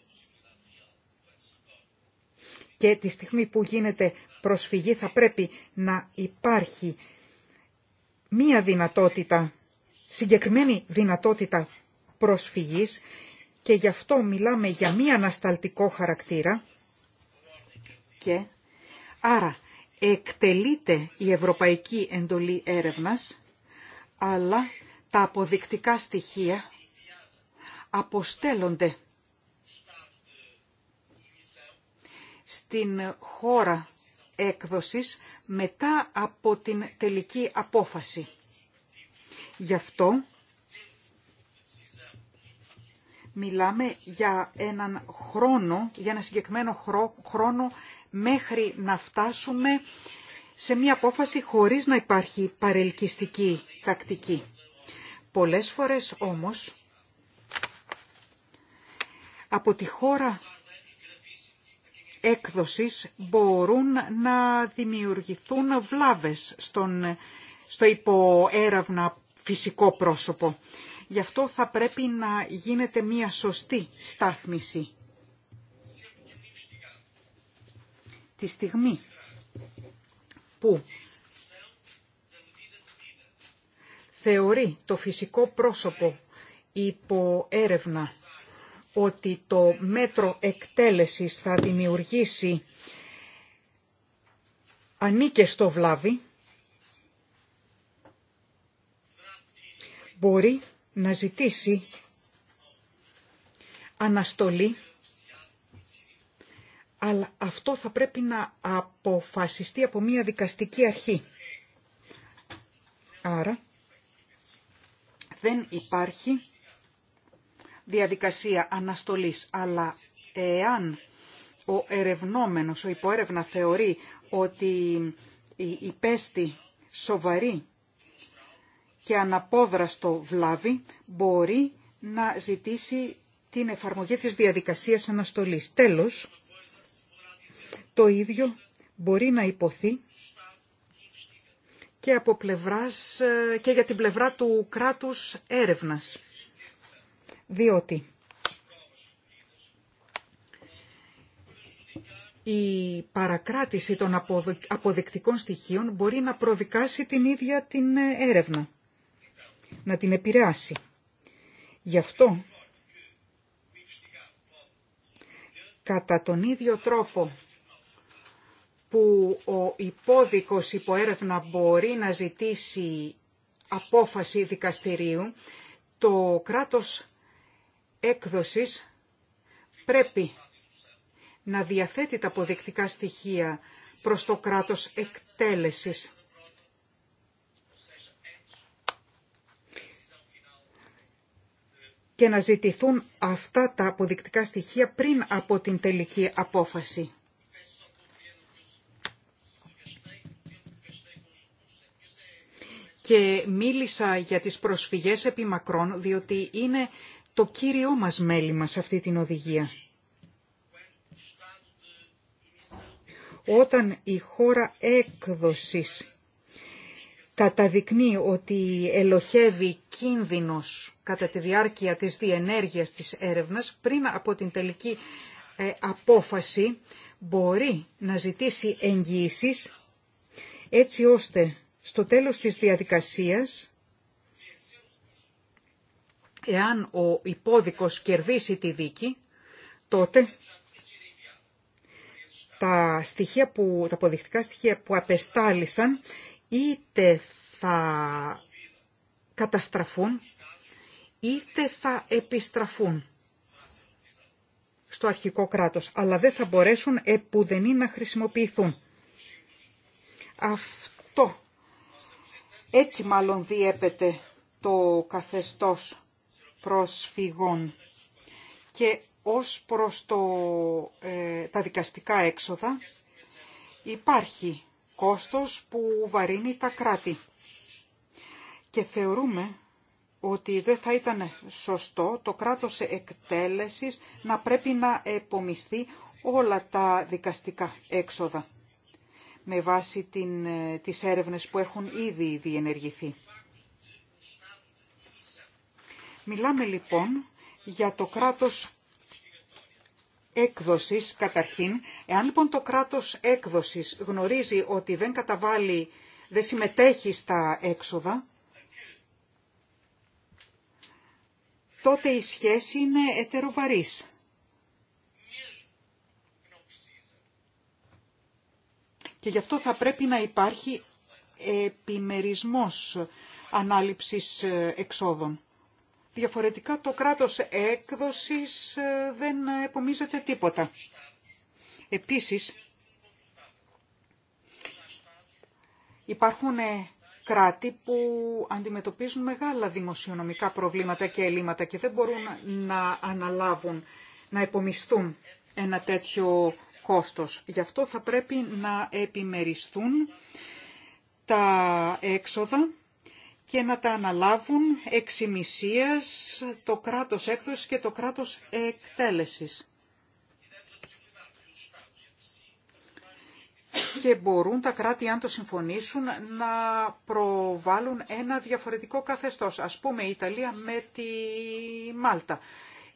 Speaker 3: και τη στιγμή που γίνεται προσφυγή θα πρέπει να υπάρχει μία δυνατότητα, συγκεκριμένη δυνατότητα προσφυγής και γι' αυτό μιλάμε για μία ανασταλτικό χαρακτήρα και άρα εκτελείται η Ευρωπαϊκή Εντολή Έρευνας, αλλά τα αποδεικτικά στοιχεία αποστέλλονται στην χώρα έκδοσης μετά από την τελική απόφαση. Γι' αυτό μιλάμε για έναν χρόνο, για ένα συγκεκριμένο χρόνο μέχρι να φτάσουμε σε μία απόφαση χωρίς να υπάρχει παρελκυστική τακτική. Πολλές φορές όμως από τη χώρα έκδοσης μπορούν να δημιουργηθούν βλάβες στον, στο υποέραυνα φυσικό πρόσωπο. Γι' αυτό θα πρέπει να γίνεται μία σωστή στάθμιση τη στιγμή που θεωρεί το φυσικό πρόσωπο υπό έρευνα ότι το μέτρο εκτέλεσης θα δημιουργήσει ανήκε στο βλάβη, μπορεί να ζητήσει αναστολή αλλά αυτό θα πρέπει να αποφασιστεί από μια δικαστική αρχή. Άρα δεν υπάρχει διαδικασία αναστολής, αλλά εάν ο ερευνόμενος, ο υποέρευνα θεωρεί ότι η υπέστη σοβαρή και αναπόδραστο βλάβη, μπορεί να ζητήσει την εφαρμογή της διαδικασίας αναστολής. Τέλος, το ίδιο μπορεί να υποθεί και, από ε, και για την πλευρά του κράτους έρευνας. Διότι η παρακράτηση των αποδεκτικών στοιχείων μπορεί να προδικάσει την ίδια την ε, έρευνα, να την επηρεάσει. Γι' αυτό, κατά τον ίδιο τρόπο που ο υπόδικος υποέρευνα μπορεί να ζητήσει απόφαση δικαστηρίου, το κράτος έκδοσης πρέπει να διαθέτει τα αποδεικτικά στοιχεία προς το κράτος εκτέλεσης. και να ζητηθούν αυτά τα αποδεικτικά στοιχεία πριν από την τελική απόφαση. και μίλησα για τις προσφυγές επί μακρόν, διότι είναι το κύριό μας μέλημα σε αυτή την οδηγία. Όταν η χώρα έκδοσης καταδεικνύει ότι ελοχεύει κίνδυνος κατά τη διάρκεια της διενέργειας της έρευνας, πριν από την τελική ε, απόφαση μπορεί να ζητήσει εγγύησεις έτσι ώστε στο τέλος της διαδικασίας, εάν ο υπόδικος κερδίσει τη δίκη, τότε τα, στοιχεία που, τα αποδεικτικά στοιχεία που απεστάλησαν είτε θα καταστραφούν, είτε θα επιστραφούν στο αρχικό κράτος, αλλά δεν θα μπορέσουν επουδενή να χρησιμοποιηθούν. Αυτό έτσι μάλλον διέπεται το καθεστώς προσφυγών και ως προς το, ε, τα δικαστικά έξοδα υπάρχει κόστος που βαρύνει τα κράτη. Και θεωρούμε ότι δεν θα ήταν σωστό το κράτος εκτέλεσης να πρέπει να επομιστεί όλα τα δικαστικά έξοδα με βάση την, ε, τις έρευνες που έχουν ήδη διενεργηθεί. Μιλάμε λοιπόν για το κράτος έκδοσης καταρχήν. Εάν λοιπόν το κράτος έκδοσης γνωρίζει ότι δεν καταβάλει, δεν συμμετέχει στα έξοδα, τότε η σχέση είναι ετεροβαρής. Και γι' αυτό θα πρέπει να υπάρχει επιμερισμός ανάληψης ε, εξόδων. Διαφορετικά το κράτος έκδοσης ε, δεν επομίζεται τίποτα. Επίσης, υπάρχουν ε, κράτη που αντιμετωπίζουν μεγάλα δημοσιονομικά προβλήματα και ελλείμματα και δεν μπορούν να αναλάβουν, να επομιστούν ένα τέτοιο κόστος. Γι' αυτό θα πρέπει να επιμεριστούν τα έξοδα και να τα αναλάβουν εξημισίας το κράτος έκδοσης και το κράτος εκτέλεσης. Και μπορούν τα κράτη, αν το συμφωνήσουν, να προβάλλουν ένα διαφορετικό καθεστώς. Ας πούμε, η Ιταλία με τη Μάλτα.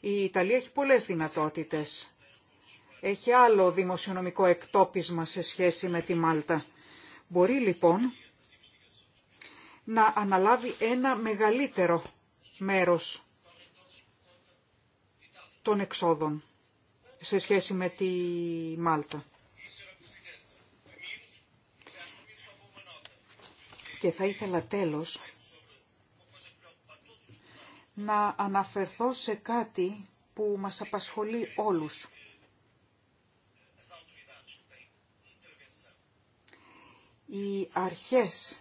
Speaker 3: Η Ιταλία έχει πολλές δυνατότητες έχει άλλο δημοσιονομικό εκτόπισμα σε σχέση με τη Μάλτα. Μπορεί λοιπόν να αναλάβει ένα μεγαλύτερο μέρος των εξόδων σε σχέση με τη Μάλτα. Και θα ήθελα τέλος να αναφερθώ σε κάτι που μας απασχολεί όλους. οι αρχές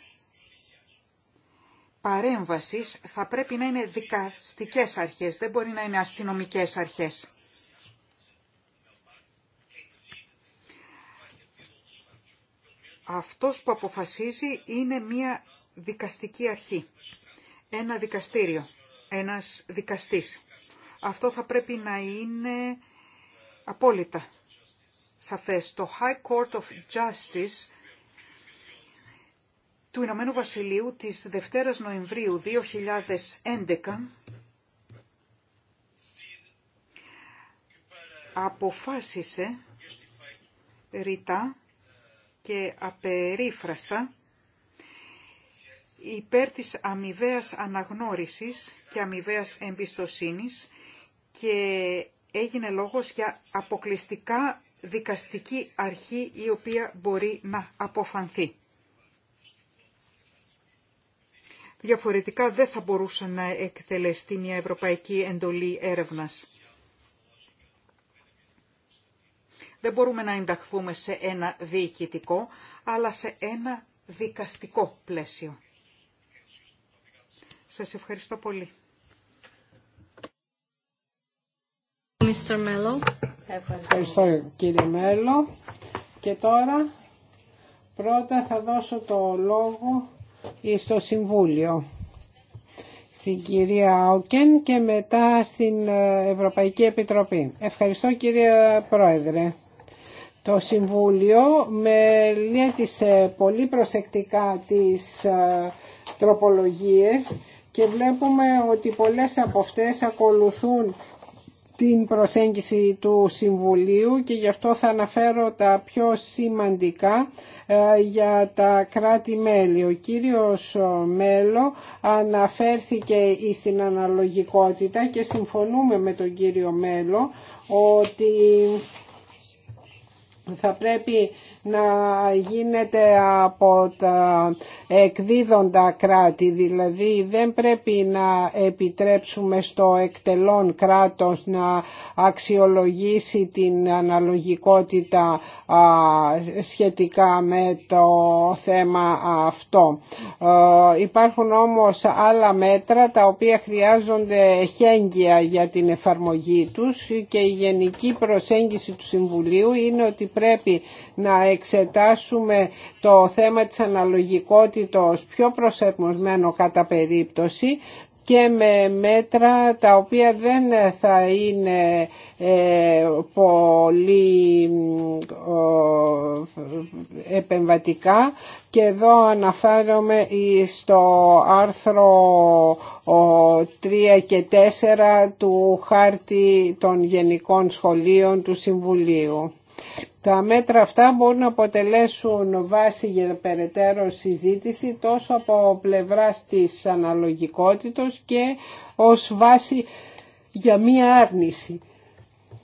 Speaker 3: παρέμβασης θα πρέπει να είναι δικαστικές αρχές, δεν μπορεί να είναι αστυνομικές αρχές. Αυτός που αποφασίζει είναι μία δικαστική αρχή, ένα δικαστήριο, ένας δικαστής. Αυτό θα πρέπει να είναι απόλυτα σαφές. Το High Court of Justice του Ηνωμένου Βασιλείου της Δευτέρας Νοεμβρίου 2011 αποφάσισε ρητά και απερίφραστα υπέρ της αμοιβαίας αναγνώρισης και αμοιβαίας εμπιστοσύνης και έγινε λόγος για αποκλειστικά δικαστική αρχή η οποία μπορεί να αποφανθεί. Διαφορετικά δεν θα μπορούσε να εκτελεστεί μια ευρωπαϊκή εντολή έρευνας. Δεν μπορούμε να ενταχθούμε σε ένα διοικητικό, αλλά σε ένα δικαστικό πλαίσιο. Σας ευχαριστώ πολύ.
Speaker 2: Mr. Mello.
Speaker 1: Ευχαριστώ.
Speaker 2: κύριε Μέλλο. Και τώρα πρώτα θα δώσω το λόγο στο Συμβούλιο στην κυρία Οκέν και μετά στην ε, Ευρωπαϊκή Επιτροπή. Ευχαριστώ κυρία Πρόεδρε. Το Συμβούλιο μελέτησε πολύ προσεκτικά τις ε, τροπολογίες και βλέπουμε ότι πολλές από αυτές ακολουθούν την προσέγγιση του Συμβουλίου και γι' αυτό θα αναφέρω τα πιο σημαντικά ε, για τα κράτη-μέλη. Ο κύριος Μέλο αναφέρθηκε στην αναλογικότητα και συμφωνούμε με τον κύριο Μέλο ότι θα πρέπει να γίνεται από τα εκδίδοντα κράτη, δηλαδή δεν πρέπει να επιτρέψουμε στο εκτελών κράτος να αξιολογήσει την αναλογικότητα σχετικά με το θέμα αυτό. Ε, υπάρχουν όμως άλλα μέτρα τα οποία χρειάζονται χέγγια για την εφαρμογή τους και η γενική προσέγγιση του Συμβουλίου είναι ότι πρέπει να εξετάσουμε το θέμα της αναλογικότητας πιο προσερμοσμένο κατά περίπτωση και με μέτρα τα οποία δεν θα είναι ε, πολύ επεμβατικά και εδώ αναφέρομαι στο άρθρο 3 και 4 του χάρτη των Γενικών Σχολείων του Συμβουλίου. Τα μέτρα αυτά μπορούν να αποτελέσουν βάση για περαιτέρω συζήτηση τόσο από πλευρά της αναλογικότητος και ως βάση για μία άρνηση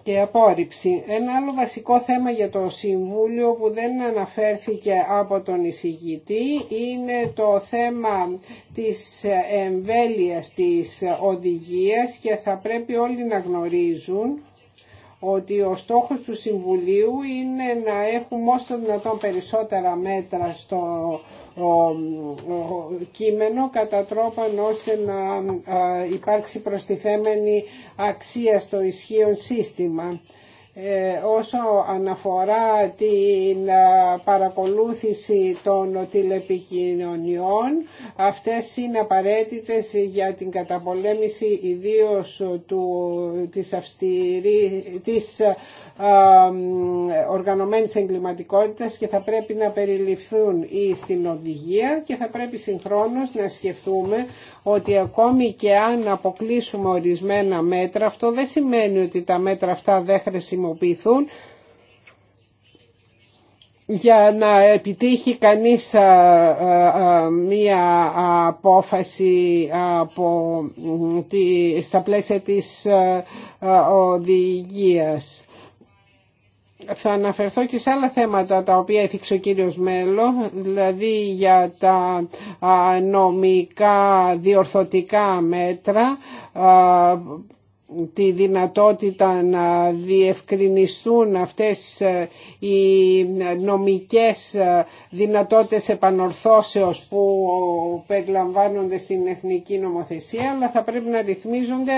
Speaker 2: και απόρριψη. Ένα άλλο βασικό θέμα για το Συμβούλιο που δεν αναφέρθηκε από τον εισηγητή είναι το θέμα της εμβέλειας της οδηγίας και θα πρέπει όλοι να γνωρίζουν ότι ο στόχος του Συμβουλίου είναι να έχουμε όσο δυνατόν περισσότερα μέτρα στο κείμενο κατά τρόπον ώστε να υπάρξει προστιθέμενη αξία στο ισχύον σύστημα. Ε, όσο αναφορά την ε, παρακολούθηση των τηλεπικοινωνιών. Αυτές είναι απαραίτητες για την καταπολέμηση ιδίως του, της, αυστηρή, της οργανωμένης εγκληματικότητας και θα πρέπει να περιληφθούν ή στην οδηγία και θα πρέπει συγχρόνως να σκεφτούμε ότι ακόμη και αν αποκλείσουμε ορισμένα μέτρα αυτό δεν σημαίνει ότι τα μέτρα αυτά δεν χρησιμοποιηθούν για να επιτύχει κανείς μία απόφαση από, τη, στα πλαίσια της οδηγίας θα αναφερθώ και σε άλλα θέματα τα οποία έθιξε ο κύριος Μέλο, δηλαδή για τα νομικά διορθωτικά μέτρα, τη δυνατότητα να διευκρινιστούν αυτές ε, οι νομικές ε, δυνατότητες επανορθώσεως που περιλαμβάνονται στην εθνική νομοθεσία αλλά θα πρέπει να ρυθμίζονται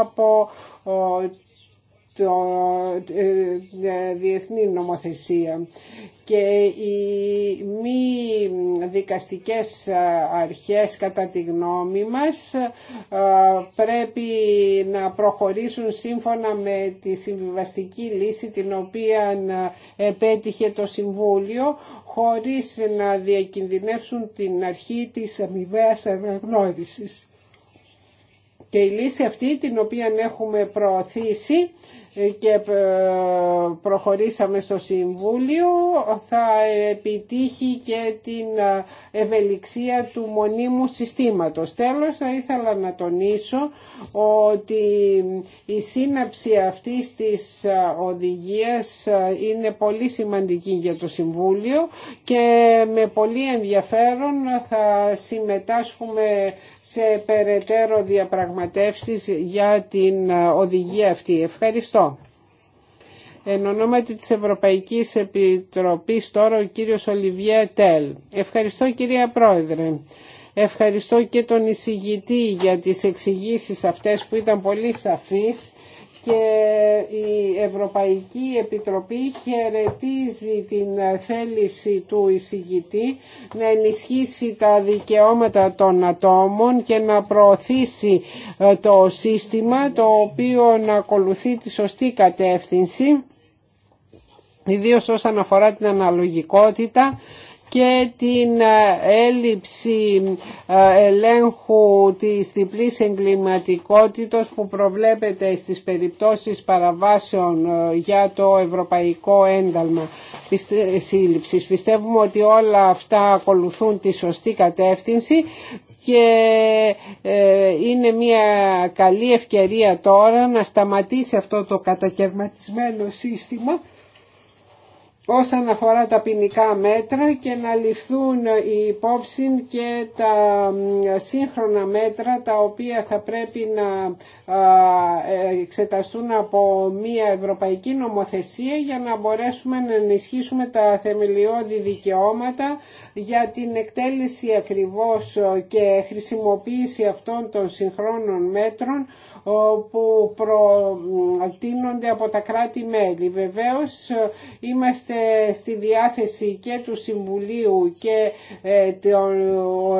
Speaker 2: από το ε, ε, διεθνή νομοθεσία και οι μη δικαστικές ε, αρχές κατά τη γνώμη μας πρέπει να προχωρήσουν σύμφωνα με τη συμβιβαστική λύση την οποία επέτυχε το Συμβούλιο χωρίς να διακινδυνεύσουν την αρχή της αμοιβαίας αναγνώρισης. Και η λύση αυτή την οποία έχουμε προωθήσει και ε, προχωρήσαμε στο Συμβούλιο θα επιτύχει και την ε, ευελιξία του μονίμου συστήματος. Τέλος θα ήθελα να τονίσω ότι η σύναψη αυτής της ε, οδηγίας ε, είναι πολύ σημαντική για το Συμβούλιο και με πολύ ενδιαφέρον θα συμμετάσχουμε σε περαιτέρω διαπραγματεύσεις για την ε, οδηγία αυτή. Ευχαριστώ. Εν ονόματι της Ευρωπαϊκής Επιτροπής τώρα ο κύριος Ολιβιέ Τέλ. Ευχαριστώ κυρία Πρόεδρε. Ευχαριστώ και τον εισηγητή για τις εξηγήσεις αυτές που ήταν πολύ σαφείς και η Ευρωπαϊκή Επιτροπή χαιρετίζει την θέληση του εισηγητή να ενισχύσει τα δικαιώματα των ατόμων και να προωθήσει ε, το σύστημα το οποίο να ακολουθεί τη σωστή κατεύθυνση ιδίως όσον αφορά την αναλογικότητα και την ε, έλλειψη ε, ελέγχου της διπλής εγκληματικότητος που προβλέπεται στις περιπτώσεις παραβάσεων ε, για το ευρωπαϊκό ένταλμα σύλληψης. Πιστεύουμε ότι όλα αυτά ακολουθούν τη σωστή κατεύθυνση και είναι μια καλή ευκαιρία τώρα να σταματήσει αυτό το κατακαιρματισμένο σύστημα όσον αφορά τα ποινικά μέτρα και να ληφθούν οι υπόψη και τα σύγχρονα μέτρα τα οποία θα πρέπει να εξεταστούν από μια ευρωπαϊκή νομοθεσία για να μπορέσουμε να ενισχύσουμε τα θεμελιώδη δικαιώματα για την εκτέλεση ακριβώς και χρησιμοποίηση αυτών των συγχρόνων μέτρων που προτείνονται από τα κράτη-μέλη. Βεβαίως είμαστε στη διάθεση και του Συμβουλίου και ε, του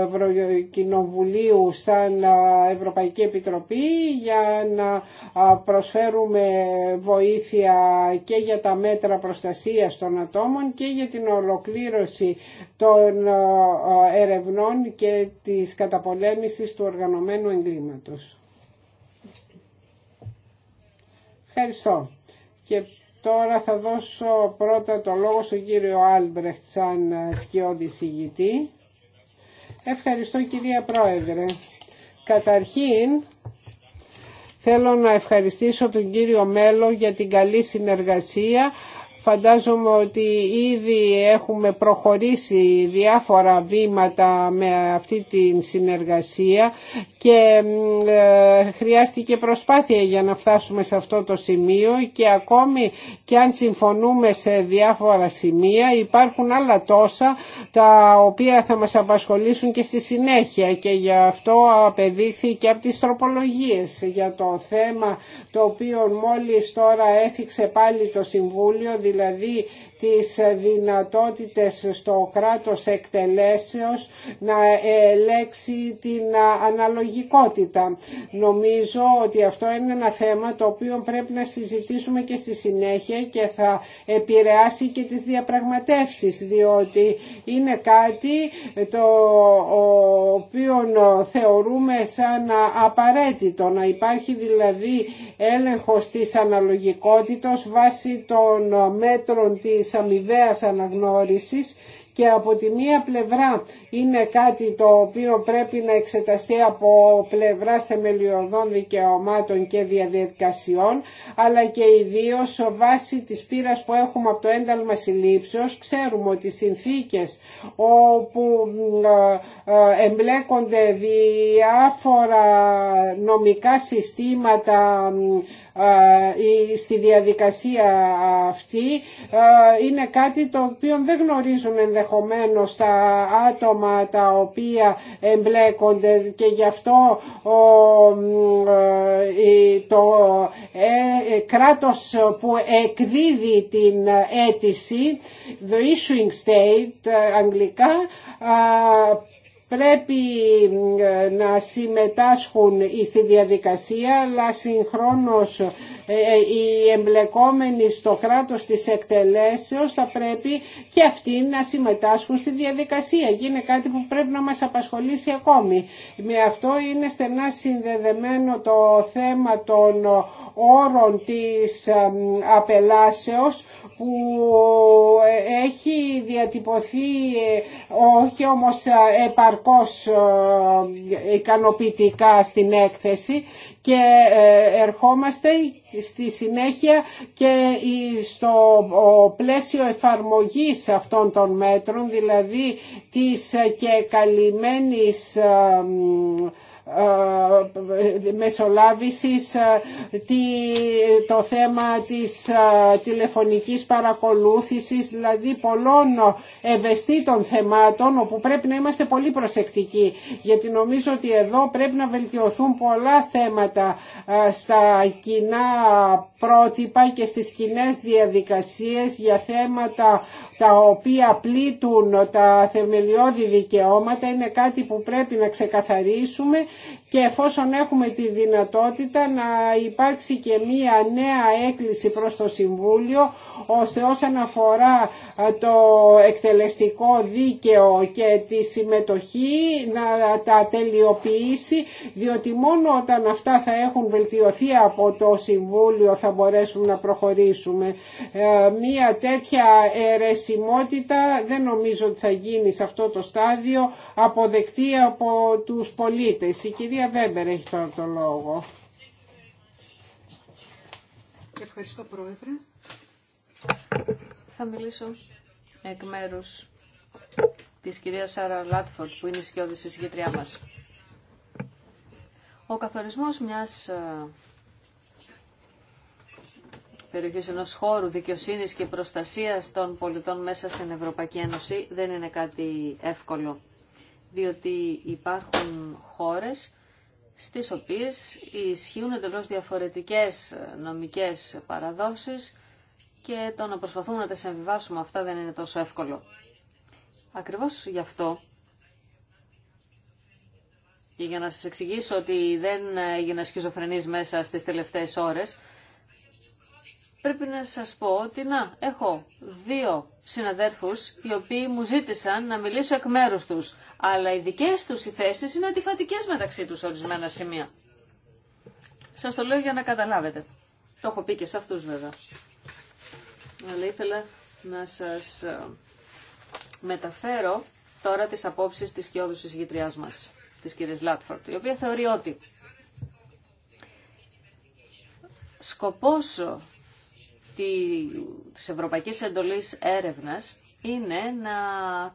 Speaker 2: Ευρωκοινοβουλίου σαν ε, Ευρωπαϊκή Επιτροπή για να ε, προσφέρουμε βοήθεια και για τα μέτρα προστασίας των ατόμων και για την ολοκλήρωση των ερευνών και της καταπολέμησης του οργανωμένου εγκλήματος. Ευχαριστώ. Και τώρα θα δώσω πρώτα το λόγο στον κύριο Άλμπρεχτ σαν ε, σκιώδη συγητή. Ευχαριστώ κυρία Πρόεδρε. Καταρχήν θέλω να ευχαριστήσω τον κύριο Μέλο για την καλή συνεργασία Φαντάζομαι ότι ήδη έχουμε προχωρήσει διάφορα βήματα με αυτή την συνεργασία και ε, χρειάστηκε προσπάθεια για να φτάσουμε σε αυτό το σημείο και ακόμη και αν συμφωνούμε σε διάφορα σημεία υπάρχουν άλλα τόσα τα οποία θα μας απασχολήσουν και στη συνέχεια και γι' αυτό απεδείχθη από τις τροπολογίες για το θέμα το οποίο μόλις τώρα έθιξε πάλι το Συμβούλιο, δηλαδή δηλαδή τις δυνατότητες στο κράτος εκτελέσεως να ελέξει την αναλογικότητα. Νομίζω ότι αυτό είναι ένα θέμα το οποίο πρέπει να συζητήσουμε και στη συνέχεια και θα επηρεάσει και τις διαπραγματεύσεις διότι είναι κάτι το οποίο θεωρούμε σαν απαραίτητο να υπάρχει δηλαδή έλεγχος της αναλογικότητας βάσει των μέτρων της της αμοιβαίας αναγνώρισης και από τη μία πλευρά είναι κάτι το οποίο πρέπει να εξεταστεί από πλευρά θεμελιωδών δικαιωμάτων και διαδικασιών αλλά και ιδίω βάσει της πείρας που έχουμε από το ένταλμα συλλήψεως ξέρουμε ότι συνθήκες όπου ε, ε, εμπλέκονται διάφορα νομικά συστήματα στη διαδικασία αυτή είναι κάτι το οποίο δεν γνωρίζουν ενδεχομένως τα άτομα τα οποία εμπλέκονται και γι' αυτό ε, το ε, ε, κράτος που εκδίδει την αίτηση, the issuing state αγγλικά, πρέπει ε, να συμμετάσχουν στη διαδικασία αλλά συγχρόνως ε, ε, οι εμπλεκόμενοι στο κράτος της εκτελέσεως θα πρέπει και αυτοί να συμμετάσχουν στη διαδικασία. Είναι κάτι που πρέπει να μας απασχολήσει ακόμη. Με αυτό είναι στενά συνδεδεμένο το θέμα των όρων της ε, απελάσεως που έχει διατυπωθεί όχι όμως επαρκώς ικανοποιητικά στην έκθεση και ερχόμαστε στη συνέχεια και στο πλαίσιο εφαρμογής αυτών των μέτρων, δηλαδή της ε, και καλυμμένης ε, ε, μεσολάβησης ε, το θέμα της ε, τηλεφωνικής παρακολούθησης δηλαδή πολλών ευαισθητών θεμάτων όπου πρέπει να είμαστε πολύ προσεκτικοί γιατί νομίζω ότι εδώ πρέπει να βελτιωθούν πολλά θέματα στα κοινά πρότυπα και στις κοινέ διαδικασίες για θέματα τα οποία πλήττουν τα θεμελιώδη δικαιώματα είναι κάτι που πρέπει να ξεκαθαρίσουμε και εφόσον έχουμε τη δυνατότητα να υπάρξει και μία νέα έκκληση προς το Συμβούλιο ώστε όσον αφορά το εκτελεστικό δίκαιο και τη συμμετοχή να τα τελειοποιήσει διότι μόνο όταν αυτά θα έχουν βελτιωθεί από το Συμβούλιο θα μπορέσουμε να προχωρήσουμε. Ε, μία τέτοια αιρεσιμότητα δεν νομίζω ότι θα γίνει σε αυτό το στάδιο αποδεκτή από τους πολίτες κυρία Βέμπερ έχει τώρα το λόγο.
Speaker 1: Ευχαριστώ Πρόεδρε. Θα μιλήσω εκ μέρους της κυρίας Σάρα Λάτφορτ που είναι η σκιώδης εισηγητριά μας. Ο καθορισμός μιας ε, περιοχή ενό χώρου δικαιοσύνη και προστασία των πολιτών μέσα στην Ευρωπαϊκή Ένωση δεν είναι κάτι εύκολο, διότι υπάρχουν χώρες στις οποίες ισχύουν εντελώ διαφορετικές νομικές παραδόσεις και το να προσπαθούμε να τα συμβιβάσουμε αυτά δεν είναι τόσο εύκολο. Ακριβώς γι' αυτό και για να σας εξηγήσω ότι δεν έγινα σχιζοφρενής μέσα στις τελευταίες ώρες, πρέπει να σας πω ότι να, έχω δύο συναδέρφους οι οποίοι μου ζήτησαν να μιλήσω εκ μέρους τους αλλά οι δικέ τους οι θέσει είναι αντιφατικές μεταξύ τους ορισμένα σημεία. Σα το λέω για να καταλάβετε. Το έχω πει και σε αυτού, βέβαια. Αλλά ήθελα να σας ε, μεταφέρω τώρα τις απόψεις της τη γητριάς μα, της κυρίας Λάτφορντ, η οποία θεωρεί ότι σκοπός της Ευρωπαϊκής Εντολής Έρευνας είναι να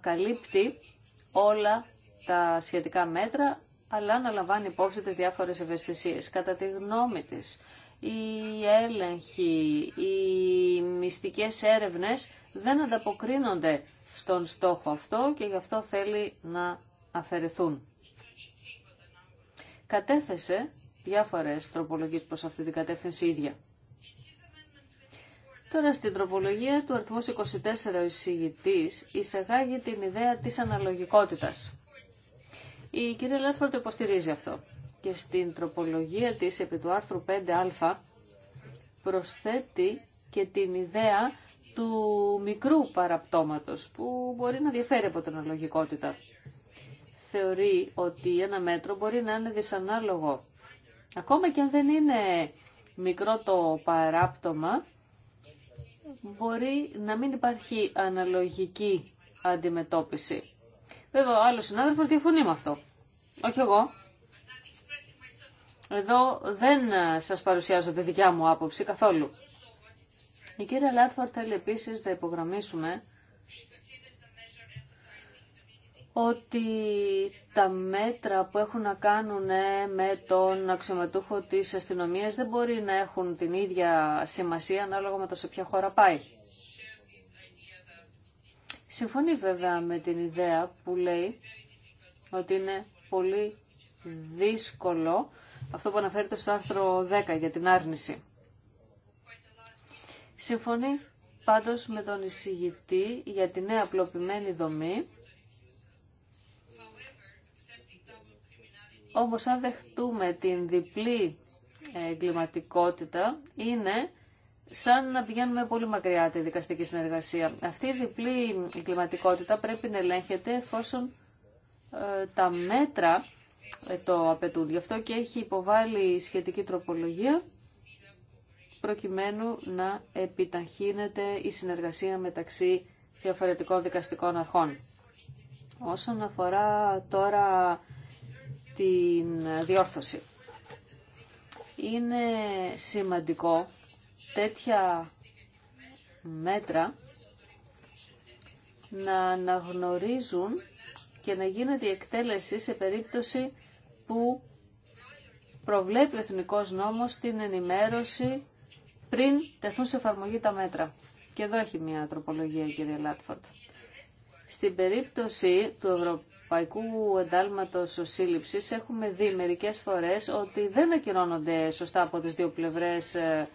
Speaker 1: καλύπτει όλα τα σχετικά μέτρα, αλλά να λαμβάνει υπόψη τις διάφορες ευαισθησίες. Κατά τη γνώμη της, οι έλεγχοι, οι μυστικές έρευνες δεν ανταποκρίνονται στον στόχο αυτό και γι' αυτό θέλει να αφαιρεθούν. Κατέθεσε διάφορες τροπολογίες προς αυτή την κατεύθυνση ίδια. Τώρα στην τροπολογία του αριθμού 24 ο εισηγητής εισαγάγει την ιδέα της αναλογικότητας. Η κυρία Λάτφορ το υποστηρίζει αυτό και στην τροπολογία της επί του άρθρου 5α προσθέτει και την ιδέα του μικρού παραπτώματος που μπορεί να διαφέρει από την αναλογικότητα. Θεωρεί ότι ένα μέτρο μπορεί να είναι δυσανάλογο. Ακόμα και αν δεν είναι μικρό το παράπτωμα, μπορεί να μην υπάρχει αναλογική αντιμετώπιση. Βέβαια, ο άλλος συνάδελφος διαφωνεί με αυτό. Όχι εγώ. Εδώ δεν σας παρουσιάζω τη δικιά μου άποψη καθόλου. Η κυρία Λάτφορ θέλει επίσης να υπογραμμίσουμε ότι τα μέτρα που έχουν να κάνουν ε, με τον αξιωματούχο της αστυνομίας δεν μπορεί να έχουν την ίδια σημασία ανάλογα με το σε ποια χώρα πάει. Συμφωνεί βέβαια με την ιδέα που λέει ότι είναι πολύ δύσκολο αυτό που αναφέρεται στο άρθρο 10 για την άρνηση. Συμφωνεί πάντως με τον εισηγητή για τη νέα απλοποιημένη δομή Όμως αν δεχτούμε την διπλή εγκληματικότητα είναι σαν να πηγαίνουμε πολύ μακριά τη δικαστική συνεργασία. Αυτή η διπλή εγκληματικότητα πρέπει να ελέγχεται εφόσον ε, τα μέτρα ε, το απαιτούν. Γι' αυτό και έχει υποβάλει σχετική τροπολογία προκειμένου να επιταχύνεται η συνεργασία μεταξύ διαφορετικών δικαστικών αρχών. Όσον αφορά τώρα την διόρθωση. Είναι σημαντικό τέτοια μέτρα να αναγνωρίζουν και να γίνεται η εκτέλεση σε περίπτωση που προβλέπει ο Εθνικός Νόμος την ενημέρωση πριν τεθούν σε εφαρμογή τα μέτρα. Και εδώ έχει μια τροπολογία, κύριε Λάτφορντ. Στην περίπτωση του Ευρωπαϊκού Εντάλματος Σύλληψης έχουμε δει μερικές φορές ότι δεν ακυρώνονται σωστά από τις δύο πλευρές ε,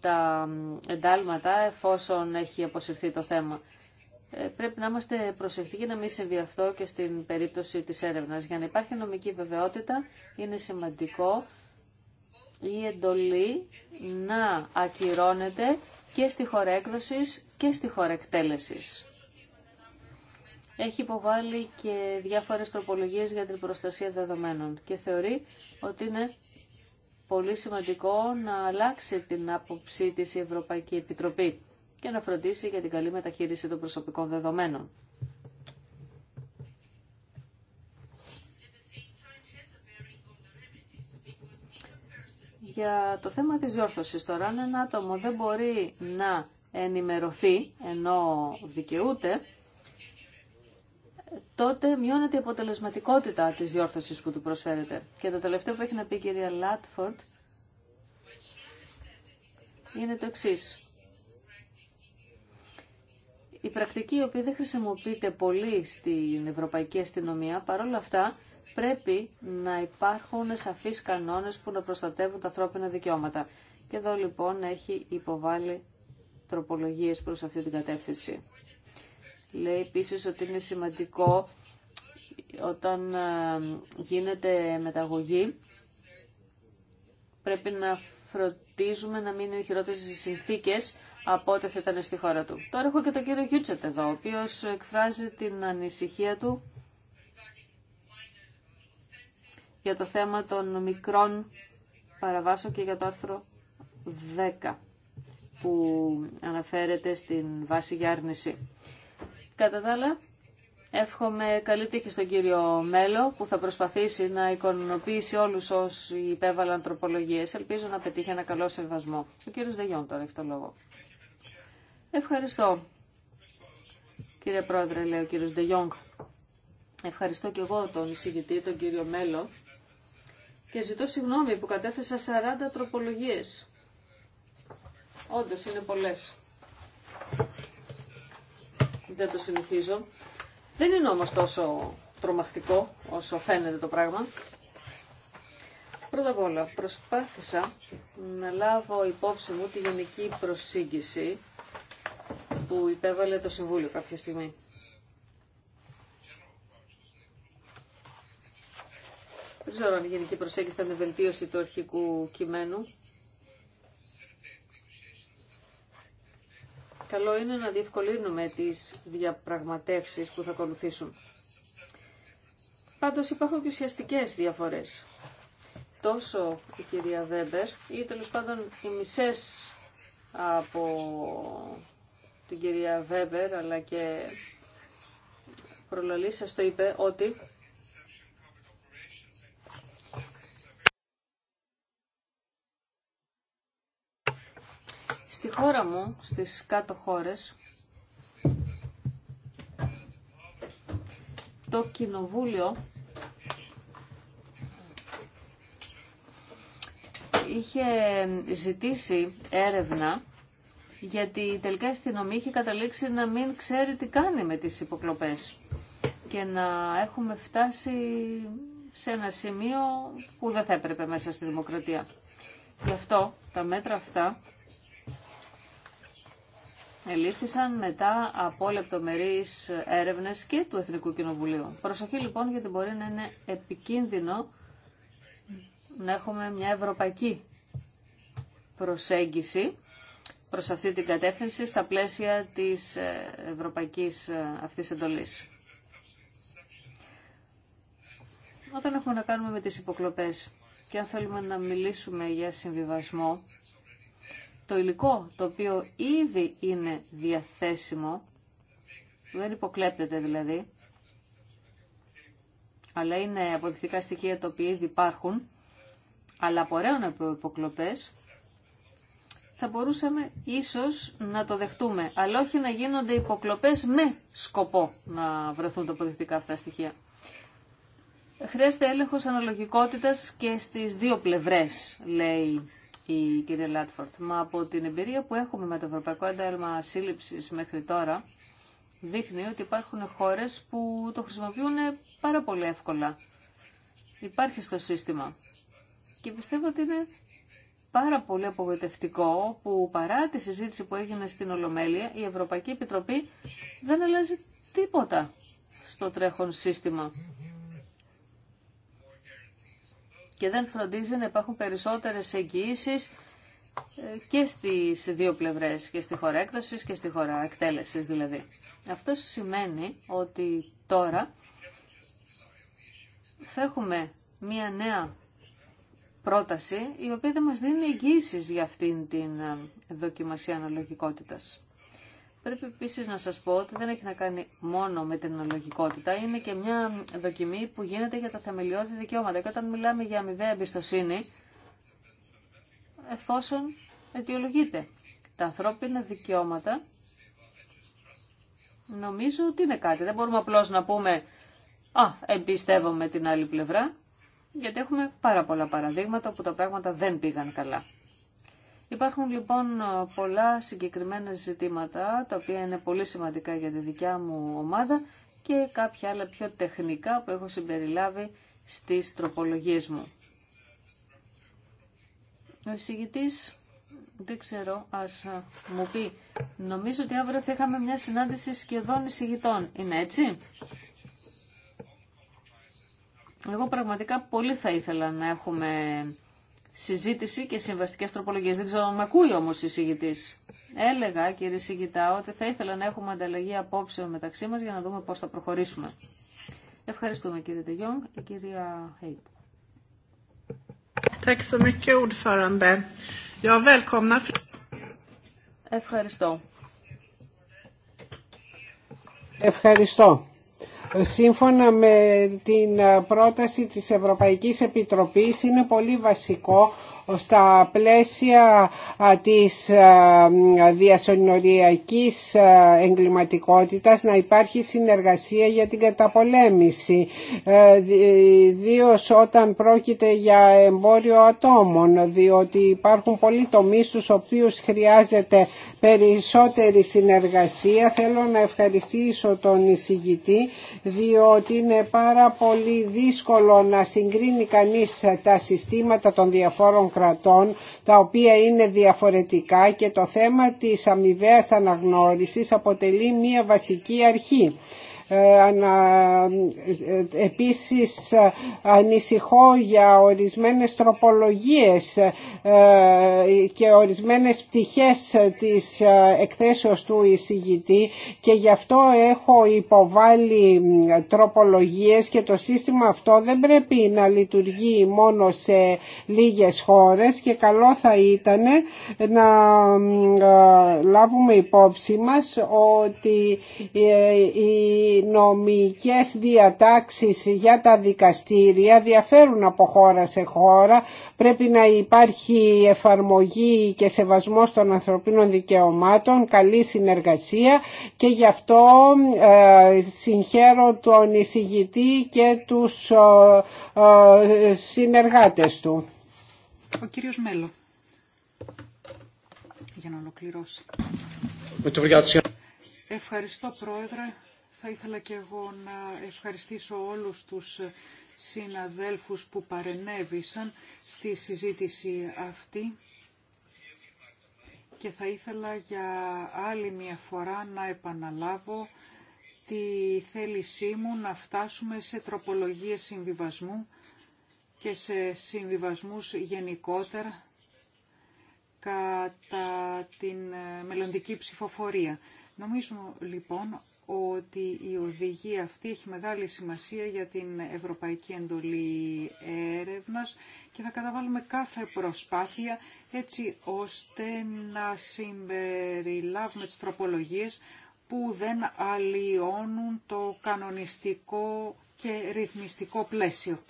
Speaker 1: τα εντάλματα εφόσον έχει αποσυρθεί το θέμα. Ε, πρέπει να είμαστε προσεκτικοί να μην συμβεί αυτό και στην περίπτωση της έρευνας. Για να υπάρχει νομική βεβαιότητα είναι σημαντικό η εντολή να ακυρώνεται και στη χώρα έκδοσης και στη χώρα εκτέλεσης έχει υποβάλει και διάφορες τροπολογίες για την προστασία δεδομένων και θεωρεί ότι είναι πολύ σημαντικό να αλλάξει την άποψή της η Ευρωπαϊκή Επιτροπή και να φροντίσει για την καλή μεταχείριση των προσωπικών δεδομένων. Για το θέμα της διόρθωσης τώρα, αν ένα άτομο δεν μπορεί να ενημερωθεί ενώ δικαιούται, τότε μειώνεται η αποτελεσματικότητα της διόρθωσης που του προσφέρεται. Και το τελευταίο που έχει να πει η κυρία Λάτφορντ είναι το εξή. Η πρακτική η οποία δεν χρησιμοποιείται πολύ στην Ευρωπαϊκή Αστυνομία, παρόλα αυτά πρέπει να υπάρχουν σαφείς κανόνες που να προστατεύουν τα ανθρώπινα δικαιώματα. Και εδώ λοιπόν έχει υποβάλει τροπολογίες προς αυτή την κατεύθυνση. Λέει επίση ότι είναι σημαντικό όταν ε, γίνεται μεταγωγή πρέπει να φροντίζουμε να μην είναι χειρότερες οι συνθήκες από ό,τι θα ήταν στη χώρα του. Τώρα έχω και τον κύριο Γιούτσετ εδώ, ο οποίος εκφράζει την ανησυχία του για το θέμα των μικρών παραβάσεων και για το άρθρο 10 που αναφέρεται στην βάση για άρνηση. Κατά τα άλλα, εύχομαι καλή τύχη στον κύριο Μέλο που θα προσπαθήσει να εικονοποιήσει όλους όσοι υπέβαλαν τροπολογίες. Ελπίζω να πετύχει ένα καλό σεβασμό. Ο κύριος Δεγιόν τώρα έχει το λόγο. Ευχαριστώ. Κύριε Πρόεδρε, λέει ο κύριος Δεγιόντ. Ευχαριστώ και εγώ τον εισηγητή, τον κύριο Μέλο. Και ζητώ συγγνώμη που κατέθεσα 40 τροπολογίες. Όντως είναι πολλές δεν το συνηθίζω. Δεν είναι όμως τόσο τρομακτικό όσο φαίνεται το πράγμα. Πρώτα απ' όλα, προσπάθησα να λάβω υπόψη μου τη γενική προσήγγιση που υπέβαλε το Συμβούλιο κάποια στιγμή. Δεν ξέρω αν η γενική προσέγγιση ήταν βελτίωση του αρχικού κειμένου. καλό είναι να διευκολύνουμε τις διαπραγματεύσεις που θα ακολουθήσουν. Πάντως υπάρχουν και ουσιαστικέ διαφορές. Τόσο η κυρία Βέμπερ ή τέλο πάντων οι μισές από την κυρία Βέμπερ αλλά και προλαλήσα το είπε ότι Στη χώρα μου, στις κάτω χώρες, το κοινοβούλιο είχε ζητήσει έρευνα γιατί τελικά η αστυνομία είχε καταλήξει να μην ξέρει τι κάνει με τις υποκλοπές και να έχουμε φτάσει σε ένα σημείο που δεν θα έπρεπε μέσα στη δημοκρατία. Γι' αυτό τα μέτρα αυτά ελήφθησαν μετά από λεπτομερείς έρευνες και του Εθνικού Κοινοβουλίου. Προσοχή λοιπόν γιατί μπορεί να είναι επικίνδυνο να έχουμε μια ευρωπαϊκή προσέγγιση προς αυτή την κατεύθυνση στα πλαίσια της ε, ευρωπαϊκής ε, αυτής εντολής. Όταν έχουμε να κάνουμε με τις υποκλοπές και αν θέλουμε να μιλήσουμε για συμβιβασμό, το υλικό το οποίο ήδη είναι διαθέσιμο, δεν υποκλέπτεται δηλαδή, αλλά είναι αποδεικτικά στοιχεία τα οποία ήδη υπάρχουν, αλλά απορρέουν από υποκλοπές, θα μπορούσαμε ίσως να το δεχτούμε, αλλά όχι να γίνονται υποκλοπές με σκοπό να βρεθούν τα αποδεικτικά αυτά στοιχεία. Χρειάζεται έλεγχος αναλογικότητας και στις δύο πλευρές, λέει η κυρία Λάτφορτ, μα από την εμπειρία που έχουμε με το Ευρωπαϊκό Ένταλμα Σύλληψη μέχρι τώρα, δείχνει ότι υπάρχουν χώρες που το χρησιμοποιούν πάρα πολύ εύκολα. Υπάρχει στο σύστημα. Και πιστεύω ότι είναι πάρα πολύ απογοητευτικό που παρά τη συζήτηση που έγινε στην Ολομέλεια, η Ευρωπαϊκή Επιτροπή δεν αλλάζει τίποτα στο τρέχον σύστημα και δεν φροντίζει να υπάρχουν περισσότερες εγγυήσεις ε, και στις δύο πλευρές, και στη χώρα έκδοσης και στη χώρα εκτέλεσης δηλαδή. Αυτό σημαίνει ότι τώρα θα έχουμε μία νέα πρόταση η οποία δεν μας δίνει εγγύησεις για αυτήν την ε, δοκιμασία αναλογικότητας. Πρέπει επίσης να σας πω ότι δεν έχει να κάνει μόνο με την αναλογικότητα, είναι και μια δοκιμή που γίνεται για τα θεμελιώδη δικαιώματα. Και όταν μιλάμε για αμοιβαία εμπιστοσύνη, εφόσον αιτιολογείται τα ανθρώπινα δικαιώματα, νομίζω ότι είναι κάτι. Δεν μπορούμε απλώς να πούμε «Α, εμπιστεύομαι την άλλη πλευρά», γιατί έχουμε πάρα πολλά παραδείγματα που τα πράγματα δεν πήγαν καλά. Υπάρχουν λοιπόν πολλά συγκεκριμένα ζητήματα, τα οποία είναι πολύ σημαντικά για τη δικιά μου ομάδα και κάποια άλλα πιο τεχνικά που έχω συμπεριλάβει στις τροπολογίες μου. Ο εισηγητής, δεν ξέρω, ας μου πει, νομίζω ότι αύριο θα είχαμε μια συνάντηση σχεδόν εισηγητών. Είναι έτσι? Εγώ πραγματικά πολύ θα ήθελα να έχουμε συζήτηση και συμβαστικέ τροπολογίε, Δεν ξέρω αν με ακούει όμω η συγητής. Έλεγα, κύριε Σιγητά, ότι θα ήθελα να έχουμε ανταλλαγή απόψεων μεταξύ μας για να δούμε πώς θα προχωρήσουμε. Ευχαριστούμε κύριε Τεγιόνγκ και κυρία Χέιτ. Ευχαριστώ.
Speaker 2: Ευχαριστώ. Σύμφωνα με την ε, πρόταση της Ευρωπαϊκής Επιτροπής είναι πολύ βασικό στα πλαίσια της διασωνοριακής εγκληματικότητας να υπάρχει συνεργασία για την καταπολέμηση ε, ιδίω όταν πρόκειται για εμπόριο ατόμων διότι υπάρχουν πολλοί τομείς στους οποίους χρειάζεται περισσότερη συνεργασία θέλω να ευχαριστήσω τον εισηγητή διότι είναι πάρα πολύ δύσκολο να συγκρίνει κανείς τα συστήματα των διαφόρων κρατών τα οποία είναι διαφορετικά και το θέμα της αμοιβαίας αναγνώρισης αποτελεί μια βασική αρχή. Ε, ε, επίσης ε, ανησυχώ για ορισμένες τροπολογίες και ορισμένες πτυχές της εκθέσεως του εισηγητή και γι' αυτό έχω υποβάλει τροπολογίες και το σύστημα αυτό δεν πρέπει να λειτουργεί μόνο σε λίγες χώρες και καλό θα ήταν να λάβουμε υπόψη μας ότι η οι νομικές διατάξεις για τα δικαστήρια διαφέρουν από χώρα σε χώρα. Πρέπει να υπάρχει εφαρμογή και σεβασμός των ανθρωπίνων δικαιωμάτων, καλή συνεργασία και γι' αυτό ε, συγχαίρω τον εισηγητή και τους ε, ε, συνεργάτες του.
Speaker 3: Ο κύριος Μέλο, για να ολοκληρώσει. Ευχαριστώ Πρόεδρε. Θα ήθελα και εγώ να ευχαριστήσω όλους τους συναδέλφους που παρενέβησαν στη συζήτηση αυτή και θα ήθελα για άλλη μια φορά να επαναλάβω τη θέλησή μου να φτάσουμε σε τροπολογίες συμβιβασμού και σε συμβιβασμούς γενικότερα κατά την μελλοντική ψηφοφορία. Νομίζω λοιπόν ότι η οδηγία αυτή έχει μεγάλη σημασία για την Ευρωπαϊκή Εντολή Έρευνας και θα καταβάλουμε κάθε προσπάθεια έτσι ώστε να συμπεριλάβουμε τις τροπολογίες που δεν αλλοιώνουν το κανονιστικό και ρυθμιστικό πλαίσιο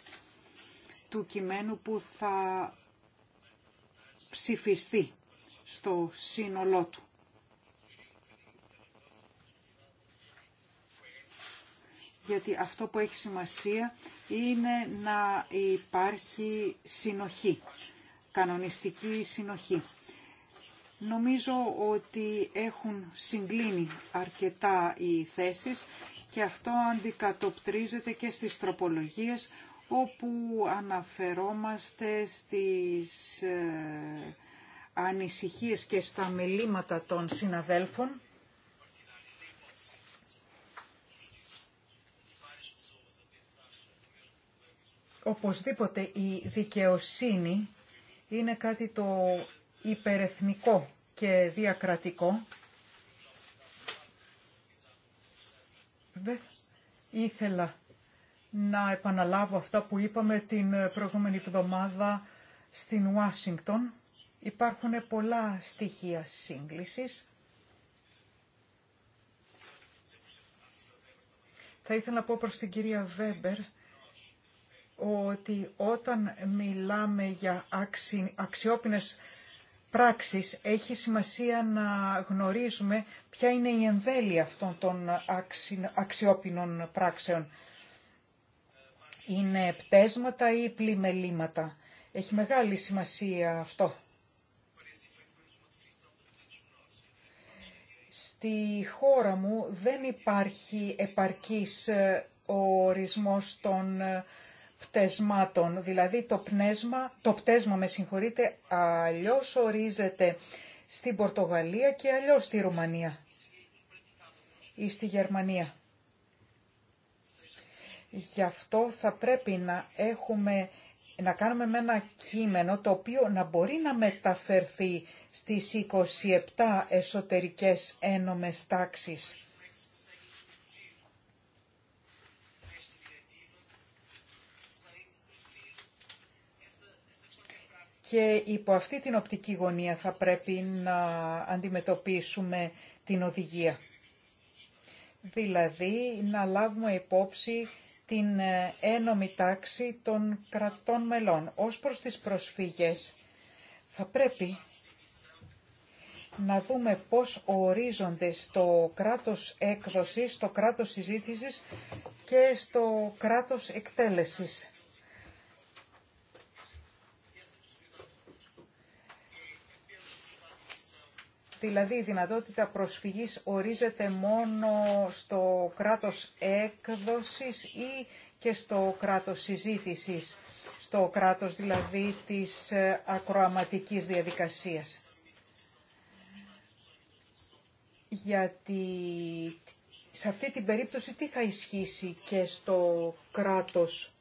Speaker 3: του κειμένου που θα ψηφιστεί στο σύνολό του. γιατί αυτό που έχει σημασία είναι να υπάρχει συνοχή, κανονιστική συνοχή. Νομίζω ότι έχουν συγκλίνει αρκετά οι θέσεις και αυτό αντικατοπτρίζεται και στις τροπολογίες όπου αναφερόμαστε στις ε, ανησυχίες και στα μελήματα των συναδέλφων Οπωσδήποτε η δικαιοσύνη είναι κάτι το υπερεθνικό και διακρατικό. Δεν ήθελα να επαναλάβω αυτά που είπαμε την προηγούμενη εβδομάδα στην Ουάσιγκτον. Υπάρχουν πολλά στοιχεία σύγκλησης. Θα ήθελα να πω προς την κυρία Βέμπερ ότι όταν μιλάμε για αξι... αξιόπινες πράξεις έχει σημασία να γνωρίζουμε ποια είναι η εμβέλεια αυτών των αξιόπινων πράξεων. Είναι πτέσματα ή πλημελήματα. Έχει μεγάλη σημασία αυτό. Στη χώρα μου δεν υπάρχει επαρκής ε, ορισμός των ε, πτεσμάτων, δηλαδή το, πνέσμα, το πτέσμα με συγχωρείτε, αλλιώς ορίζεται στην Πορτογαλία και αλλιώς στη Ρουμανία ή στη Γερμανία. Γι' αυτό θα πρέπει να έχουμε να κάνουμε με ένα κείμενο το οποίο να μπορεί να μεταφερθεί στις 27 εσωτερικές ένομες τάξεις και υπό αυτή την οπτική γωνία θα πρέπει να αντιμετωπίσουμε την οδηγία. Δηλαδή να λάβουμε υπόψη την ε, ένομη τάξη των κρατών μελών. Ως προς τις προσφύγες θα πρέπει να δούμε πώς ορίζονται στο κράτος έκδοσης, στο κράτος συζήτησης και στο κράτος εκτέλεσης. Δηλαδή η δυνατότητα προσφυγής ορίζεται μόνο στο κράτος έκδοσης ή και στο κράτος συζήτησης, στο κράτος δηλαδή της ε, ακροαματικής διαδικασίας. Γιατί σε αυτή την περίπτωση τι θα ισχύσει και στο κράτος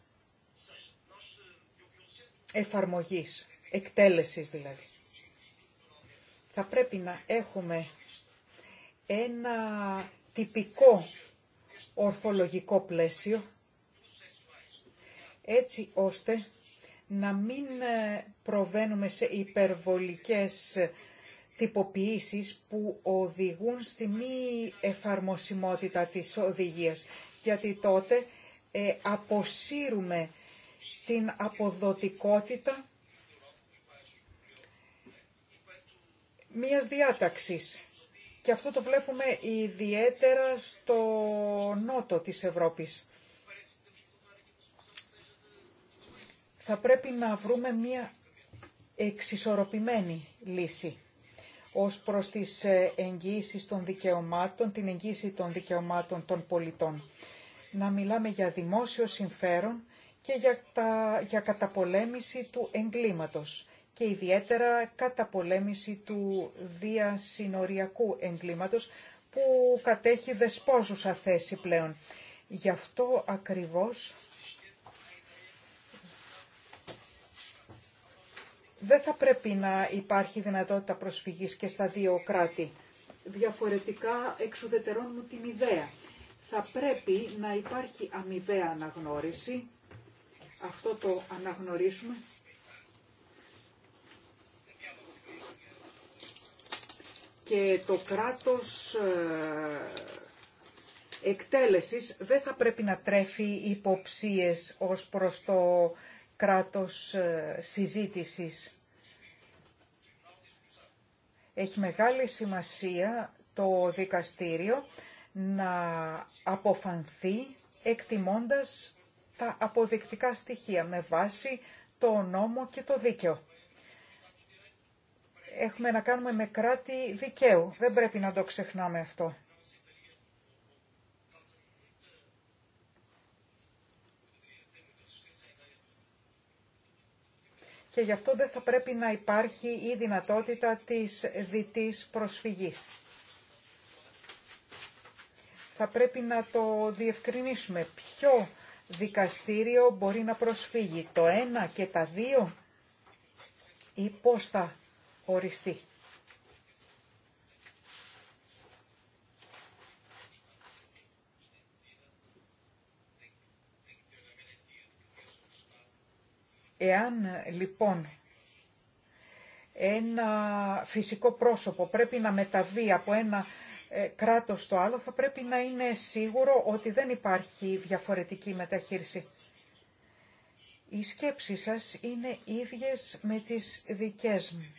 Speaker 3: εφαρμογής, εκτέλεσης δηλαδή θα πρέπει να έχουμε ένα τυπικό ορθολογικό πλαίσιο, έτσι ώστε να μην ε, προβαίνουμε σε υπερβολικές τυποποιήσεις που οδηγούν στη μη εφαρμοσιμότητα της οδηγίας, γιατί τότε ε, αποσύρουμε την αποδοτικότητα μίας διάταξης. Και αυτό το βλέπουμε ιδιαίτερα στο νότο της Ευρώπης. Θα πρέπει να βρούμε μία εξισορροπημένη λύση ως προς τις ε, εγγύησεις των δικαιωμάτων, την εγγύηση των δικαιωμάτων των πολιτών. Να μιλάμε για δημόσιο συμφέρον και για, τα, για καταπολέμηση του εγκλήματος και ιδιαίτερα κατά πολέμηση του διασυνοριακού εγκλήματος που κατέχει δεσπόζουσα θέση πλέον. Γι' αυτό ακριβώς δεν θα πρέπει να υπάρχει δυνατότητα προσφυγής και στα δύο κράτη. Διαφορετικά εξουδετερώνουν την ιδέα. Θα πρέπει να υπάρχει αμοιβαία αναγνώριση. Αυτό το αναγνωρίσουμε και το κράτος ε, εκτέλεσης δεν θα πρέπει να τρέφει υποψίες ως προς το κράτος ε, συζήτησης. Έχει μεγάλη σημασία το δικαστήριο να αποφανθεί εκτιμώντας τα αποδεικτικά στοιχεία με βάση το νόμο και το δίκαιο έχουμε να κάνουμε με κράτη δικαίου. Δεν πρέπει να το ξεχνάμε αυτό. Και γι' αυτό δεν θα πρέπει να υπάρχει η δυνατότητα της διτής προσφυγής. Θα πρέπει να το διευκρινίσουμε. Ποιο δικαστήριο μπορεί να προσφύγει, το ένα και τα δύο ή πώς θα οριστεί. Εάν λοιπόν ένα φυσικό πρόσωπο πρέπει να μεταβεί από ένα ε, κράτος στο άλλο, θα πρέπει να είναι σίγουρο ότι δεν υπάρχει διαφορετική μεταχείριση. Οι σκέψεις σας είναι ίδιες με τις δικές μου.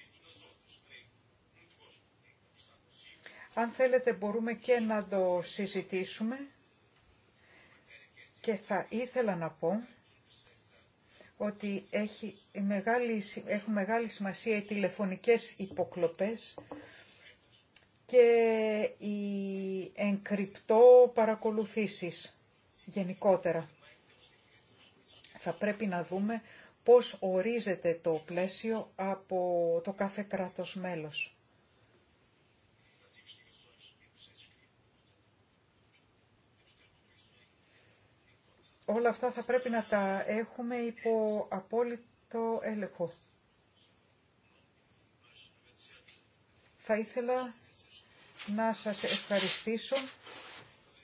Speaker 3: Αν θέλετε μπορούμε και να το συζητήσουμε και θα ήθελα να πω ότι έχει μεγάλη, έχουν μεγάλη σημασία οι τηλεφωνικές υποκλοπές και οι εγκρυπτό παρακολουθήσεις γενικότερα. Θα πρέπει να δούμε πώς ορίζεται το πλαίσιο από το κάθε κράτος μέλος. όλα αυτά θα πρέπει να τα έχουμε υπό απόλυτο έλεγχο. Θα ήθελα να σας ευχαριστήσω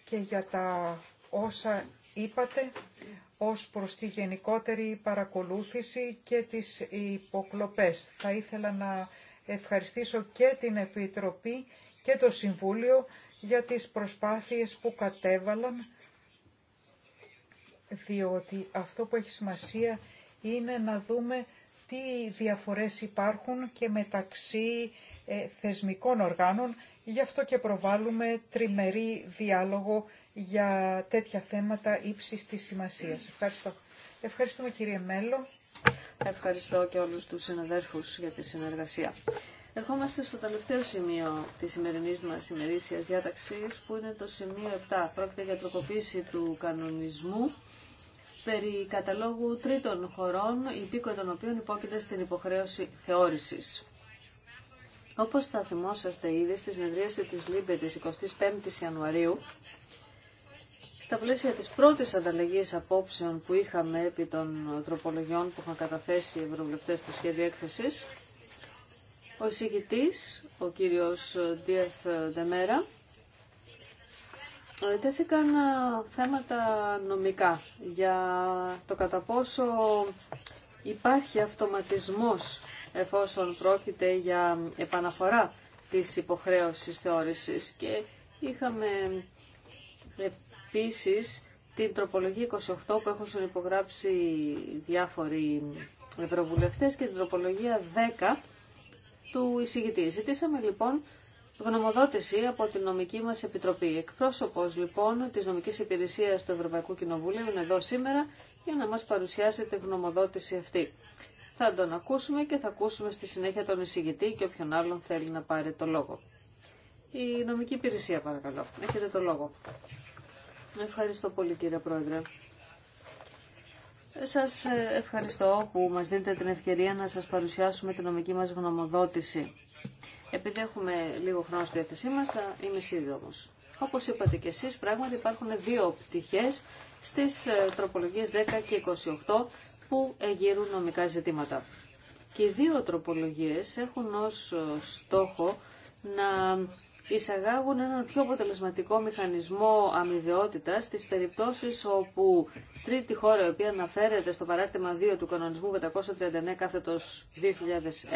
Speaker 3: και για τα όσα είπατε ως προς τη γενικότερη παρακολούθηση και τις υποκλοπές. Θα ήθελα να ευχαριστήσω και την Επιτροπή και το Συμβούλιο για τις προσπάθειες που κατέβαλαν διότι αυτό που έχει σημασία είναι να δούμε τι διαφορές υπάρχουν και μεταξύ ε, θεσμικών οργάνων. Γι' αυτό και προβάλλουμε τριμερή διάλογο για τέτοια θέματα ύψης της σημασίας. Ευχαριστώ. Ευχαριστούμε
Speaker 1: κύριε Μέλλο. Ευχαριστώ και όλους τους συναδέρφους για τη συνεργασία. Ερχόμαστε στο τελευταίο σημείο της σημερινής μας ημερήσιας διάταξης που είναι το σημείο 7. Πρόκειται για τροποποίηση του κανονισμού περί καταλόγου τρίτων χωρών, υπήκο των οποίων υπόκειται στην υποχρέωση θεώρησης. Όπως θα θυμόσαστε ήδη στη συνεδρίαση της ΛΥΜΠΕ της 25ης Ιανουαρίου, στα πλαίσια της πρώτης ανταλλαγής απόψεων που είχαμε επί των τροπολογιών που είχαν καταθέσει οι ευρωβουλευτές του σχέδιου έκθεσης, ο εισηγητής, ο κύριος Ντίεθ Δεμέρα, ε, τέθηκαν ε, θέματα νομικά για το κατά πόσο υπάρχει αυτοματισμός εφόσον πρόκειται για επαναφορά της υποχρέωσης θεώρησης και είχαμε επίσης την τροπολογία 28 που έχουν υπογράψει διάφοροι ευρωβουλευτές και την τροπολογία 10 του εισηγητή. Ζητήσαμε λοιπόν Γνωμοδότηση από την νομική μας επιτροπή. Εκπρόσωπος λοιπόν της νομικής υπηρεσίας του Ευρωπαϊκού Κοινοβουλίου είναι εδώ σήμερα για να μας παρουσιάσει τη γνωμοδότηση αυτή. Θα τον ακούσουμε και θα ακούσουμε στη συνέχεια τον εισηγητή και όποιον άλλον θέλει να πάρει το λόγο. Η νομική υπηρεσία παρακαλώ. Έχετε το λόγο. Ευχαριστώ πολύ κύριε Πρόεδρε. Σας ευχαριστώ που μας δίνετε την ευκαιρία να σας παρουσιάσουμε τη νομική μας γνωμοδότηση. Επειδή έχουμε λίγο χρόνο στη διάθεσή μας, θα είμαι σύντομος. Όπως είπατε και εσείς, πράγματι υπάρχουν δύο πτυχές στις ε, τροπολογίες 10 και 28 που εγείρουν νομικά ζητήματα. Και οι δύο τροπολογίες έχουν ως ε, στόχο να εισαγάγουν έναν πιο αποτελεσματικό μηχανισμό αμοιβαιότητα στις περιπτώσεις όπου τρίτη χώρα η οποία αναφέρεται στο παράρτημα 2 του κανονισμού 539 κάθετος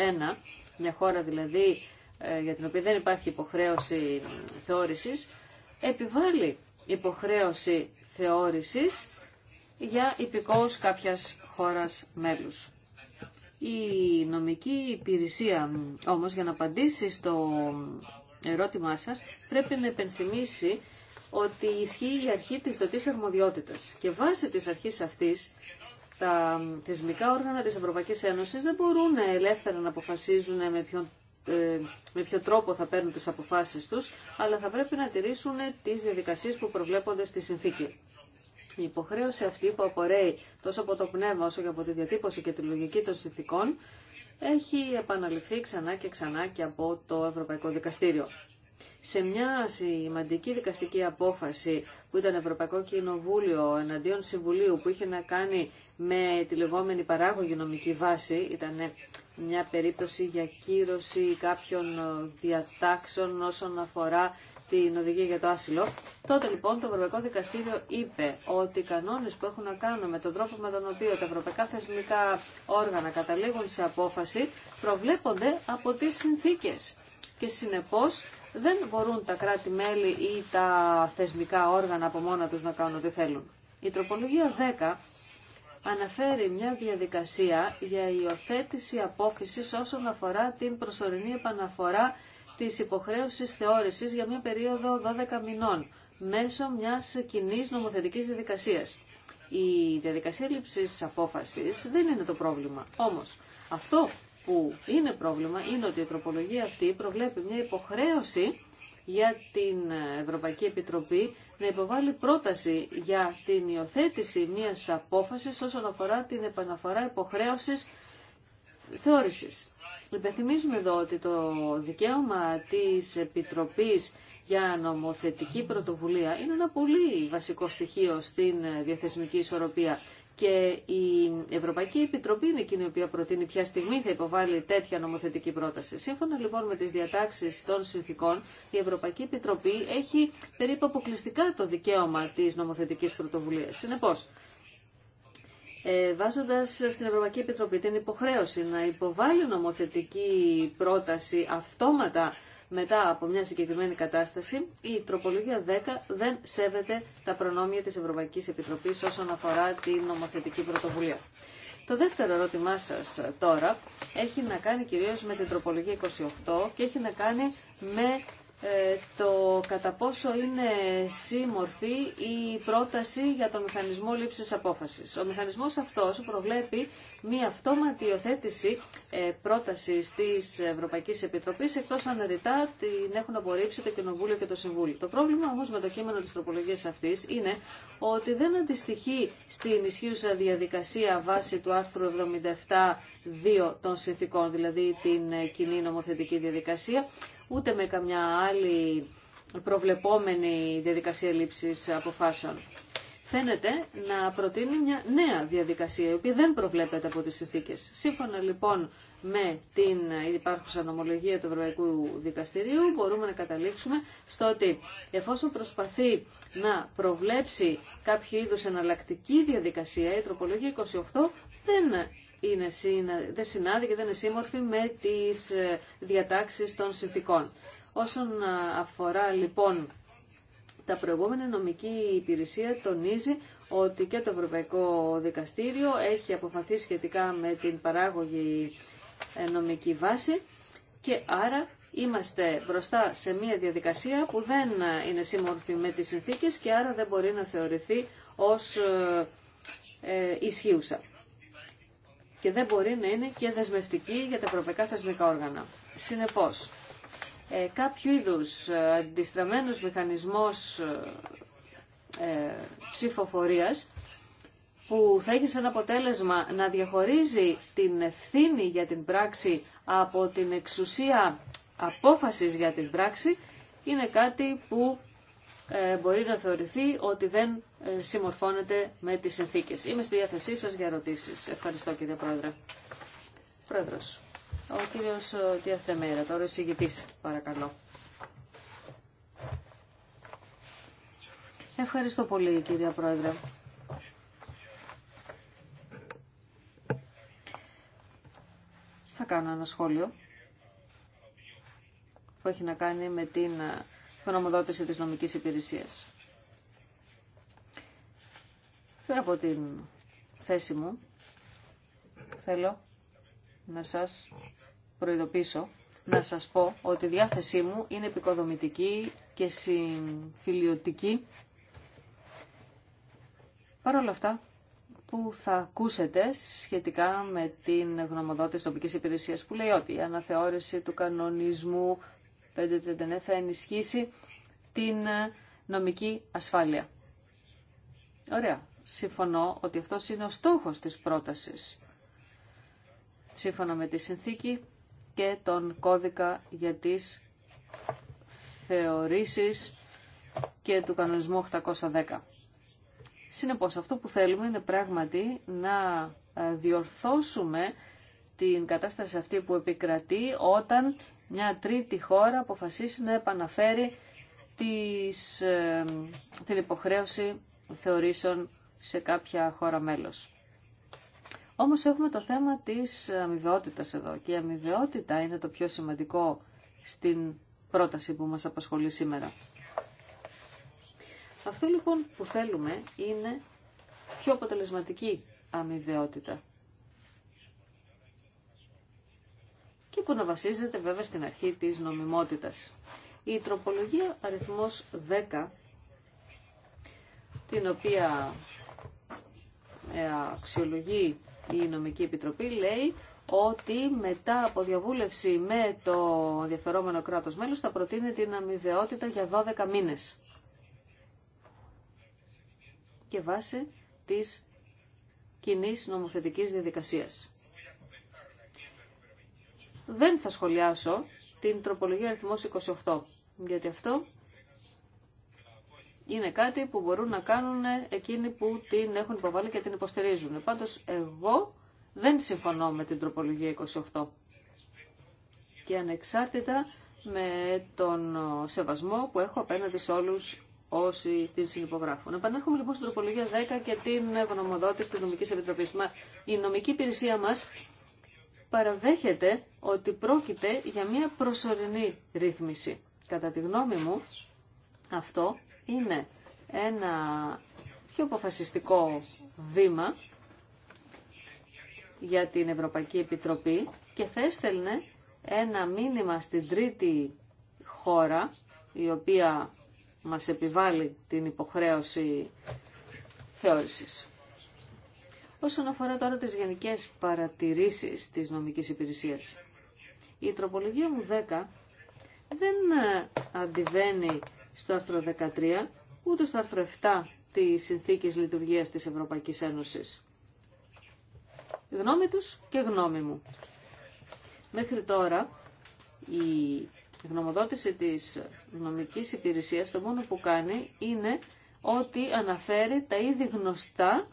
Speaker 1: 2001, μια χώρα δηλαδή ε, για την οποία δεν υπάρχει υποχρέωση θεώρησης, επιβάλλει υποχρέωση θεώρησης για υπηκόους κάποιας χώρας μέλους. Η νομική υπηρεσία όμως για να απαντήσει στο ερώτημά σας πρέπει να επενθυμίσει ότι ισχύει η αρχή της δοτής αρμοδιότητας και βάσει της αρχής αυτής τα θεσμικά όργανα της Ευρωπαϊκής Ένωσης δεν μπορούν ελεύθερα να αποφασίζουν με ποιον ε, με ποιο τρόπο θα παίρνουν τις αποφάσεις τους, αλλά θα πρέπει να τηρήσουν τις διαδικασίες που προβλέπονται στη συνθήκη. Η υποχρέωση αυτή που απορρέει τόσο από το πνεύμα όσο και από τη διατύπωση και τη λογική των συνθήκων έχει επαναληφθεί ξανά και ξανά και από το Ευρωπαϊκό Δικαστήριο σε μια σημαντική δικαστική απόφαση που ήταν Ευρωπαϊκό Κοινοβούλιο εναντίον Συμβουλίου που είχε να κάνει με τη λεγόμενη παράγωγη νομική βάση, ήταν μια περίπτωση για κύρωση κάποιων διατάξεων όσον αφορά την οδηγία για το άσυλο. Τότε λοιπόν το Ευρωπαϊκό Δικαστήριο είπε ότι οι κανόνες που έχουν να κάνουν με τον τρόπο με τον οποίο τα ευρωπαϊκά θεσμικά όργανα καταλήγουν σε απόφαση προβλέπονται από τις συνθήκες και συνεπώς δεν μπορούν τα κράτη-μέλη ή τα θεσμικά όργανα από μόνα τους να κάνουν ό,τι θέλουν. Η τροπολογία 10 αναφέρει μια διαδικασία για υιοθέτηση απόφυσης όσον αφορά την προσωρινή επαναφορά της υποχρέωσης θεώρησης για μια περίοδο 12 μηνών μέσω μιας κοινή νομοθετικής διαδικασίας. Η διαδικασία λήψης απόφασης δεν είναι το πρόβλημα. Όμως αυτό που είναι πρόβλημα είναι ότι η τροπολογία αυτή προβλέπει μια υποχρέωση για την Ευρωπαϊκή Επιτροπή να υποβάλει πρόταση για την υιοθέτηση μιας απόφασης όσον αφορά την επαναφορά υποχρέωσης θεώρησης. Υπενθυμίζουμε εδώ ότι το δικαίωμα της Επιτροπής για νομοθετική πρωτοβουλία είναι ένα πολύ βασικό στοιχείο στην διαθεσμική ισορροπία και η Ευρωπαϊκή Επιτροπή είναι εκείνη η οποία προτείνει ποια στιγμή θα υποβάλει τέτοια νομοθετική πρόταση. Σύμφωνα λοιπόν με τις διατάξεις των συνθήκων, η Ευρωπαϊκή Επιτροπή έχει περίπου αποκλειστικά το δικαίωμα της νομοθετικής πρωτοβουλίας. Συνεπώς, ε, βάζοντας στην Ευρωπαϊκή Επιτροπή την υποχρέωση να υποβάλει νομοθετική πρόταση αυτόματα μετά από μια συγκεκριμένη κατάσταση, η τροπολογία 10 δεν σέβεται τα προνόμια της Ευρωπαϊκής Επιτροπής όσον αφορά την νομοθετική πρωτοβουλία. Το δεύτερο ερώτημά σας τώρα έχει να κάνει κυρίως με την τροπολογία 28 και έχει να κάνει με ε, το κατά πόσο είναι σύμμορφη η πρόταση για τον μηχανισμό λήψης απόφασης. Ο μηχανισμός αυτός προβλέπει μία αυτόματη υιοθέτηση ε, πρότασης της Ευρωπαϊκής Επιτροπής, εκτός αν ρητά την έχουν απορρίψει το Κοινοβούλιο και το Συμβούλιο. Το πρόβλημα όμως με το κείμενο της τροπολογίας αυτής είναι ότι δεν αντιστοιχεί στην ισχύουσα διαδικασία βάσει του άρθρου 77 δύο των συνθήκων, δηλαδή την ε, κοινή νομοθετική διαδικασία, ούτε με καμιά άλλη προβλεπόμενη διαδικασία λήψης αποφάσεων. Φαίνεται να προτείνει μια νέα διαδικασία, η οποία δεν προβλέπεται από τις συνθήκε. Σύμφωνα λοιπόν με την υπάρχουσα νομολογία του Ευρωπαϊκού Δικαστηρίου μπορούμε να καταλήξουμε στο ότι εφόσον προσπαθεί να προβλέψει κάποιο είδους εναλλακτική διαδικασία, η τροπολογία 28 δεν, είναι, δεν συνάδει και δεν είναι σύμμορφη με τις ε, διατάξεις των συνθηκών. Όσον ε, αφορά λοιπόν τα προηγούμενα νομική υπηρεσία τονίζει ότι και το Ευρωπαϊκό Δικαστήριο έχει αποφαθεί σχετικά με την παράγωγη ε, νομική βάση και άρα είμαστε μπροστά σε μια διαδικασία που δεν ε, είναι σύμμορφη με τις συνθήκες και άρα δεν μπορεί να θεωρηθεί ως ε, ε, ισχύουσα. Και δεν μπορεί να είναι και δεσμευτική για τα ευρωπαϊκά θεσμικά όργανα. Συνεπώς, ε, κάποιο είδους αντιστραμμένος μηχανισμός ε, ψηφοφορίας που θα έχει σαν αποτέλεσμα να διαχωρίζει την ευθύνη για την πράξη από την εξουσία απόφασης για την πράξη, είναι κάτι που ε, μπορεί να θεωρηθεί ότι δεν ε, συμμορφώνεται με τις συνθήκες. Είμαι στη διάθεσή σας για ερωτήσεις. Ευχαριστώ κύριε Πρόεδρε. Πρόεδρος, ο κύριος Διαθεμέρα, τώρα εισηγητής, παρακαλώ. Ευχαριστώ πολύ κυρία Πρόεδρε. θα κάνω ένα σχόλιο που έχει να κάνει με την γνωμοδότηση της νομικής υπηρεσίας. Πέρα από την θέση μου, θέλω να σας προειδοποιήσω, να σας πω ότι η διάθεσή μου είναι επικοδομητική και συμφιλιωτική. Παρ' όλα αυτά, που θα ακούσετε σχετικά με την γνωμοδότηση τοπική υπηρεσία που λέει ότι η αναθεώρηση του κανονισμού 539 θα ενισχύσει την νομική ασφάλεια. Ωραία. Συμφωνώ ότι αυτό είναι ο στόχος της πρότασης. Σύμφωνα με τη συνθήκη και τον κώδικα για τις θεωρήσεις και του κανονισμού 810. Συνεπώς αυτό που θέλουμε είναι πράγματι να ε, διορθώσουμε την κατάσταση αυτή που επικρατεί όταν μια τρίτη χώρα αποφασίσει να επαναφέρει τις, ε, την υποχρέωση θεωρήσεων σε κάποια χώρα μέλος. Όμως έχουμε το θέμα της αμοιβαιότητας εδώ και η αμοιβαιότητα είναι το πιο σημαντικό στην πρόταση που μας απασχολεί σήμερα. Αυτό λοιπόν που θέλουμε είναι πιο αποτελεσματική αμοιβαιότητα. Και που να βασίζεται βέβαια στην αρχή της νομιμότητας. Η τροπολογία αριθμός 10, την οποία ε, αξιολογεί η Νομική Επιτροπή, λέει ότι μετά από διαβούλευση με το ενδιαφερόμενο κράτος μέλος θα προτείνει την αμοιβαιότητα για 12 μήνες και βάση της κοινή νομοθετικής διαδικασία. Δεν θα σχολιάσω την τροπολογία αριθμός 28, γιατί αυτό είναι κάτι που μπορούν να κάνουν εκείνοι που την έχουν υποβάλει και την υποστηρίζουν. Πάντως εγώ δεν συμφωνώ με την τροπολογία 28. Και ανεξάρτητα με τον σεβασμό που έχω απέναντι σε όλους όσοι την συνυπογράφουν. Επανέρχομαι λοιπόν στην τροπολογία 10 και την γνωμοδότηση τη Νομική Επιτροπή. η νομική υπηρεσία μα παραδέχεται ότι πρόκειται για μια προσωρινή ρύθμιση. Κατά τη γνώμη μου, αυτό είναι ένα πιο αποφασιστικό βήμα για την Ευρωπαϊκή Επιτροπή και θα έστελνε ένα μήνυμα στην τρίτη χώρα η οποία μας επιβάλλει την υποχρέωση θεώρησης. Όσον αφορά τώρα τις γενικές παρατηρήσεις της νομικής υπηρεσίας, η τροπολογία μου 10 δεν ε, αντιβαίνει στο άρθρο 13, ούτε στο άρθρο 7 της Συνθήκης Λειτουργίας της Ευρωπαϊκής Ένωσης. Γνώμη τους και γνώμη μου. Μέχρι τώρα η η γνωμοδότηση της νομικής υπηρεσίας το μόνο που κάνει είναι ότι αναφέρει τα ήδη γνωστά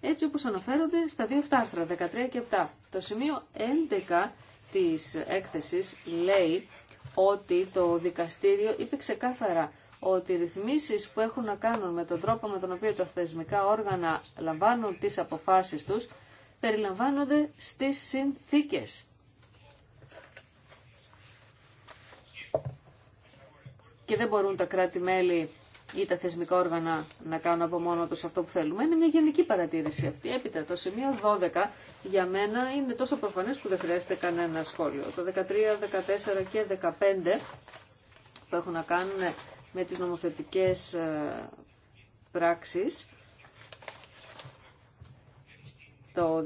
Speaker 1: έτσι όπως αναφέρονται στα δύο αυτά άρθρα, 13 και 7. Το σημείο 11 της έκθεσης λέει ότι το δικαστήριο είπε ξεκάθαρα ότι οι ρυθμίσεις που έχουν να κάνουν με τον τρόπο με τον οποίο τα θεσμικά όργανα λαμβάνουν τις αποφάσεις τους περιλαμβάνονται στις συνθήκες. και δεν μπορούν τα κράτη-μέλη ή τα θεσμικά όργανα να κάνουν από μόνο τους αυτό που θέλουμε. Είναι μια γενική παρατήρηση αυτή. Έπειτα το σημείο 12 για μένα είναι τόσο προφανές που δεν χρειάζεται κανένα σχόλιο. Το 13, 14 και 15 που έχουν να κάνουν με τις νομοθετικές ε, πράξεις το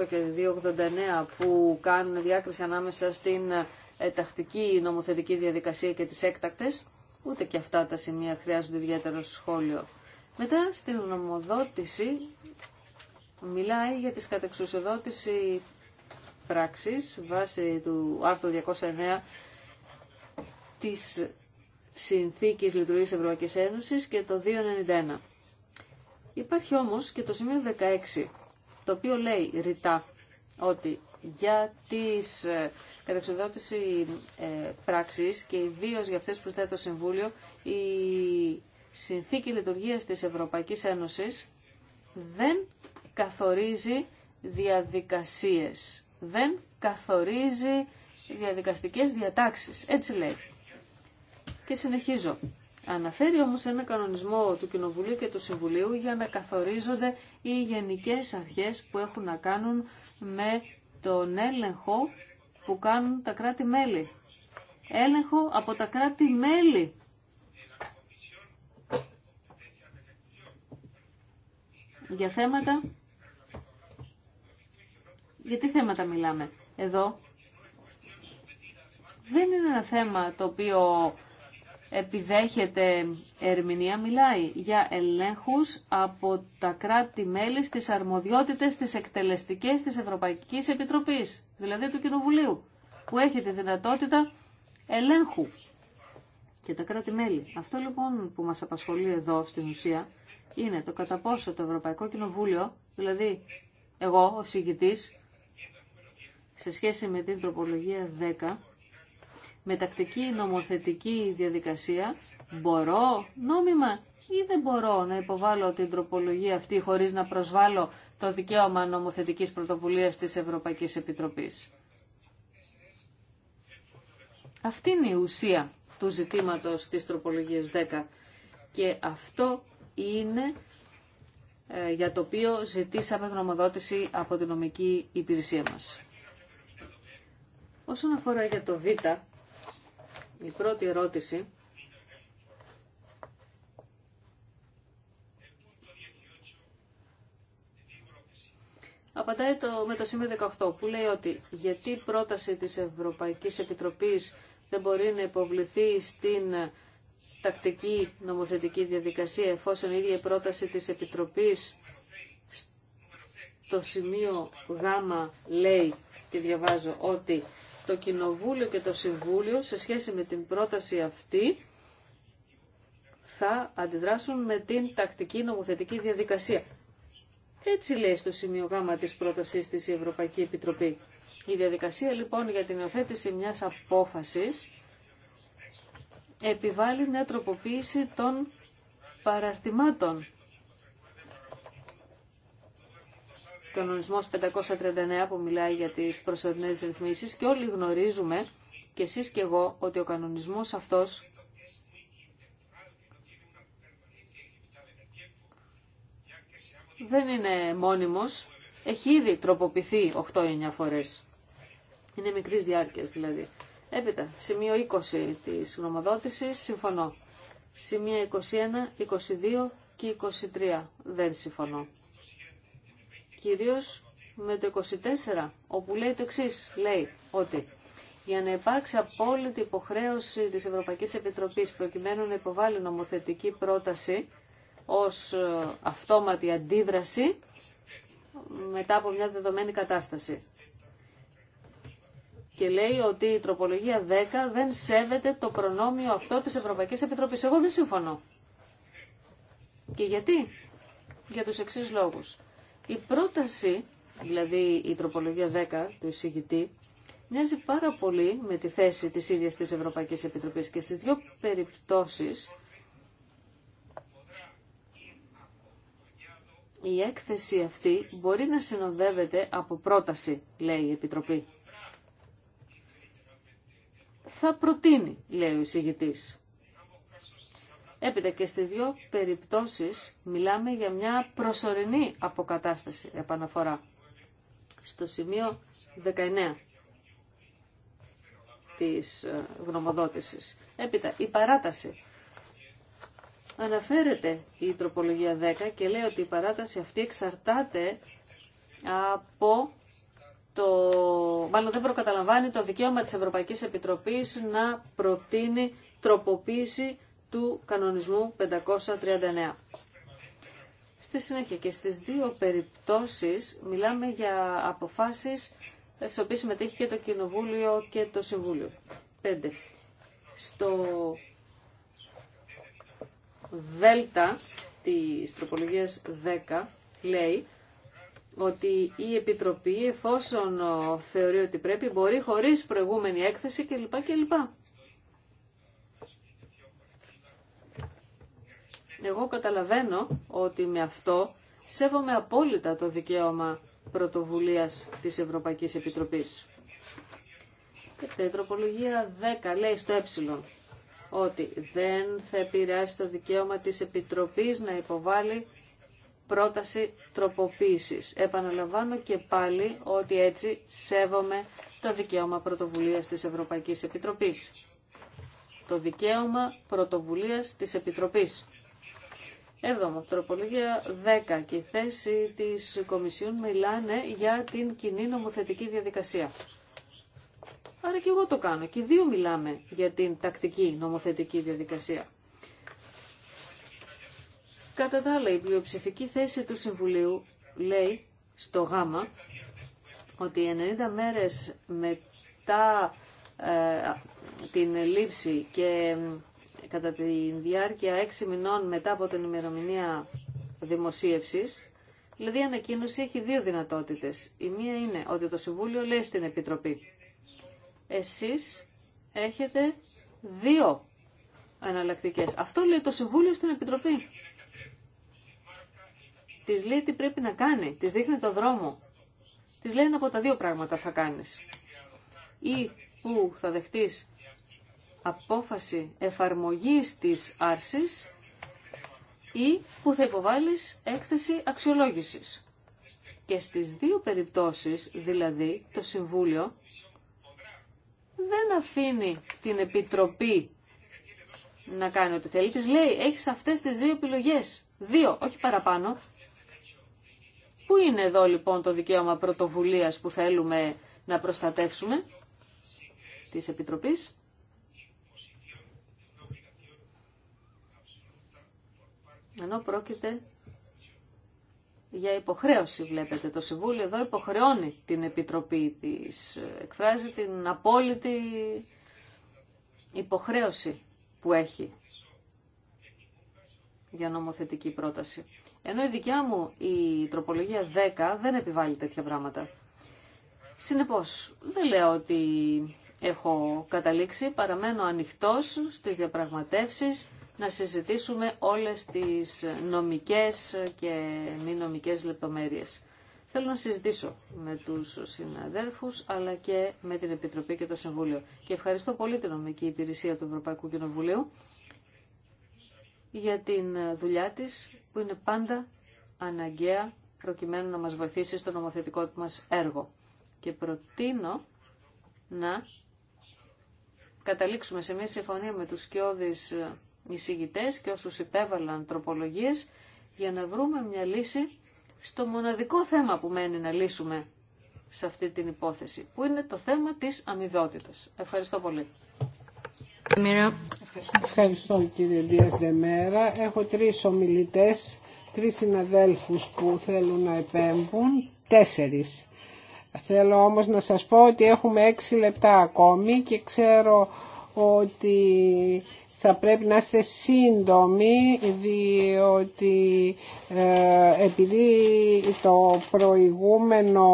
Speaker 1: 288 και 289 που κάνουν διάκριση ανάμεσα στην ε, τακτική νομοθετική διαδικασία και τις έκτακτες Ούτε και αυτά τα σημεία χρειάζονται ιδιαίτερο σχόλιο. Μετά στην νομοδότηση μιλάει για τις κατεξουσιοδότηση πράξεις βάσει του άρθρου 209 της Συνθήκης Λειτουργίας Ευρωπαϊκής Ένωσης και το 291. Υπάρχει όμως και το σημείο 16, το οποίο λέει ρητά ότι για τις ε, καταξιδότηση ε, πράξεις και ιδίω για αυτές που το Συμβούλιο η συνθήκη λειτουργίας της Ευρωπαϊκής Ένωσης δεν καθορίζει διαδικασίες, δεν καθορίζει διαδικαστικές διατάξεις. Έτσι λέει. Και συνεχίζω. Αναφέρει όμως ένα κανονισμό του Κοινοβουλίου και του Συμβουλίου για να καθορίζονται οι γενικές αρχές που έχουν να κάνουν με τον έλεγχο που κάνουν τα κράτη-μέλη. Έλεγχο από τα κράτη-μέλη. Για θέματα... Για τι θέματα μιλάμε. Εδώ δεν είναι ένα θέμα το οποίο επιδέχεται ερμηνεία μιλάει για ελέγχους από τα κράτη-μέλη στις αρμοδιότητες της εκτελεστικής της Ευρωπαϊκής Επιτροπής, δηλαδή του Κοινοβουλίου, που έχει τη δυνατότητα ελέγχου και τα κράτη-μέλη. Αυτό λοιπόν που μας απασχολεί εδώ στην ουσία είναι το κατά πόσο το Ευρωπαϊκό Κοινοβούλιο, δηλαδή εγώ ο ηγητής σε σχέση με την τροπολογία 10, με τακτική νομοθετική διαδικασία μπορώ νόμιμα ή δεν μπορώ να υποβάλω την τροπολογία αυτή χωρίς να προσβάλλω το δικαίωμα νομοθετικής πρωτοβουλίας της Ευρωπαϊκής Επιτροπής. Αυτή είναι η ουσία του ζητήματος της τροπολογίας 10 και αυτό είναι ε, για το οποίο ζητήσαμε γνωμοδότηση από την νομική υπηρεσία μας. Όσον αφορά για το Β, η πρώτη ερώτηση απαντάει το, με το σημείο 18 που λέει ότι γιατί η πρόταση της Ευρωπαϊκής Επιτροπής δεν μπορεί να υποβληθεί στην τακτική νομοθετική διαδικασία εφόσον η ίδια η πρόταση της Επιτροπής στο σημείο Γ λέει και διαβάζω ότι το Κοινοβούλιο και το Συμβούλιο σε σχέση με την πρόταση αυτή θα αντιδράσουν με την τακτική νομοθετική διαδικασία. Έτσι λέει στο σημείο γάμα της πρότασής της η Ευρωπαϊκή Επιτροπή. Η διαδικασία λοιπόν για την υιοθέτηση μιας απόφασης επιβάλλει μια τροποποίηση των παραρτημάτων κανονισμός 539 που μιλάει για τις προσωρινές ρυθμίσεις και όλοι γνωρίζουμε και εσείς και εγώ ότι ο κανονισμός αυτός δεν είναι μόνιμος, έχει ήδη τροποποιηθεί 8-9 φορές. Είναι μικρής διάρκειας δηλαδή. Έπειτα, σημείο 20 της γνωμοδότησης, συμφωνώ. Σημεία 21, 22 και 23 δεν συμφωνώ κυρίως με το 24, όπου λέει το εξή λέει ότι για να υπάρξει απόλυτη υποχρέωση της Ευρωπαϊκής Επιτροπής προκειμένου να υποβάλει νομοθετική πρόταση ως ε, αυτόματη αντίδραση μετά από μια δεδομένη κατάσταση. Και λέει ότι η τροπολογία 10 δεν σέβεται το προνόμιο αυτό της Ευρωπαϊκής Επιτροπής. Εγώ δεν συμφωνώ. Και γιατί? Για τους εξής λόγους. Η πρόταση, δηλαδή η τροπολογία 10 του εισηγητή, μοιάζει πάρα πολύ με τη θέση της ίδιας της Ευρωπαϊκής Επιτροπής και στις δύο περιπτώσεις η έκθεση αυτή μπορεί να συνοδεύεται από πρόταση, λέει η Επιτροπή. Θα προτείνει, λέει ο εισηγητής. Έπειτα και στις δύο περιπτώσεις μιλάμε για μια προσωρινή αποκατάσταση επαναφορά. Στο σημείο 19 της ε, γνωμοδότησης. Έπειτα η παράταση. Αναφέρεται η τροπολογία 10 και λέει ότι η παράταση αυτή εξαρτάται από το... Μάλλον δεν προκαταλαμβάνει το δικαίωμα της Ευρωπαϊκής Επιτροπής να προτείνει τροποποίηση του κανονισμού 539. Στη συνέχεια και στις δύο περιπτώσεις μιλάμε για αποφάσεις στις οποίες συμμετέχει και το Κοινοβούλιο και το Συμβούλιο. 5. Στο δέλτα της τροπολογίας 10 λέει ότι η Επιτροπή εφόσον θεωρεί ότι πρέπει μπορεί χωρίς προηγούμενη έκθεση κλπ. κλπ. Εγώ καταλαβαίνω ότι με αυτό σέβομαι απόλυτα το δικαίωμα πρωτοβουλίας της Ευρωπαϊκής Επιτροπής. Και η τροπολογία 10 λέει στο ε ότι δεν θα επηρεάσει το δικαίωμα της Επιτροπής να υποβάλει πρόταση τροποποίησης. Επαναλαμβάνω και πάλι ότι έτσι σέβομαι το δικαίωμα πρωτοβουλίας της Ευρωπαϊκής Επιτροπής. Το δικαίωμα πρωτοβουλίας της Επιτροπής. Εβδόμο, τροπολογία 10 και η θέση της Κομισιόν μιλάνε για την κοινή νομοθετική διαδικασία. Άρα και εγώ το κάνω. Και δύο μιλάμε για την τακτική νομοθετική διαδικασία. Κατά τα άλλα, η πλειοψηφική θέση του Συμβουλίου λέει στο γάμα ότι 90 μέρες μετά ε, την λήψη και κατά τη διάρκεια έξι μηνών μετά από την ημερομηνία δημοσίευσης, δηλαδή η ανακοίνωση έχει δύο δυνατότητες. Η μία είναι ότι το Συμβούλιο λέει στην Επιτροπή, εσείς έχετε δύο εναλλακτικέ. Αυτό λέει το Συμβούλιο στην Επιτροπή. Τη λέει τι πρέπει να κάνει, τη δείχνει το δρόμο. Τη λέει ένα από τα δύο πράγματα θα κάνει. Ή που θα δεχτεί απόφαση εφαρμογής της άρσης ή που θα υποβάλεις έκθεση αξιολόγησης. Και στις δύο περιπτώσεις, δηλαδή, το Συμβούλιο δεν αφήνει την Επιτροπή να κάνει ό,τι θέλει. Της λέει, έχεις αυτές τις δύο επιλογές. Δύο, όχι παραπάνω. Πού είναι εδώ λοιπόν το δικαίωμα πρωτοβουλίας που θέλουμε να προστατεύσουμε της Επιτροπής. Ενώ πρόκειται για υποχρέωση βλέπετε. Το Συμβούλιο εδώ υποχρεώνει την Επιτροπή της, εκφράζει την απόλυτη υποχρέωση που έχει για νομοθετική πρόταση. Ενώ η δικιά μου η τροπολογία 10 δεν επιβάλλει τέτοια πράγματα. Συνεπώς, δεν λέω ότι έχω καταλήξει, παραμένω ανοιχτός στις διαπραγματεύσεις, να συζητήσουμε όλες τις νομικές και μη νομικές λεπτομέρειες. Θέλω να συζητήσω με τους συναδέρφους αλλά και με την Επιτροπή και το Συμβούλιο. Και ευχαριστώ πολύ την νομική υπηρεσία του Ευρωπαϊκού Κοινοβουλίου για την δουλειά της που είναι πάντα αναγκαία προκειμένου να μας βοηθήσει στο νομοθετικό μας έργο. Και προτείνω να καταλήξουμε σε μια συμφωνία με τους σκιώδεις εισηγητές και όσους υπέβαλαν τροπολογίες για να βρούμε μια λύση στο μοναδικό θέμα που μένει να λύσουμε σε αυτή την υπόθεση, που είναι το θέμα της αμοιβαιότητας. Ευχαριστώ πολύ.
Speaker 2: Ευχαριστώ κύριε Δίας Δεμέρα. Έχω τρεις ομιλητές, τρεις συναδέλφους που θέλουν να επέμβουν, τέσσερις. Θέλω όμως να σας πω ότι έχουμε έξι λεπτά ακόμη και ξέρω ότι θα πρέπει να είστε σύντομοι διότι ε, επειδή το προηγούμενο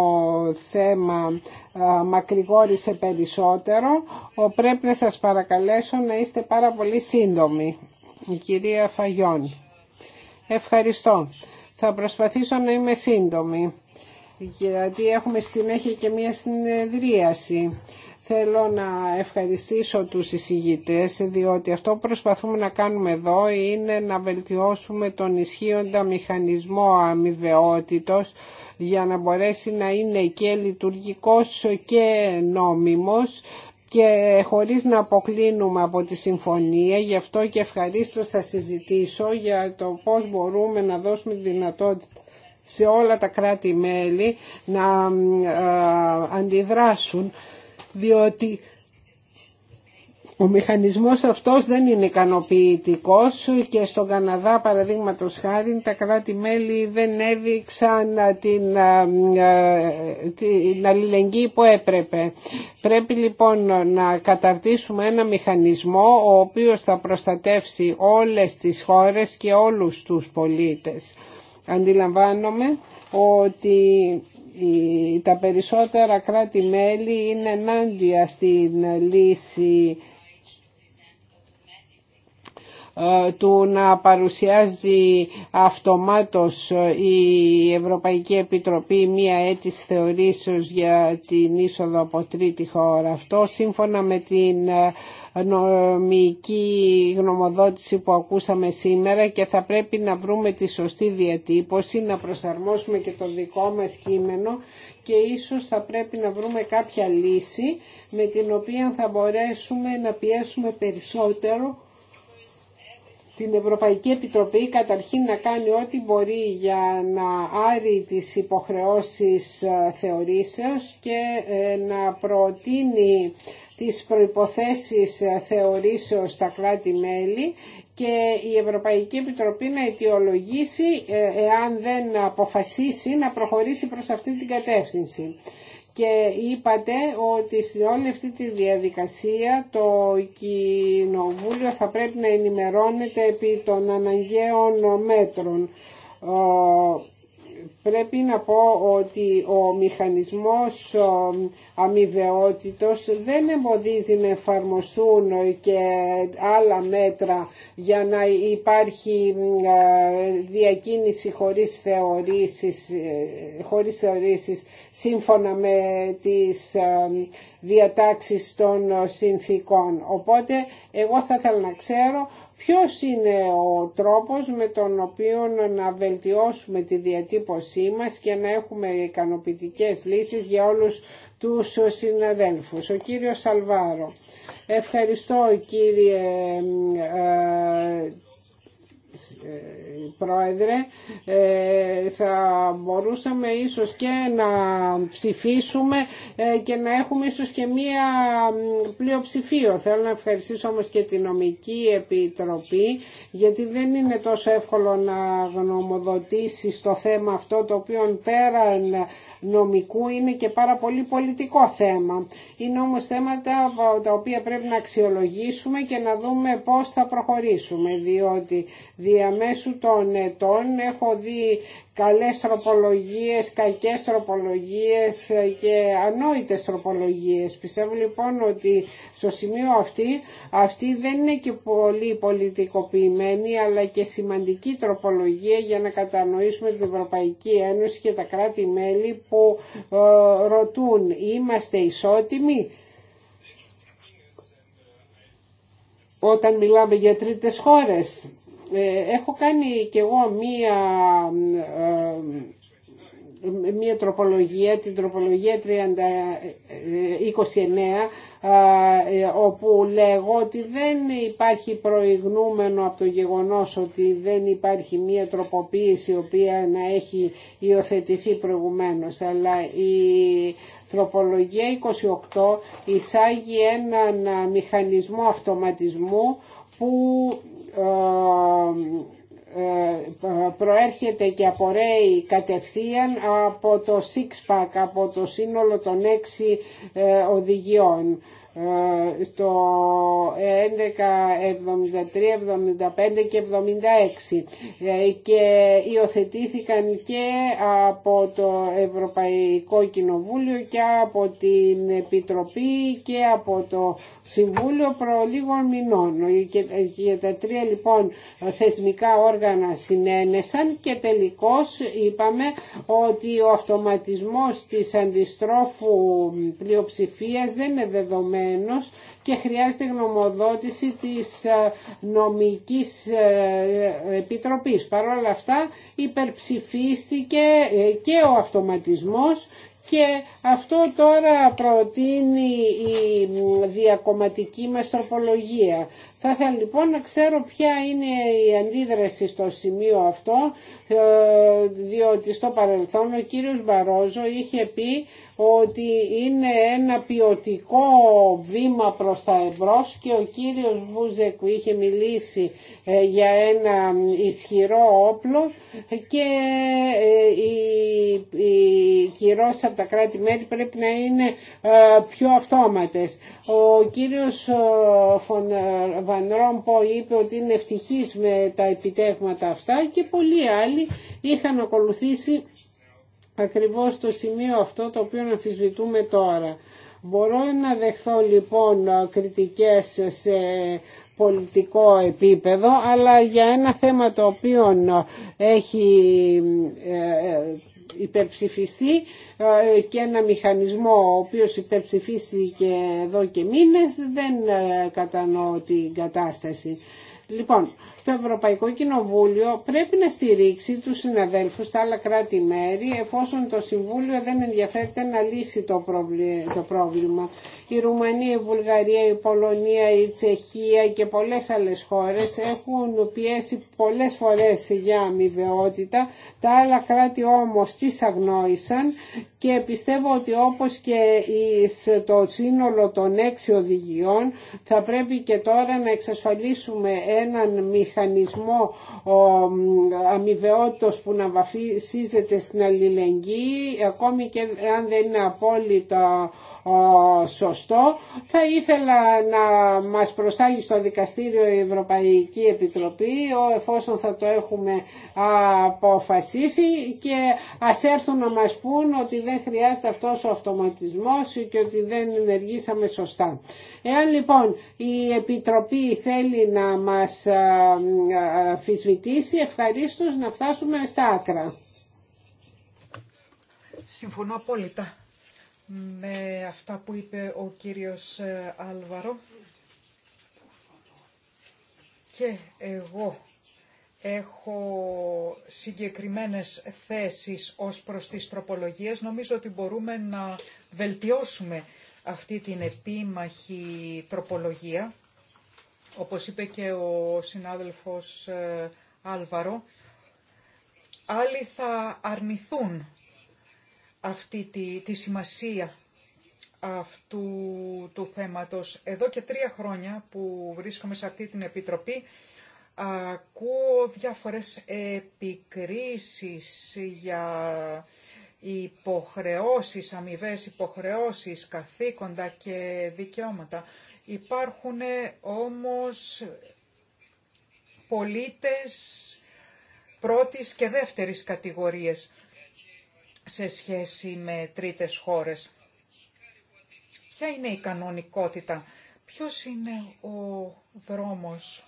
Speaker 2: θέμα ε, μακρηγόρησε περισσότερο πρέπει να σας παρακαλέσω να είστε πάρα πολύ σύντομοι. Η κυρία Φαγιών. Ευχαριστώ. Θα προσπαθήσω να είμαι σύντομη γιατί έχουμε συνέχεια και μια συνεδρίαση. Θέλω να ευχαριστήσω τους εισηγητές, διότι αυτό που προσπαθούμε να κάνουμε εδώ είναι να βελτιώσουμε τον ισχύοντα μηχανισμό αμοιβαιότητος για να μπορέσει να είναι και λειτουργικός και νόμιμος και χωρίς να αποκλίνουμε από τη συμφωνία, γι' αυτό και ευχαρίστω θα συζητήσω για το πώς μπορούμε να δώσουμε δυνατότητα σε όλα τα κράτη-μέλη να ε, αντιδράσουν διότι ο μηχανισμός αυτός δεν είναι ικανοποιητικό και στον Καναδά παραδείγματο χάρη τα κράτη-μέλη δεν έδειξαν ε, την, ε, ε, την αλληλεγγύη που έπρεπε. Πρέπει λοιπόν να καταρτήσουμε ένα μηχανισμό ο οποίος θα προστατεύσει όλες τις χώρες και όλους τους πολίτες. Αντιλαμβάνομαι ότι τα περισσότερα κράτη-μέλη είναι ενάντια στην λύση ε, του να παρουσιάζει αυτομάτως η Ευρωπαϊκή Επιτροπή μία αίτηση θεωρήσεως για την είσοδο από τρίτη χώρα. Αυτό σύμφωνα με την ε, νομική γνωμοδότηση που ακούσαμε σήμερα και θα πρέπει να βρούμε τη σωστή διατύπωση, να προσαρμόσουμε και το δικό μας κείμενο και ίσως θα πρέπει να βρούμε κάποια λύση με την οποία θα μπορέσουμε να πιέσουμε περισσότερο την Ευρωπαϊκή Επιτροπή καταρχήν να κάνει ό,τι μπορεί για να άρει τις υποχρεώσεις ε, θεωρήσεως και ε, να προτείνει τις προϋποθέσεις ε, θεωρήσεως στα κράτη-μέλη και η Ευρωπαϊκή Επιτροπή να αιτιολογήσει ε, εάν δεν αποφασίσει να προχωρήσει προς αυτή την κατεύθυνση. Και είπατε ότι στην όλη αυτή τη διαδικασία το Κοινοβούλιο θα πρέπει να ενημερώνεται επί των αναγκαίων μέτρων. Πρέπει να πω ότι ο μηχανισμός αμοιβαιότητος δεν εμποδίζει να εφαρμοστούν και άλλα μέτρα για να υπάρχει ε, διακίνηση χωρίς θεωρήσεις, ε, χωρίς θεωρήσεις σύμφωνα με τις ε, διατάξεις των συνθήκων. Οπότε εγώ θα ήθελα να ξέρω ποιος είναι ο τρόπος με τον οποίο να βελτιώσουμε τη διατύπωσή μας και να έχουμε ικανοποιητικές λύσεις για όλους τους συναδέλφους. Ο κύριος Σαλβάρο. Ευχαριστώ κύριε ε, Πρόεδρε, ε, θα μπορούσαμε ίσως και να ψηφίσουμε ε, και να έχουμε ίσως και μία πλειοψηφία. Θέλω να ευχαριστήσω όμως και την Νομική Επιτροπή, γιατί δεν είναι τόσο εύκολο να γνωμοδοτήσεις το θέμα αυτό το οποίο πέραν νομικού είναι και πάρα πολύ πολιτικό θέμα. Είναι όμως θέματα τα οποία πρέπει να αξιολογήσουμε και να δούμε πώς θα προχωρήσουμε διότι διαμέσου των ετών έχω δει καλές τροπολογίες, κακές τροπολογίες και ανόητες τροπολογίες. Πιστεύω λοιπόν ότι στο σημείο αυτή, αυτή δεν είναι και πολύ πολιτικοποιημένη αλλά και σημαντική τροπολογία για να κατανοήσουμε την Ευρωπαϊκή Ένωση και τα κράτη-μέλη που ε, ρωτούν είμαστε ισότιμοι. Όταν μιλάμε για τρίτες χώρες, ε, έχω κάνει και εγώ μία ε, μια τροπολογία, την τροπολογία 30, 29, ε, όπου λέγω ότι δεν υπάρχει προηγνούμενο από το γεγονός ότι δεν υπάρχει μια τροποποίηση η οποία να έχει υιοθετηθεί προηγουμένως, αλλά η τροπολογία 28 εισάγει έναν μηχανισμό αυτοματισμού που ε, ε, προέρχεται και απορρέει κατευθείαν από το six pack, από το σύνολο των έξι ε, οδηγιών το 1173, 75 και 76 ε, και υιοθετήθηκαν και από το Ευρωπαϊκό Κοινοβούλιο και από την Επιτροπή και από το Συμβούλιο προ λίγων μηνών και ε, τα τρία λοιπόν θεσμικά όργανα συνένεσαν και τελικώς είπαμε ότι ο αυτοματισμός της αντιστρόφου πλειοψηφίας δεν είναι δεδομένο και χρειάζεται γνωμοδότηση της ε, νομικής ε, επιτροπής. Παρ' όλα αυτά υπερψηφίστηκε ε, και ο αυτοματισμός και αυτό τώρα προτείνει η διακομματική μας τροπολογία. Θα ήθελα λοιπόν να ξέρω ποια είναι η αντίδραση στο σημείο αυτό, διότι στο παρελθόν ο κύριος Μπαρόζο είχε πει ότι είναι ένα ποιοτικό βήμα προς τα εμπρός και ο κύριος Βούζεκ είχε μιλήσει ε, για ένα ισχυρό όπλο και οι, ε, οι κυρώσεις από τα κράτη-μέλη πρέπει να είναι ε, πιο αυτόματες. Ο κύριος Βαν είπε ότι είναι ευτυχής με τα επιτέχματα αυτά και πολλοί άλλοι είχαν ακολουθήσει ακριβώς το σημείο αυτό το οποίο αμφισβητούμε τώρα. Μπορώ να δεχθώ λοιπόν κριτικές σε πολιτικό επίπεδο, αλλά για ένα θέμα το οποίο έχει ε, ε, υπερψηφιστεί ε, και ένα μηχανισμό ο οποίος υπερψηφίστηκε εδώ και μήνες δεν κατανοώ την κατάσταση. Λοιπόν, το Ευρωπαϊκό Κοινοβούλιο πρέπει να στηρίξει τους συναδέλφους στα άλλα κράτη-μέρη εφόσον το Συμβούλιο δεν ενδιαφέρεται να λύσει το πρόβλημα. Η Ρουμανία, η Βουλγαρία, η Πολωνία, η Τσεχία και πολλές άλλες χώρες έχουν πιέσει πολλές φορές για αμοιβαιότητα. Τα άλλα κράτη όμως τις αγνόησαν και πιστεύω ότι όπως και το σύνολο των έξι οδηγιών θα πρέπει και τώρα να εξασφαλίσουμε έναν μυθό μηχανισμό αμοιβαιότητος που να βαφίζεται στην αλληλεγγύη ακόμη και αν δεν είναι απόλυτα σωστό θα ήθελα να μας προσάγει στο δικαστήριο η Ευρωπαϊκή Επιτροπή εφόσον θα το έχουμε αποφασίσει και ας έρθουν να μας πούν ότι δεν χρειάζεται αυτός ο αυτοματισμός και ότι δεν ενεργήσαμε σωστά. Εάν λοιπόν η Επιτροπή θέλει να μας ε, αφισβητήσει ευχαρίστως να φτάσουμε στα άκρα.
Speaker 3: Συμφωνώ απόλυτα με αυτά που είπε ο κύριος ε, Άλβαρο και εγώ έχω συγκεκριμένες θέσεις ως προς τις τροπολογίες. Νομίζω ότι μπορούμε να βελτιώσουμε αυτή την επίμαχη τροπολογία όπως είπε και ο συνάδελφος ε, Άλβαρο, άλλοι θα αρνηθούν αυτή τη, τη σημασία αυτού του θέματος. Εδώ και τρία χρόνια που βρίσκομαι σε αυτή την Επιτροπή, ακούω διάφορες επικρίσεις για υποχρεώσεις, αμοιβέ υποχρεώσεις, καθήκοντα και δικαιώματα. Υπάρχουν όμως πολίτες πρώτης και δεύτερης κατηγορίες σε σχέση με τρίτες χώρες. Ποια είναι η κανονικότητα, ποιος είναι ο δρόμος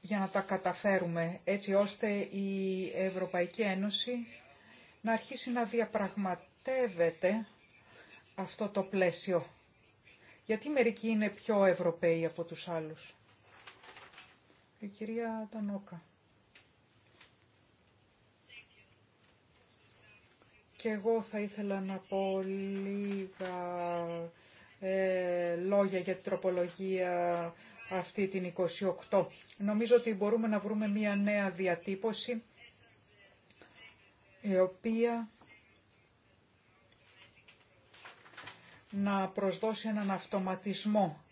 Speaker 3: για να τα καταφέρουμε έτσι ώστε η Ευρωπαϊκή Ένωση να αρχίσει να διαπραγματεύεται αυτό το πλαίσιο. Γιατί μερικοί είναι πιο Ευρωπαίοι από τους άλλους. Η κυρία Τανόκα. Και εγώ θα ήθελα να πω λίγα ε, λόγια για την τροπολογία αυτή την 28. Νομίζω ότι μπορούμε να βρούμε μια νέα διατύπωση η οποία να προσδώσει έναν αυτοματισμό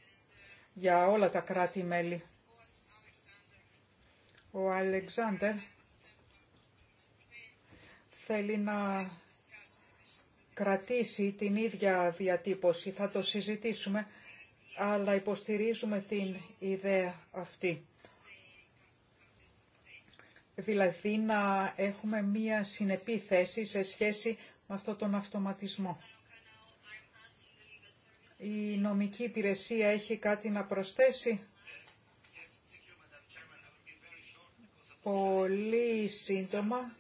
Speaker 3: για όλα τα κράτη-μέλη. Ο Αλεξάνδερ θέλει να κρατήσει την ίδια διατύπωση. Θα το συζητήσουμε, αλλά υποστηρίζουμε την ιδέα αυτή. Δηλαδή να έχουμε μία συνεπή θέση σε σχέση με αυτόν τον αυτοματισμό. Η νομική υπηρεσία έχει κάτι να προσθέσει. Πολύ σύντομα.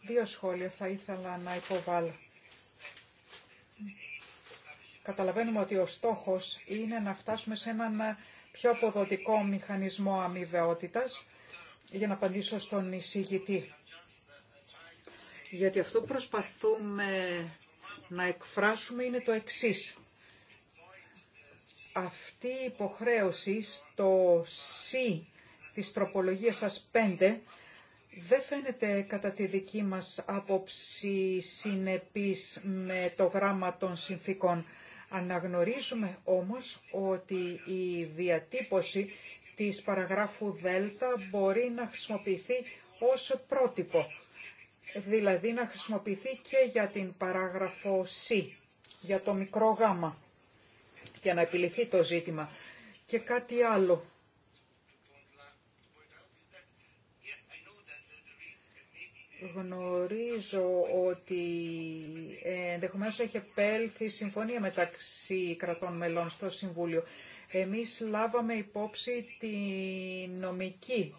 Speaker 3: Δύο σχόλια θα ήθελα να υποβάλω. Καταλαβαίνουμε ότι ο στόχος είναι να φτάσουμε σε έναν πιο αποδοτικό μηχανισμό αμοιβαιότητας για να απαντήσω στον εισηγητή. Γιατί αυτό προσπαθούμε να εκφράσουμε είναι το εξής. Αυτή η υποχρέωση στο C της τροπολογίας σας 5 δεν φαίνεται κατά τη δική μας άποψη συνεπής με το γράμμα των συνθήκων. Αναγνωρίζουμε όμως ότι η διατύπωση της παραγράφου Δέλτα μπορεί να χρησιμοποιηθεί ως πρότυπο δηλαδή να χρησιμοποιηθεί και για την παράγραφο C, για το μικρό γάμα, για να επιληθεί το ζήτημα. Και κάτι άλλο. Γνωρίζω ότι ενδεχομένως έχει επέλθει συμφωνία μεταξύ κρατών μελών στο Συμβούλιο. Εμείς λάβαμε υπόψη τη νομική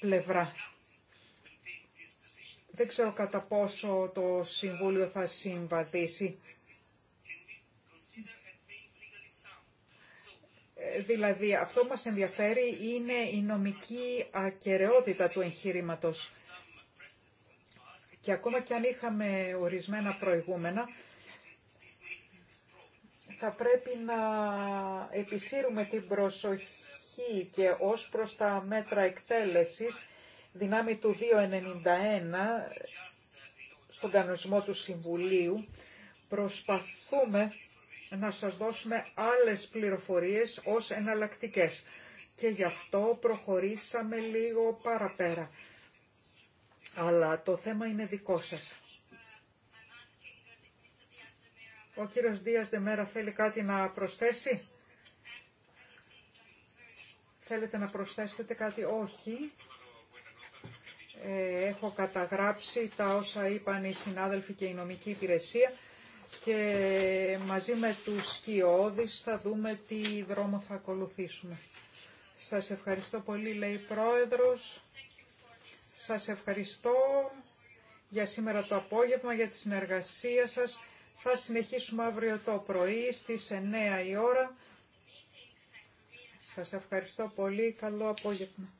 Speaker 3: πλευρά δεν ξέρω κατά πόσο το Συμβούλιο θα συμβαδίσει. Ε, δηλαδή, αυτό που μας ενδιαφέρει είναι η νομική ακαιρεότητα του εγχείρηματος. Και ακόμα και αν είχαμε ορισμένα προηγούμενα, θα πρέπει να επισύρουμε την προσοχή και ως προς τα μέτρα εκτέλεσης δυνάμει του 291 στον κανονισμό του Συμβουλίου προσπαθούμε να σας δώσουμε άλλες πληροφορίες ως εναλλακτικές και γι' αυτό προχωρήσαμε λίγο παραπέρα. Αλλά το θέμα είναι δικό σας. Ο κύριος Δίας Δεμέρα θέλει κάτι να προσθέσει. Θέλετε να προσθέσετε κάτι, όχι. Ε, έχω καταγράψει τα όσα είπαν οι συνάδελφοι και η νομική υπηρεσία και μαζί με τους σκιώδεις θα δούμε τι δρόμο θα ακολουθήσουμε. Σας ευχαριστώ πολύ, λέει η Πρόεδρος. Σας ευχαριστώ για σήμερα το απόγευμα, για τη συνεργασία σας. Θα συνεχίσουμε αύριο το πρωί στις 9 η ώρα. Σας ευχαριστώ πολύ. Καλό απόγευμα.